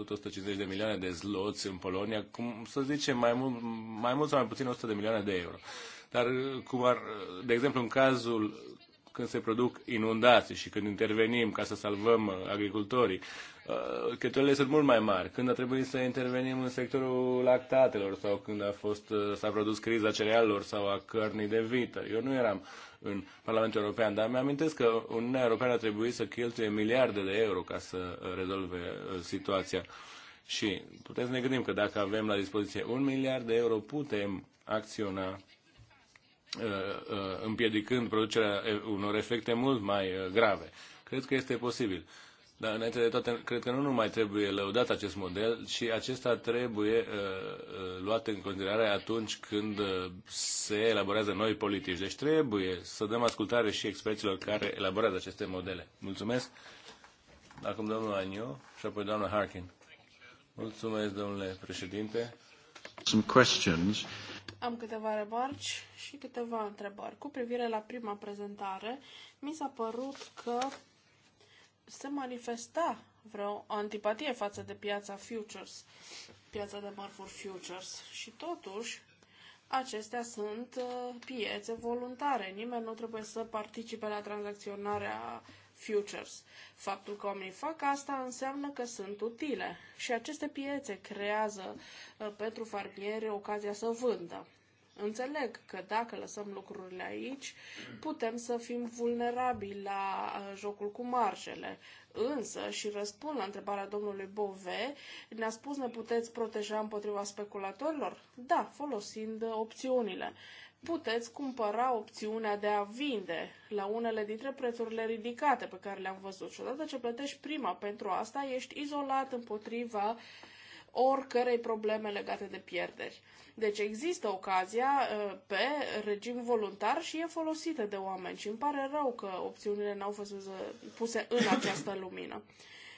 100-150 de milioane de zloți în Polonia, cum să zicem, mai mult, mai mult sau mai puțin 100 de milioane de euro. Dar cum ar, de exemplu, în cazul când se produc inundații și când intervenim ca să salvăm uh, agricultorii, uh, cheltuielile sunt mult mai mari. Când a trebuit să intervenim în sectorul lactatelor sau când a fost, uh, s-a produs criza cerealelor sau a cărnii de vită. Eu nu eram în Parlamentul European, dar mi-amintesc că Uniunea Europeană a trebuit să cheltuie miliarde de euro ca să uh, rezolve uh, situația. Și putem să ne gândim că dacă avem la dispoziție un miliard de euro, putem acționa uh, împiedicând producerea unor efecte mult mai grave. Cred că este posibil. Da, înainte de toate, cred că nu numai trebuie lăudat acest model, ci acesta trebuie uh, uh luat în considerare atunci când uh, se elaborează noi politici. Deci trebuie să dăm ascultare și experților care elaborează aceste modele. Mulțumesc. Acum domnul Anio și apoi doamna Harkin. Mulțumesc, domnule președinte. Some questions. Am câteva remarci și câteva întrebări. Cu privire la prima prezentare, mi s-a părut că se manifesta vreo antipatie față de piața futures, piața de mărfuri futures. Și totuși, acestea sunt uh, piețe voluntare. Nimeni nu trebuie să participe la tranzacționarea futures. Faptul că oamenii fac asta înseamnă că sunt utile și aceste piețe creează uh, pentru farmieri ocazia să vândă. Înțeleg că dacă lăsăm lucrurile aici, putem să fim vulnerabili la uh, jocul cu marjele. Însă, și răspund la întrebarea domnului Bove, ne-a spus ne puteți proteja împotriva speculatorilor? Da, folosind opțiunile. Puteți cumpăra opțiunea de a vinde la unele dintre prețurile ridicate pe care le-am văzut. Și odată ce plătești prima pentru asta, ești izolat împotriva uh, oricărei probleme legate de pierderi. Deci există ocazia uh, pe regim voluntar și e folosită de oameni și îmi pare rău că opțiunile n-au fost puse în această lumină.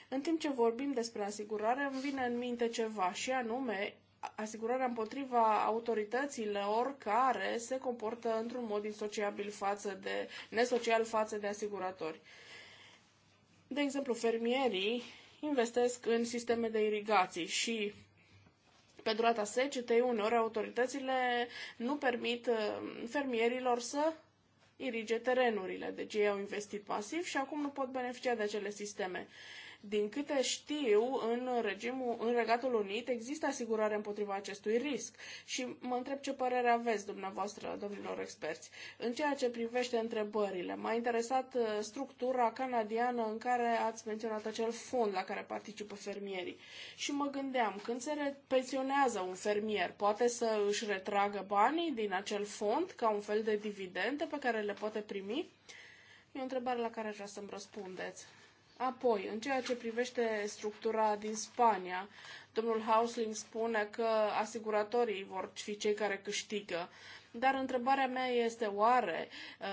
În timp ce vorbim despre asigurare, îmi vine în minte ceva și anume asigurarea împotriva autorităților care se comportă într-un mod insociabil față de, nesocial față de asiguratori. De exemplu, fermierii investesc în sisteme de irigații și pe durata secetei, uneori autoritățile nu permit uh, fermierilor să irige terenurile, deci ei au investit pasiv și acum nu pot beneficia de acele sisteme. Din câte știu, în, regimul, în Regatul Unit există asigurare împotriva acestui risc și mă întreb ce părere aveți dumneavoastră, domnilor experți. În ceea ce privește întrebările, m-a interesat uh, structura canadiană în care ați menționat acel fond la care participă fermierii. Și mă gândeam, când se pensionează un fermier, poate să își retragă banii din acel fond ca un fel de dividende pe care le poate primi? E o întrebare la care aș vrea să-mi răspundeți. Apoi, în ceea ce privește structura din Spania, domnul Hausling spune că asiguratorii vor fi cei care câștigă. Dar întrebarea mea este oare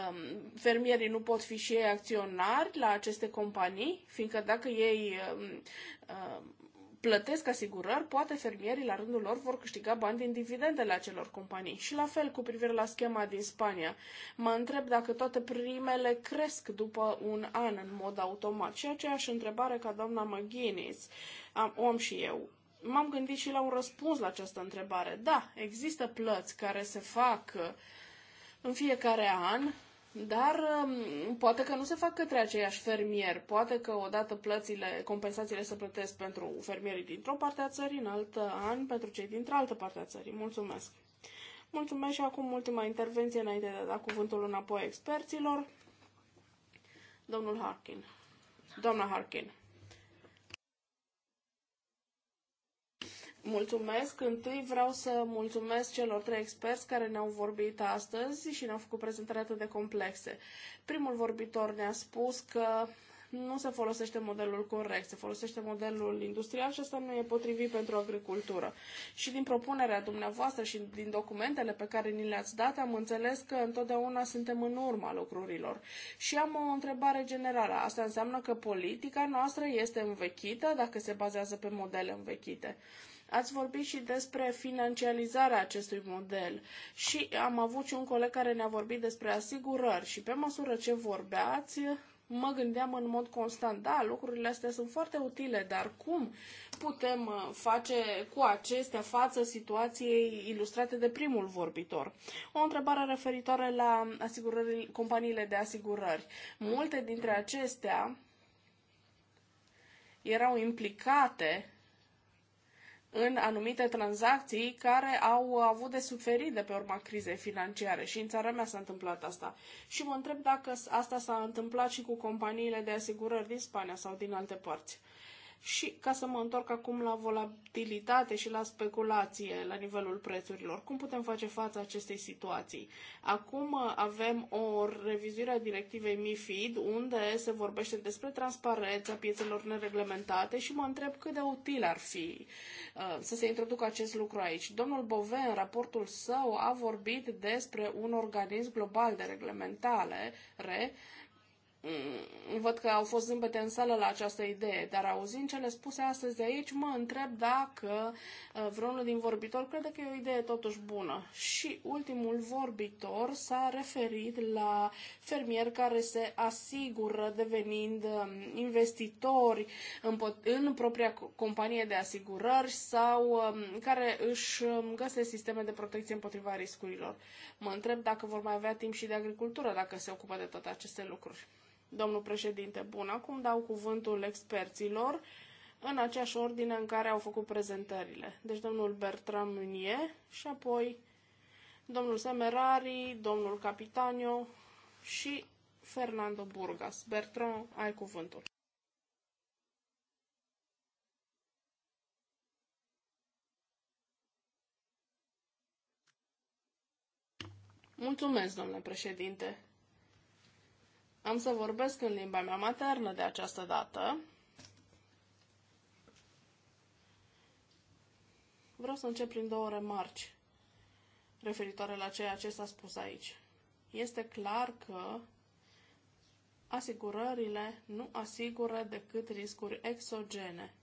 um, fermierii nu pot fi și ei acționari la aceste companii? Fiindcă dacă ei um, um, plătesc asigurări, poate fermierii la rândul lor vor câștiga bani din dividendele acelor companii. Și la fel cu privire la schema din Spania. Mă întreb dacă toate primele cresc după un an în mod automat. Și aceeași întrebare ca doamna McGuinness am, om și eu. M-am gândit și la un răspuns la această întrebare. Da, există plăți care se fac uh, în fiecare an dar um, poate că nu se fac către aceiași fermieri. Poate că odată plățile, compensațiile se plătesc pentru fermierii dintr-o parte a țării, în alt an pentru cei dintr-o altă parte a țării. Mulțumesc! Mulțumesc și acum ultima intervenție înainte de a da cuvântul înapoi experților. Domnul Harkin. Doamna Harkin. Mulțumesc. Întâi vreau să mulțumesc celor trei experți care ne-au vorbit astăzi și ne-au făcut prezentări atât de complexe. Primul vorbitor ne-a spus că nu se folosește modelul corect, se folosește modelul industrial și asta nu e potrivit pentru agricultură. Și din propunerea dumneavoastră și din documentele pe care ni le-ați dat, am înțeles că întotdeauna suntem în urma lucrurilor. Și am o întrebare generală. Asta înseamnă că politica noastră este învechită dacă se bazează pe modele învechite. Ați vorbit și despre financializarea acestui model și am avut și un coleg care ne-a vorbit despre asigurări și pe măsură ce vorbeați, mă gândeam în mod constant, da, lucrurile astea sunt foarte utile, dar cum putem uh, face cu acestea față situației ilustrate de primul vorbitor? O întrebare referitoare la asigurări, companiile de asigurări. Multe dintre acestea erau implicate în anumite tranzacții care au avut de suferit de pe urma crizei financiare și în țara mea s-a întâmplat asta. Și mă întreb dacă asta s-a întâmplat și cu companiile de asigurări din Spania sau din alte părți. Și ca să mă întorc acum la volatilitate și la speculație la nivelul prețurilor, cum putem face față acestei situații? Acum uh, avem o revizuire a directivei MIFID, unde se vorbește despre transparența piețelor nereglementate și mă întreb cât de util ar fi uh, să se introducă acest lucru aici. Domnul Bove, în raportul său, a vorbit despre un organism global de reglementare, re, Mm, văd că au fost zâmbete în sală la această idee, dar auzind cele spuse astăzi de aici, mă întreb dacă uh, vreunul din vorbitor crede că e o idee totuși bună. Și ultimul vorbitor s-a referit la fermieri care se asigură devenind um, investitori în propria companie de asigurări sau um, care își um, găsesc sisteme de protecție împotriva riscurilor. Mă întreb dacă vor mai avea timp și de agricultură dacă se ocupă de toate aceste lucruri. Domnul președinte, bun, acum dau cuvântul experților în aceeași ordine în care au făcut prezentările. Deci domnul Bertram Munie și apoi domnul Semerari, domnul Capitanio și Fernando Burgas. Bertrand, ai cuvântul. Mulțumesc, domnule președinte. Am să vorbesc în limba mea maternă de această dată. Vreau să încep prin două remarci referitoare la ceea ce s-a spus aici. Este clar că asigurările nu asigură decât riscuri exogene.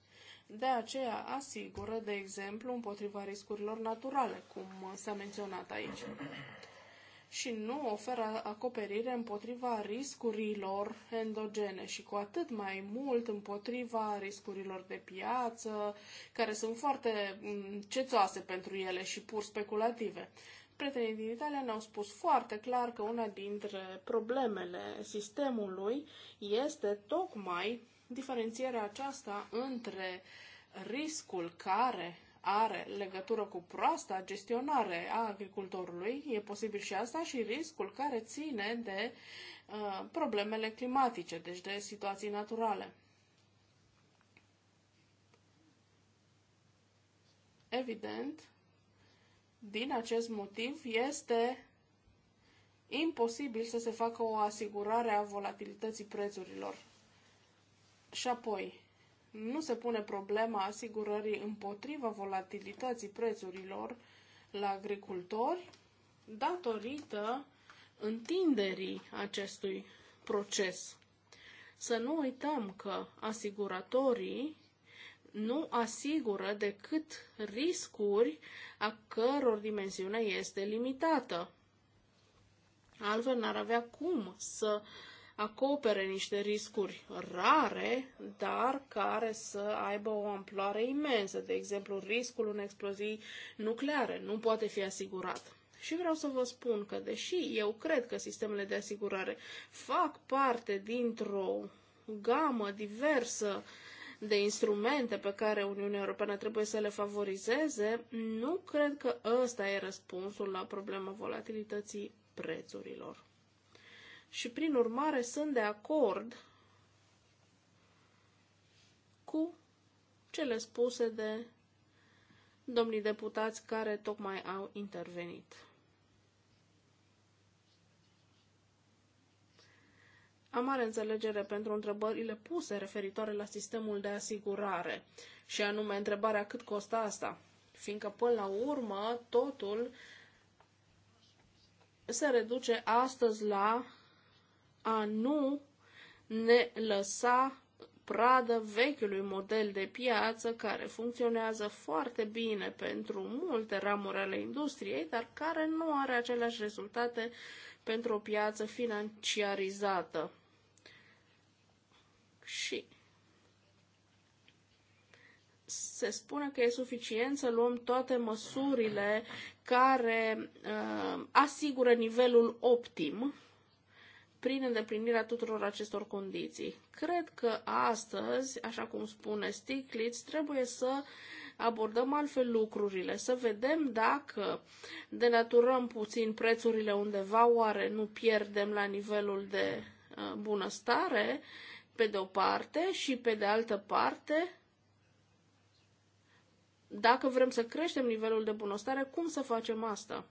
De aceea asigură, de exemplu, împotriva riscurilor naturale, cum s-a menționat aici și nu oferă acoperire împotriva riscurilor endogene și cu atât mai mult împotriva riscurilor de piață, care sunt foarte mm, cețoase pentru ele și pur speculative. Prietenii din Italia ne-au spus foarte clar că una dintre problemele sistemului este tocmai diferențierea aceasta între riscul care are legătură cu proasta gestionare a agricultorului, e posibil și asta, și riscul care ține de uh, problemele climatice, deci de situații naturale. Evident, din acest motiv este imposibil să se facă o asigurare a volatilității prețurilor. Și apoi, nu se pune problema asigurării împotriva volatilității prețurilor la agricultori datorită întinderii acestui proces. Să nu uităm că asiguratorii nu asigură decât riscuri a căror dimensiune este limitată. Altfel n-ar avea cum să uh, acopere niște riscuri rare, dar care să aibă o amploare imensă. De exemplu, riscul unei explozii nucleare nu poate fi asigurat. Și vreau să vă spun că, deși eu cred că sistemele de asigurare fac parte dintr-o gamă diversă de instrumente pe care Uniunea Europeană trebuie să le favorizeze, nu cred că ăsta e răspunsul la problema volatilității prețurilor și prin urmare sunt de acord cu cele spuse de domnii deputați care tocmai au intervenit. Am mare înțelegere pentru întrebările puse referitoare la sistemul de asigurare și anume întrebarea cât costă asta, fiindcă până la urmă totul se reduce astăzi la a nu ne lăsa pradă vechiului model de piață care funcționează foarte bine pentru multe ramuri ale industriei, dar care nu are aceleași rezultate pentru o piață financiarizată. Și se spune că e suficient să luăm toate măsurile care uh, asigură nivelul optim prin îndeplinirea tuturor acestor condiții. Cred că astăzi, așa cum spune Stiglitz, trebuie să abordăm altfel lucrurile, să vedem dacă denaturăm puțin prețurile undeva, oare nu pierdem la nivelul de uh, bunăstare, pe de o parte, și pe de altă parte, dacă vrem să creștem nivelul de bunăstare, cum să facem asta?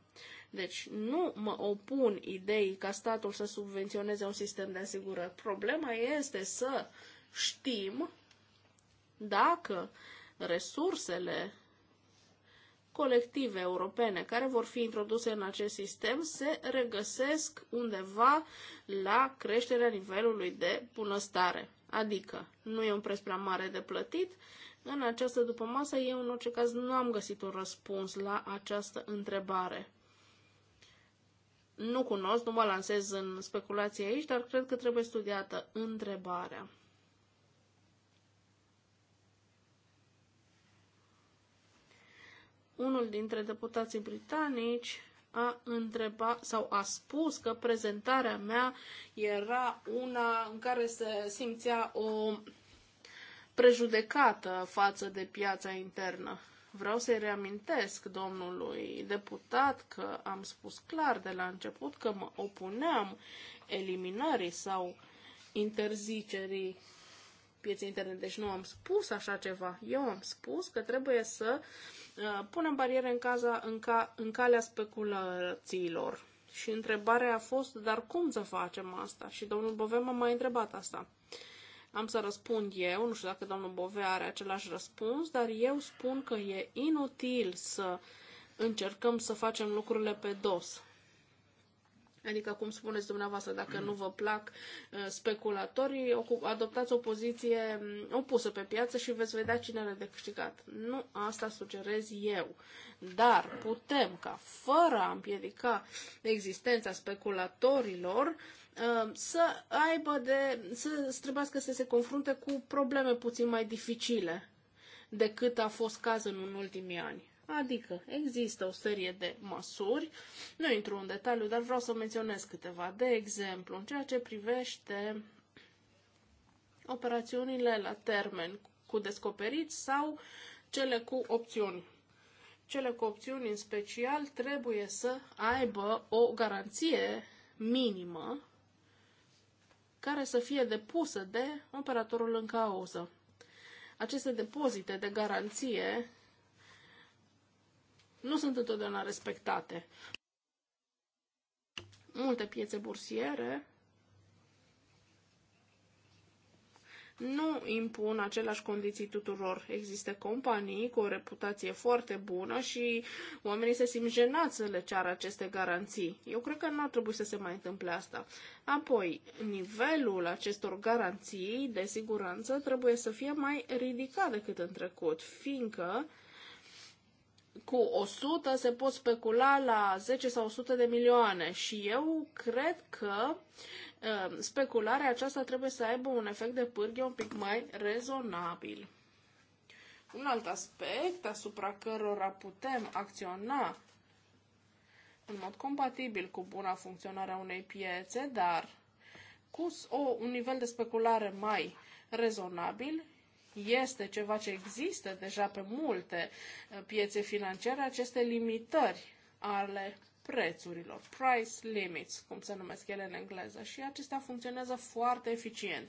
Deci nu mă opun ideii ca statul să subvenționeze un sistem de asigurări. Problema este să știm dacă resursele colective europene care vor fi introduse în acest sistem se regăsesc undeva la creșterea nivelului de bunăstare. Adică nu e un preț prea mare de plătit. În această dupămasă eu în orice caz nu am găsit un răspuns la această întrebare. Nu cunosc, nu mă lansez în speculații aici, dar cred că trebuie studiată întrebarea. Unul dintre deputații britanici a întrebat sau a spus că prezentarea mea era una în care se simțea o prejudecată față de piața internă. Vreau să-i reamintesc domnului deputat că am spus clar de la început că mă opuneam eliminării sau interzicerii pieței interne. Deci nu am spus așa ceva. Eu am spus că trebuie să uh, punem bariere în, caza, în, ca, în calea speculațiilor. Și întrebarea a fost, dar cum să facem asta? Și domnul Bovem m-a mai întrebat asta. Uh, am să răspund eu, nu știu dacă domnul Bove are același răspuns, dar eu spun că e inutil să încercăm să facem lucrurile pe dos. Adică, cum spuneți dumneavoastră, dacă nu vă plac uh, speculatorii, adoptați o poziție mm, opusă pe piață și veți vedea cine are de câștigat. Nu asta sugerez eu. Dar putem ca, fără a împiedica existența speculatorilor, Um, să aibă de, să străbească să se confrunte cu probleme puțin mai dificile decât a fost cazul în ultimii ani. Adică există o serie de măsuri, nu intru în detaliu, dar vreau să menționez câteva. De exemplu, în ceea ce privește operațiunile la termen cu descoperiți sau cele cu opțiuni. Cele cu opțiuni, în special, trebuie să aibă o garanție minimă care să fie depusă de operatorul în cauză. Aceste depozite de garanție nu sunt întotdeauna respectate. Multe piețe bursiere nu impun aceleași condiții tuturor. Există companii cu o reputație foarte bună și oamenii se simt jenați să le ceară aceste garanții. Eu cred că nu ar trebui să se mai întâmple asta. Apoi, nivelul acestor garanții de siguranță trebuie să fie mai ridicat decât în trecut, fiindcă cu 100 se pot specula la 10 sau 100 de milioane și eu cred că uh, Um, specularea aceasta trebuie să aibă un efect de pârghie un pic mai rezonabil. Un alt aspect asupra cărora putem acționa în mod compatibil cu buna funcționare a unei piețe, dar cu o, un nivel de speculare mai rezonabil, este ceva ce există deja pe multe uh, piețe financiare, aceste limitări ale prețurilor, price limits, cum se numesc ele în engleză, și acestea funcționează foarte eficient.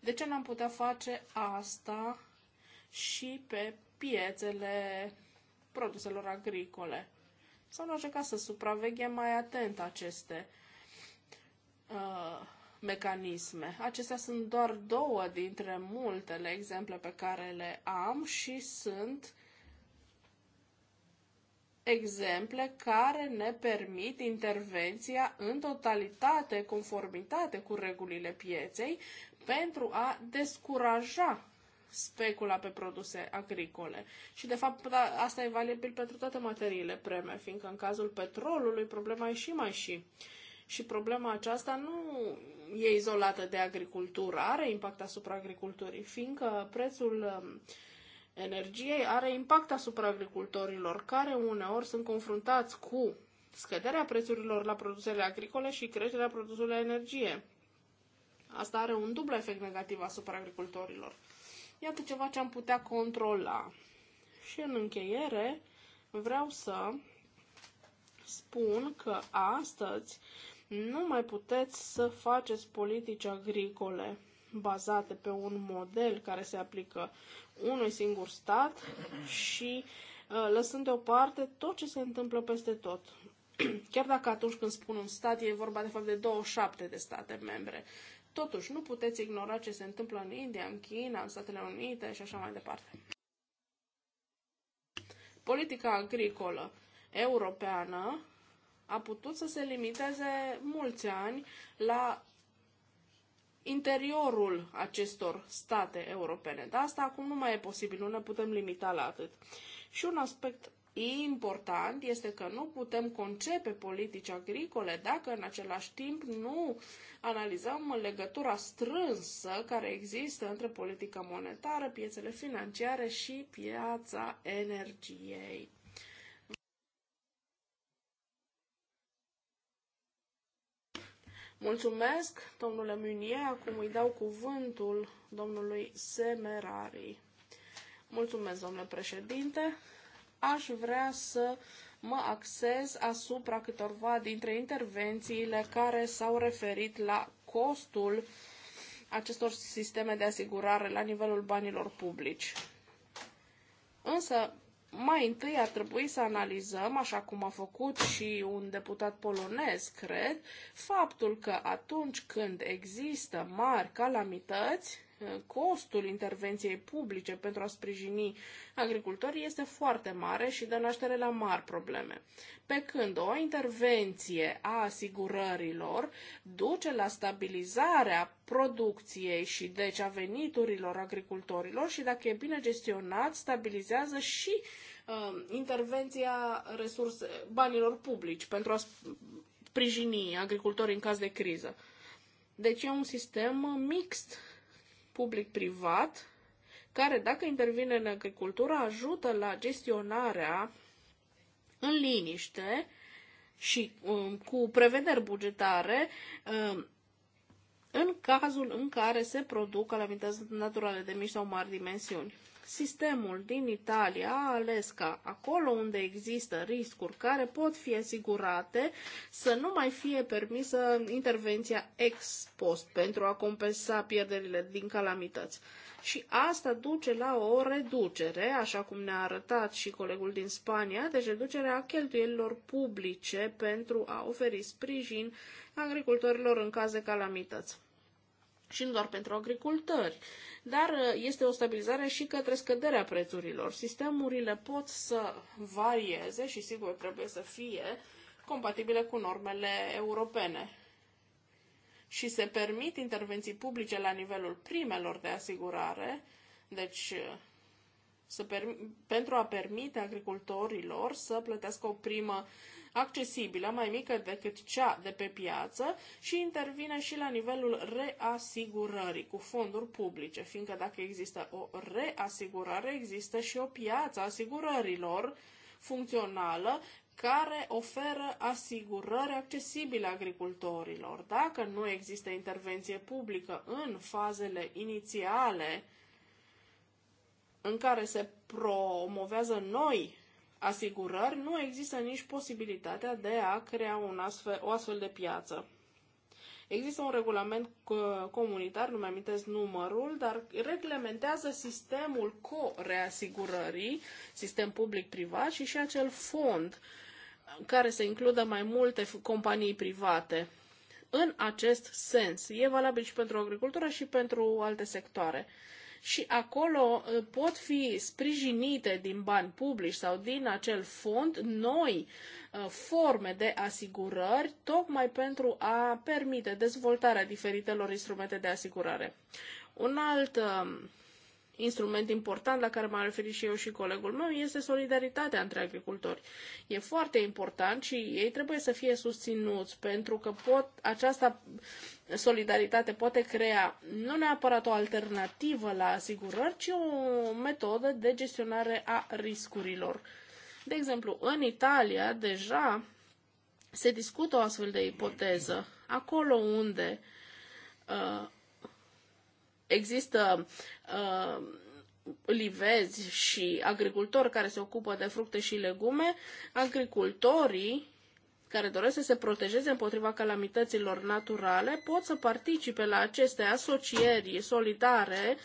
De ce n-am putea face asta și pe piețele produselor agricole? Sau nu orice caz să supraveghem mai atent aceste uh, mecanisme. Acestea sunt doar două dintre multele exemple pe care le am și sunt uh, exemple care ne permit intervenția în totalitate, conformitate cu regulile pieței, pentru a descuraja specula pe produse agricole. Și, de fapt, da, asta e valabil pentru toate materiile preme, fiindcă în cazul petrolului problema e și mai și. Și problema aceasta nu e izolată de agricultură, are impact asupra agriculturii, fiindcă prețul uh, energiei are impact asupra agricultorilor, care uneori sunt confruntați cu scăderea prețurilor la produsele agricole și creșterea produsului la energie. Asta are un dublu efect negativ asupra agricultorilor. Iată ceva ce am putea controla. Și în încheiere vreau să spun că astăzi nu mai puteți să faceți politici agricole bazate pe un model care se aplică unui singur stat și uh, lăsând deoparte tot ce se întâmplă peste tot. Chiar dacă atunci când spun un stat, e vorba de fapt de 27 de state membre. Totuși, nu puteți ignora ce se întâmplă în India, în China, în Statele Unite și așa mai departe. Politica agricolă europeană a putut să se limiteze mulți ani la interiorul acestor state europene. Dar asta acum nu mai e posibil, nu ne putem limita la atât. Și un aspect important este că nu putem concepe politici agricole dacă în același timp nu analizăm legătura strânsă care există între politica monetară, piețele financiare și piața energiei. Mulțumesc, domnule Munier. Acum îi dau cuvântul domnului Semerari. Mulțumesc, domnule președinte. Aș vrea să mă axez asupra câtorva dintre intervențiile care s-au referit la costul acestor sisteme de asigurare la nivelul banilor publici. Însă, mai întâi ar trebui să analizăm, așa cum a făcut și un deputat polonez, cred, faptul că atunci când există mari calamități, costul intervenției publice pentru a sprijini agricultorii este foarte mare și dă naștere la mari probleme. Pe când o intervenție a asigurărilor duce la stabilizarea producției și deci a veniturilor agricultorilor și dacă e bine gestionat, stabilizează și uh, intervenția resurse, banilor publici pentru a sprijini agricultorii în caz de criză. Deci e un sistem mixt public-privat, care, dacă intervine în agricultură, ajută la gestionarea în liniște și um, cu prevederi bugetare um, în cazul în care se produc calamități naturale de mici sau mari dimensiuni sistemul din Italia a ales ca acolo unde există riscuri care pot fi asigurate să nu mai fie permisă intervenția ex post pentru a compensa pierderile din calamități. Și asta duce la o reducere, așa cum ne-a arătat și colegul din Spania, deci reducerea cheltuielilor publice pentru a oferi sprijin agricultorilor în caz de calamități și nu doar pentru agricultori, dar uh, este o stabilizare și către scăderea prețurilor. Sistemurile pot să varieze și sigur trebuie să fie compatibile cu normele europene și se permit intervenții publice la nivelul primelor de asigurare, deci uh, să pentru a permite agricultorilor să plătească o primă uh, accesibilă, mai mică decât cea de pe piață și intervine și la nivelul reasigurării cu fonduri publice, fiindcă dacă există o reasigurare, există și o piață asigurărilor funcțională care oferă asigurări accesibile agricultorilor. Dacă nu există intervenție publică în fazele inițiale în care se promovează noi asigurări, nu există nici posibilitatea de a crea un astfel, o astfel de piață. Există un regulament comunitar, nu-mi amintesc numărul, dar reglementează sistemul co-reasigurării, sistem public-privat și și acel fond care se includă mai multe companii private. În acest sens, e valabil și pentru agricultură și pentru alte sectoare și acolo uh, pot fi sprijinite din bani publici sau din acel fond noi uh, forme de asigurări, tocmai pentru a permite dezvoltarea diferitelor instrumente de asigurare. Un alt um, instrument important la care m-am referit și eu și colegul meu este solidaritatea între agricultori. E foarte important și ei trebuie să fie susținuți pentru că pot, această solidaritate poate crea nu neapărat o alternativă la asigurări, ci o metodă de gestionare a riscurilor. De exemplu, în Italia deja se discută o astfel de ipoteză. Acolo unde uh, există uh, livezi și agricultori care se ocupă de fructe și legume, agricultorii care doresc să se protejeze împotriva calamităților naturale pot să participe la aceste asocieri solidare,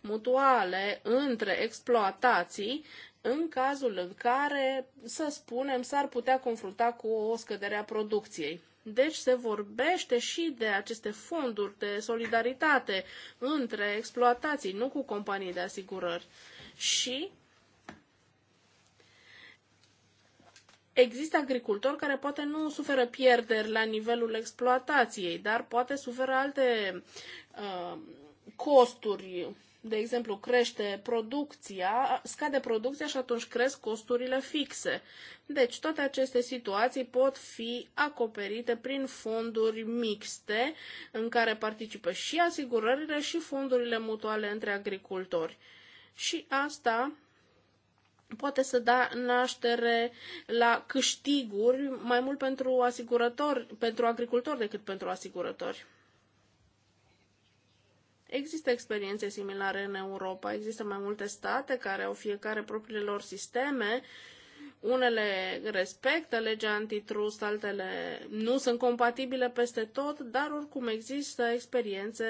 mutuale, între exploatații, în cazul în care, să spunem, s-ar putea confrunta cu o scădere a producției. Deci se vorbește și de aceste fonduri de solidaritate între exploatații, nu cu companii de asigurări. Și Există agricultori care poate nu suferă pierderi la nivelul exploatației, dar poate suferă alte uh, costuri de exemplu, crește producția, scade producția și atunci cresc costurile fixe. Deci toate aceste situații pot fi acoperite prin fonduri mixte în care participă și asigurările și fondurile mutuale între agricultori. Și asta poate să da naștere la câștiguri mai mult pentru asigurători, pentru agricultori decât pentru asigurători. Există experiențe similare în Europa. Există mai multe state care au fiecare propriile lor sisteme. Unele respectă legea antitrust, altele nu sunt compatibile peste tot, dar oricum există experiențe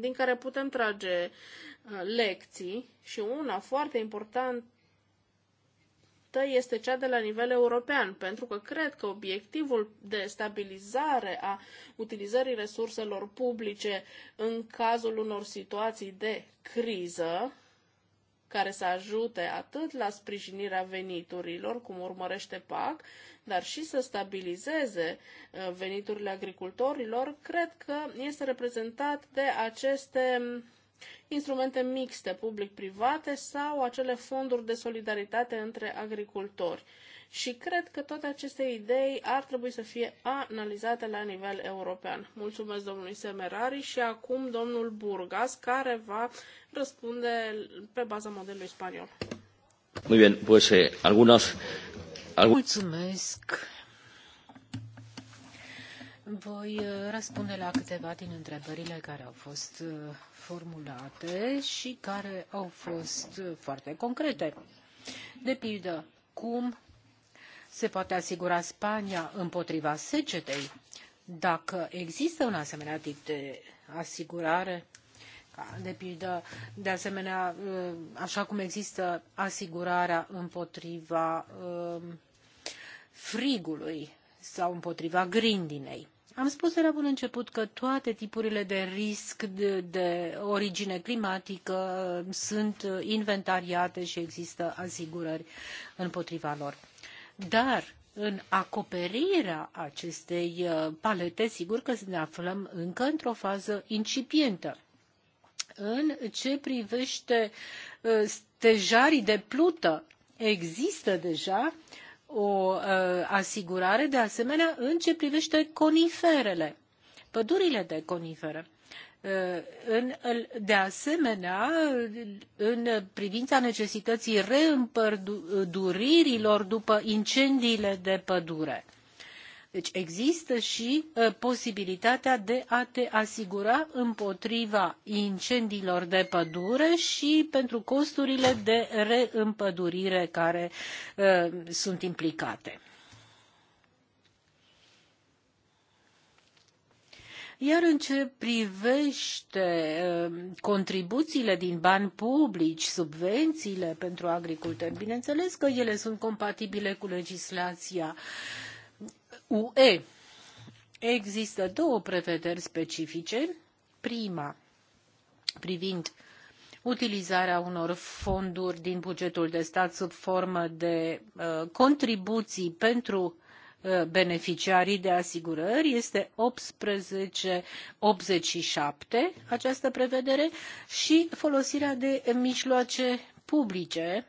din care putem trage uh, lecții și una foarte importantă luptă este cea de la nivel european, pentru că cred că obiectivul de stabilizare a utilizării resurselor publice în cazul unor situații de criză, care să ajute atât la sprijinirea veniturilor, cum urmărește PAC, dar și să stabilizeze uh, veniturile agricultorilor, cred că este reprezentat de aceste instrumente mixte public-private sau acele fonduri de solidaritate între agricultori. Și cred că toate aceste idei ar trebui să fie analizate la nivel european. Mulțumesc domnului Semerari și acum domnul Burgas, care va răspunde pe baza modelului spaniol. Muy bien, pues eh, algunos... Mulțumesc. Voi uh, răspunde la câteva din întrebările care au fost uh, formulate și care au fost uh, foarte concrete. De pildă, cum se poate asigura Spania împotriva secetei? Dacă există un asemenea tip de asigurare, de pildă, de asemenea, așa cum există asigurarea împotriva frigului sau împotriva grindinei. Am spus de la bun început că toate tipurile de risc de, de origine climatică uh, sunt uh, inventariate și există asigurări împotriva lor. Dar în acoperirea acestei uh, palete, sigur că ne aflăm încă într-o fază incipientă. În ce privește stejarii de plută, există deja uh, o uh, asigurare de asemenea în ce privește coniferele, pădurile de conifere. Uh, de asemenea, în privința necesității reîmpăduririlor după incendiile de pădure. Deci există și uh, posibilitatea de a te asigura împotriva incendiilor de pădure și pentru costurile de reîmpădurire care uh, sunt implicate. Iar în ce privește ă, contribuțiile din bani publici, subvențiile pentru agricultori, bineînțeles că ele sunt compatibile cu legislația uh, UE. Există două prevederi specifice. Prima, privind utilizarea unor fonduri din bugetul de stat sub formă de uh, contribuții pentru uh, beneficiarii de asigurări este 1887 această prevedere și folosirea de mijloace publice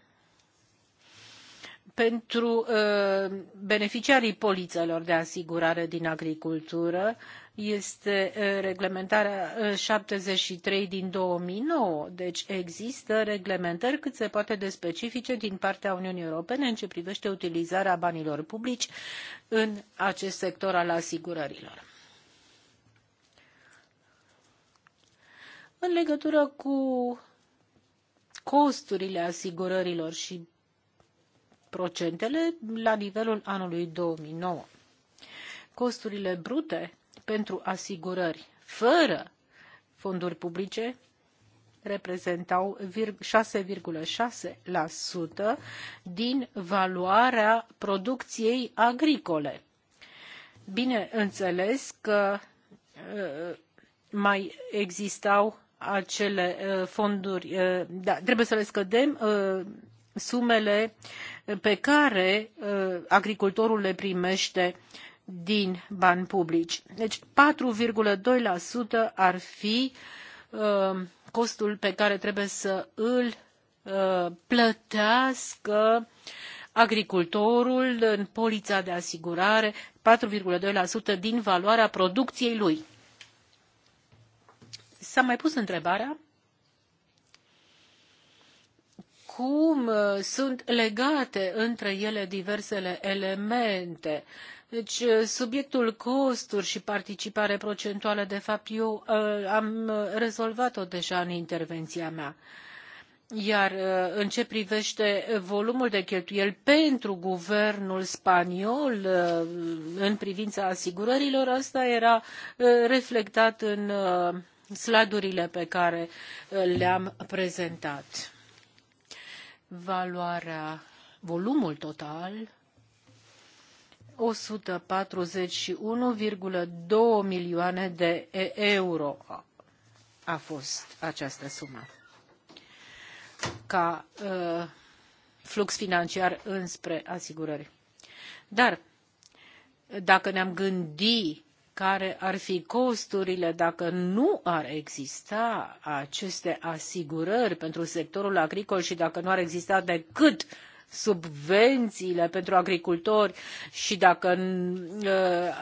pentru uh, beneficiarii polițelor de asigurare din agricultură este uh, reglementarea uh, șaptezeci și trei din două mii nouă deci există reglementări cât se poate de specifice din partea uniunii europene în ce privește utilizarea banilor publici în acest sector al asigurărilor. în legătură cu costurile asigurărilor și procentele la nivelul anului 2009. Costurile brute pentru asigurări fără fonduri publice reprezentau 6,6% din valoarea producției agricole. Bineînțeles că uh, mai existau acele uh, fonduri, uh, da, trebuie să le scădem sumele pe care uh, agricultorul le primește din bani publici. Deci 4,2% ar fi uh, costul pe care trebuie să îl uh, plătească agricultorul în polița de asigurare 4,2% din valoarea producției lui. S-a mai pus întrebarea cum uh, sunt legate între ele diversele elemente. Deci, uh, subiectul costuri și participare procentuală, de fapt, eu uh, am rezolvat-o deja în intervenția mea. Iar în ce privește volumul de cheltuieli pentru guvernul spaniol în privința asigurărilor, asta era reflectat în slide-urile pe care le-am prezentat valoarea, volumul total 141,2 milioane de euro a fost această sumă. Ca uh, flux financiar înspre asigurări. Dar dacă ne-am gândi care ar fi costurile dacă nu ar exista aceste asigurări pentru sectorul agricol și dacă nu ar exista decât subvențiile pentru agricultori și dacă uh,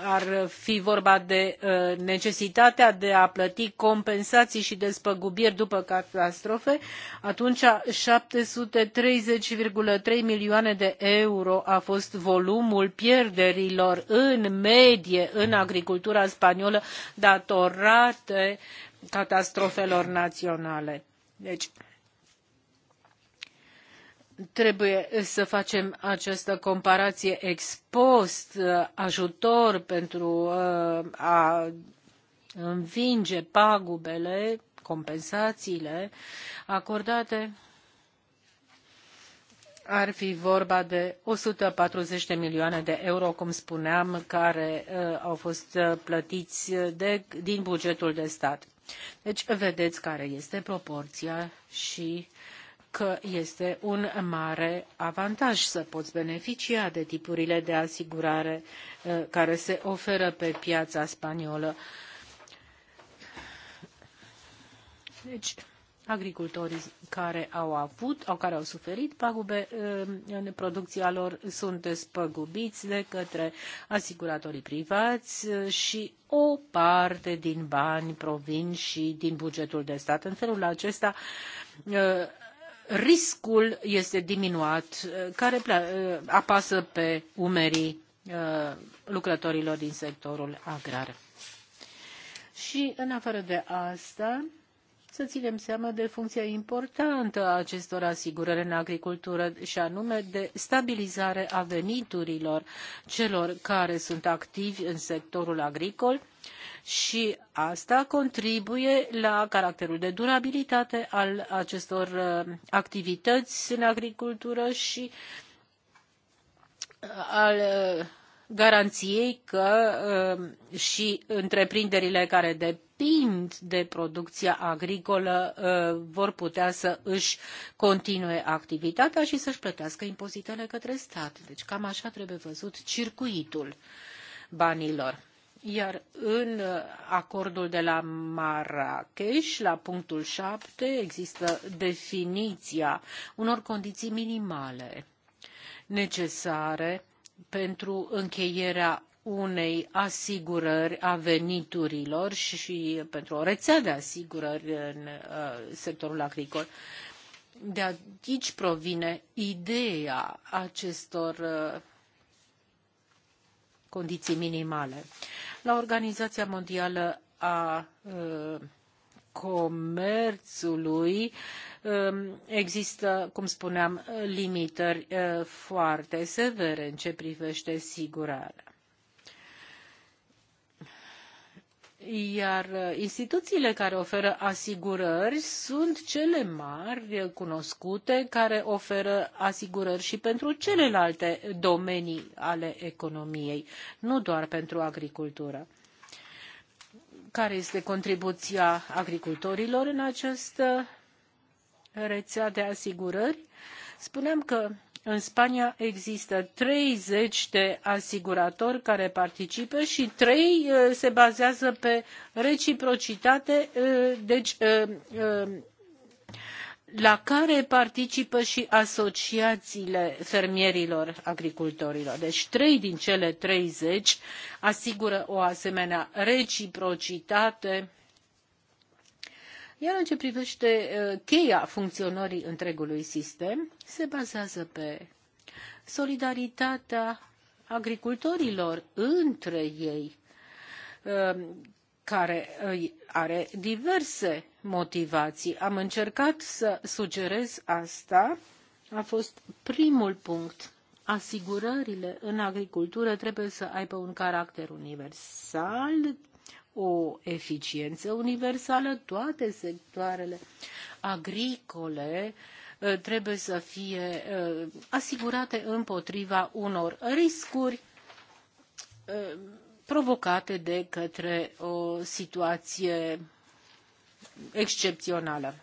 ar fi vorba de uh, necesitatea de a plăti compensații și despăgubiri după catastrofe, atunci 730,3 milioane de euro a fost volumul pierderilor în medie în agricultura spaniolă datorate catastrofelor naționale. Deci, trebuie eh, să facem această comparație ex post, eh, ajutor pentru eh, a învinge pagubele, compensațiile acordate. Ar fi vorba de 140 de milioane de euro, cum spuneam, care au fost plătiți de, din bugetul de stat. Deci vedeți care este proporția și că este un mare avantaj să poți beneficia de tipurile de asigurare uh, care se oferă pe piața spaniolă. Deci, agricultorii care au avut care au suferit pagube uh, în producția lor sunt despăgubiți de către asiguratorii privați uh, și o parte din bani provin și din bugetul de stat. În felul acesta riscul este diminuat, uh, care uh, apasă pe umerii uh, lucrătorilor din sectorul agrar. Și în afară de asta, să ținem seama de funcția importantă a acestor asigurări în agricultură și anume de stabilizare a veniturilor celor care sunt activi în sectorul agricol și asta contribuie la caracterul de durabilitate al acestor uh, activități în agricultură și uh, al uh, garanției că și întreprinderile care timp de producția agricolă uh, vor putea să își continue activitatea și să-și plătească impozitele către stat. Deci cam așa trebuie văzut circuitul banilor. Iar în acordul de la Marrakesh, la punctul 7, există definiția unor condiții minimale necesare pentru încheierea unei asigurări a veniturilor și, pentru o rețea de asigurări în uh, sectorul agricol. De aici provine ideea acestor uh, condiții minimale. La Organizația Mondială a uh, comerțului um, există, cum spuneam, limitări uh, foarte severe în ce privește sigurarea iar uh, instituțiile care oferă asigurări sunt cele mari uh, cunoscute care oferă asigurări și pentru celelalte domenii ale economiei, nu doar pentru agricultură. Care este contribuția agricultorilor în această rețea de asigurări? Spuneam că în Spania există 30 de asiguratori care participă și trei uh, se bazează pe reciprocitate, uh, deci uh, la care participă și asociațiile fermierilor agricultorilor. Deci trei din cele 30 asigură o asemenea reciprocitate uh, iar în ce privește uh, cheia funcționării întregului sistem, se bazează pe solidaritatea agricultorilor între ei, uh, care uh, are diverse motivații. Am încercat să sugerez asta. A fost primul punct. Asigurările în agricultură trebuie să aibă un caracter universal, o eficiență universală, toate sectoarele agricole uh, trebuie să fie uh, asigurate împotriva unor riscuri uh, provocate de către o situație excepțională.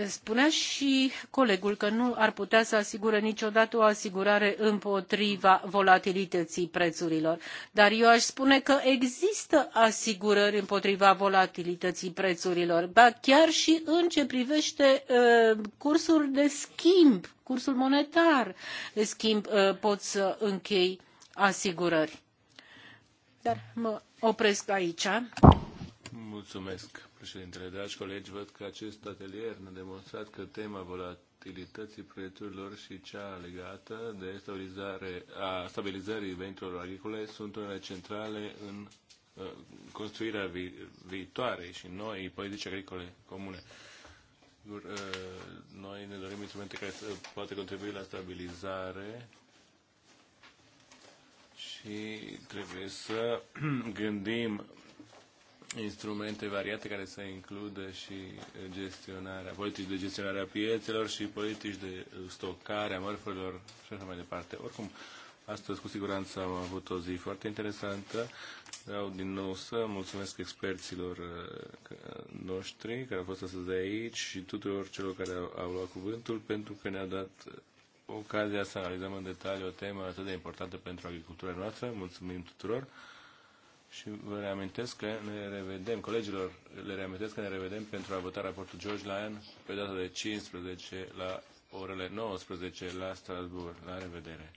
Eh, spunea și colegul că nu ar putea să asigure niciodată o asigurare împotriva volatilității prețurilor, dar eu aș spune că există asigurări împotriva volatilității prețurilor, ba chiar și în ce privește eh, cursul de schimb, cursul monetar de schimb, poți eh, pot să închei asigurări. Dar mă opresc aici. Mulțumesc, președintele. Dragi colegi, văd că acest atelier ne-a demonstrat că tema volatilității prețurilor și cea legată de stabilizare, a stabilizării veniturilor agricole sunt unele centrale în uh, construirea vi- viitoarei și noi politici agricole comune. Uh, noi ne dorim instrumente care să poate contribui la stabilizare și trebuie să gândim instrumente variate care să includă și gestionarea, politici de gestionare a piețelor și politici de stocare a mărfurilor și așa mai departe. Oricum, astăzi cu siguranță am avut o zi foarte interesantă. Vreau din nou să mulțumesc experților uh, noștri care au fost astăzi de aici și tuturor celor care au luat cuvântul pentru că ne-a dat ocazia să analizăm în detaliu o temă atât de importantă pentru agricultura noastră. Mulțumim tuturor! Și vă reamintesc că ne revedem, colegilor, le reamintesc că ne revedem pentru a vota raportul George Lyon pe data de 15 la orele 19 la Strasbourg. La revedere!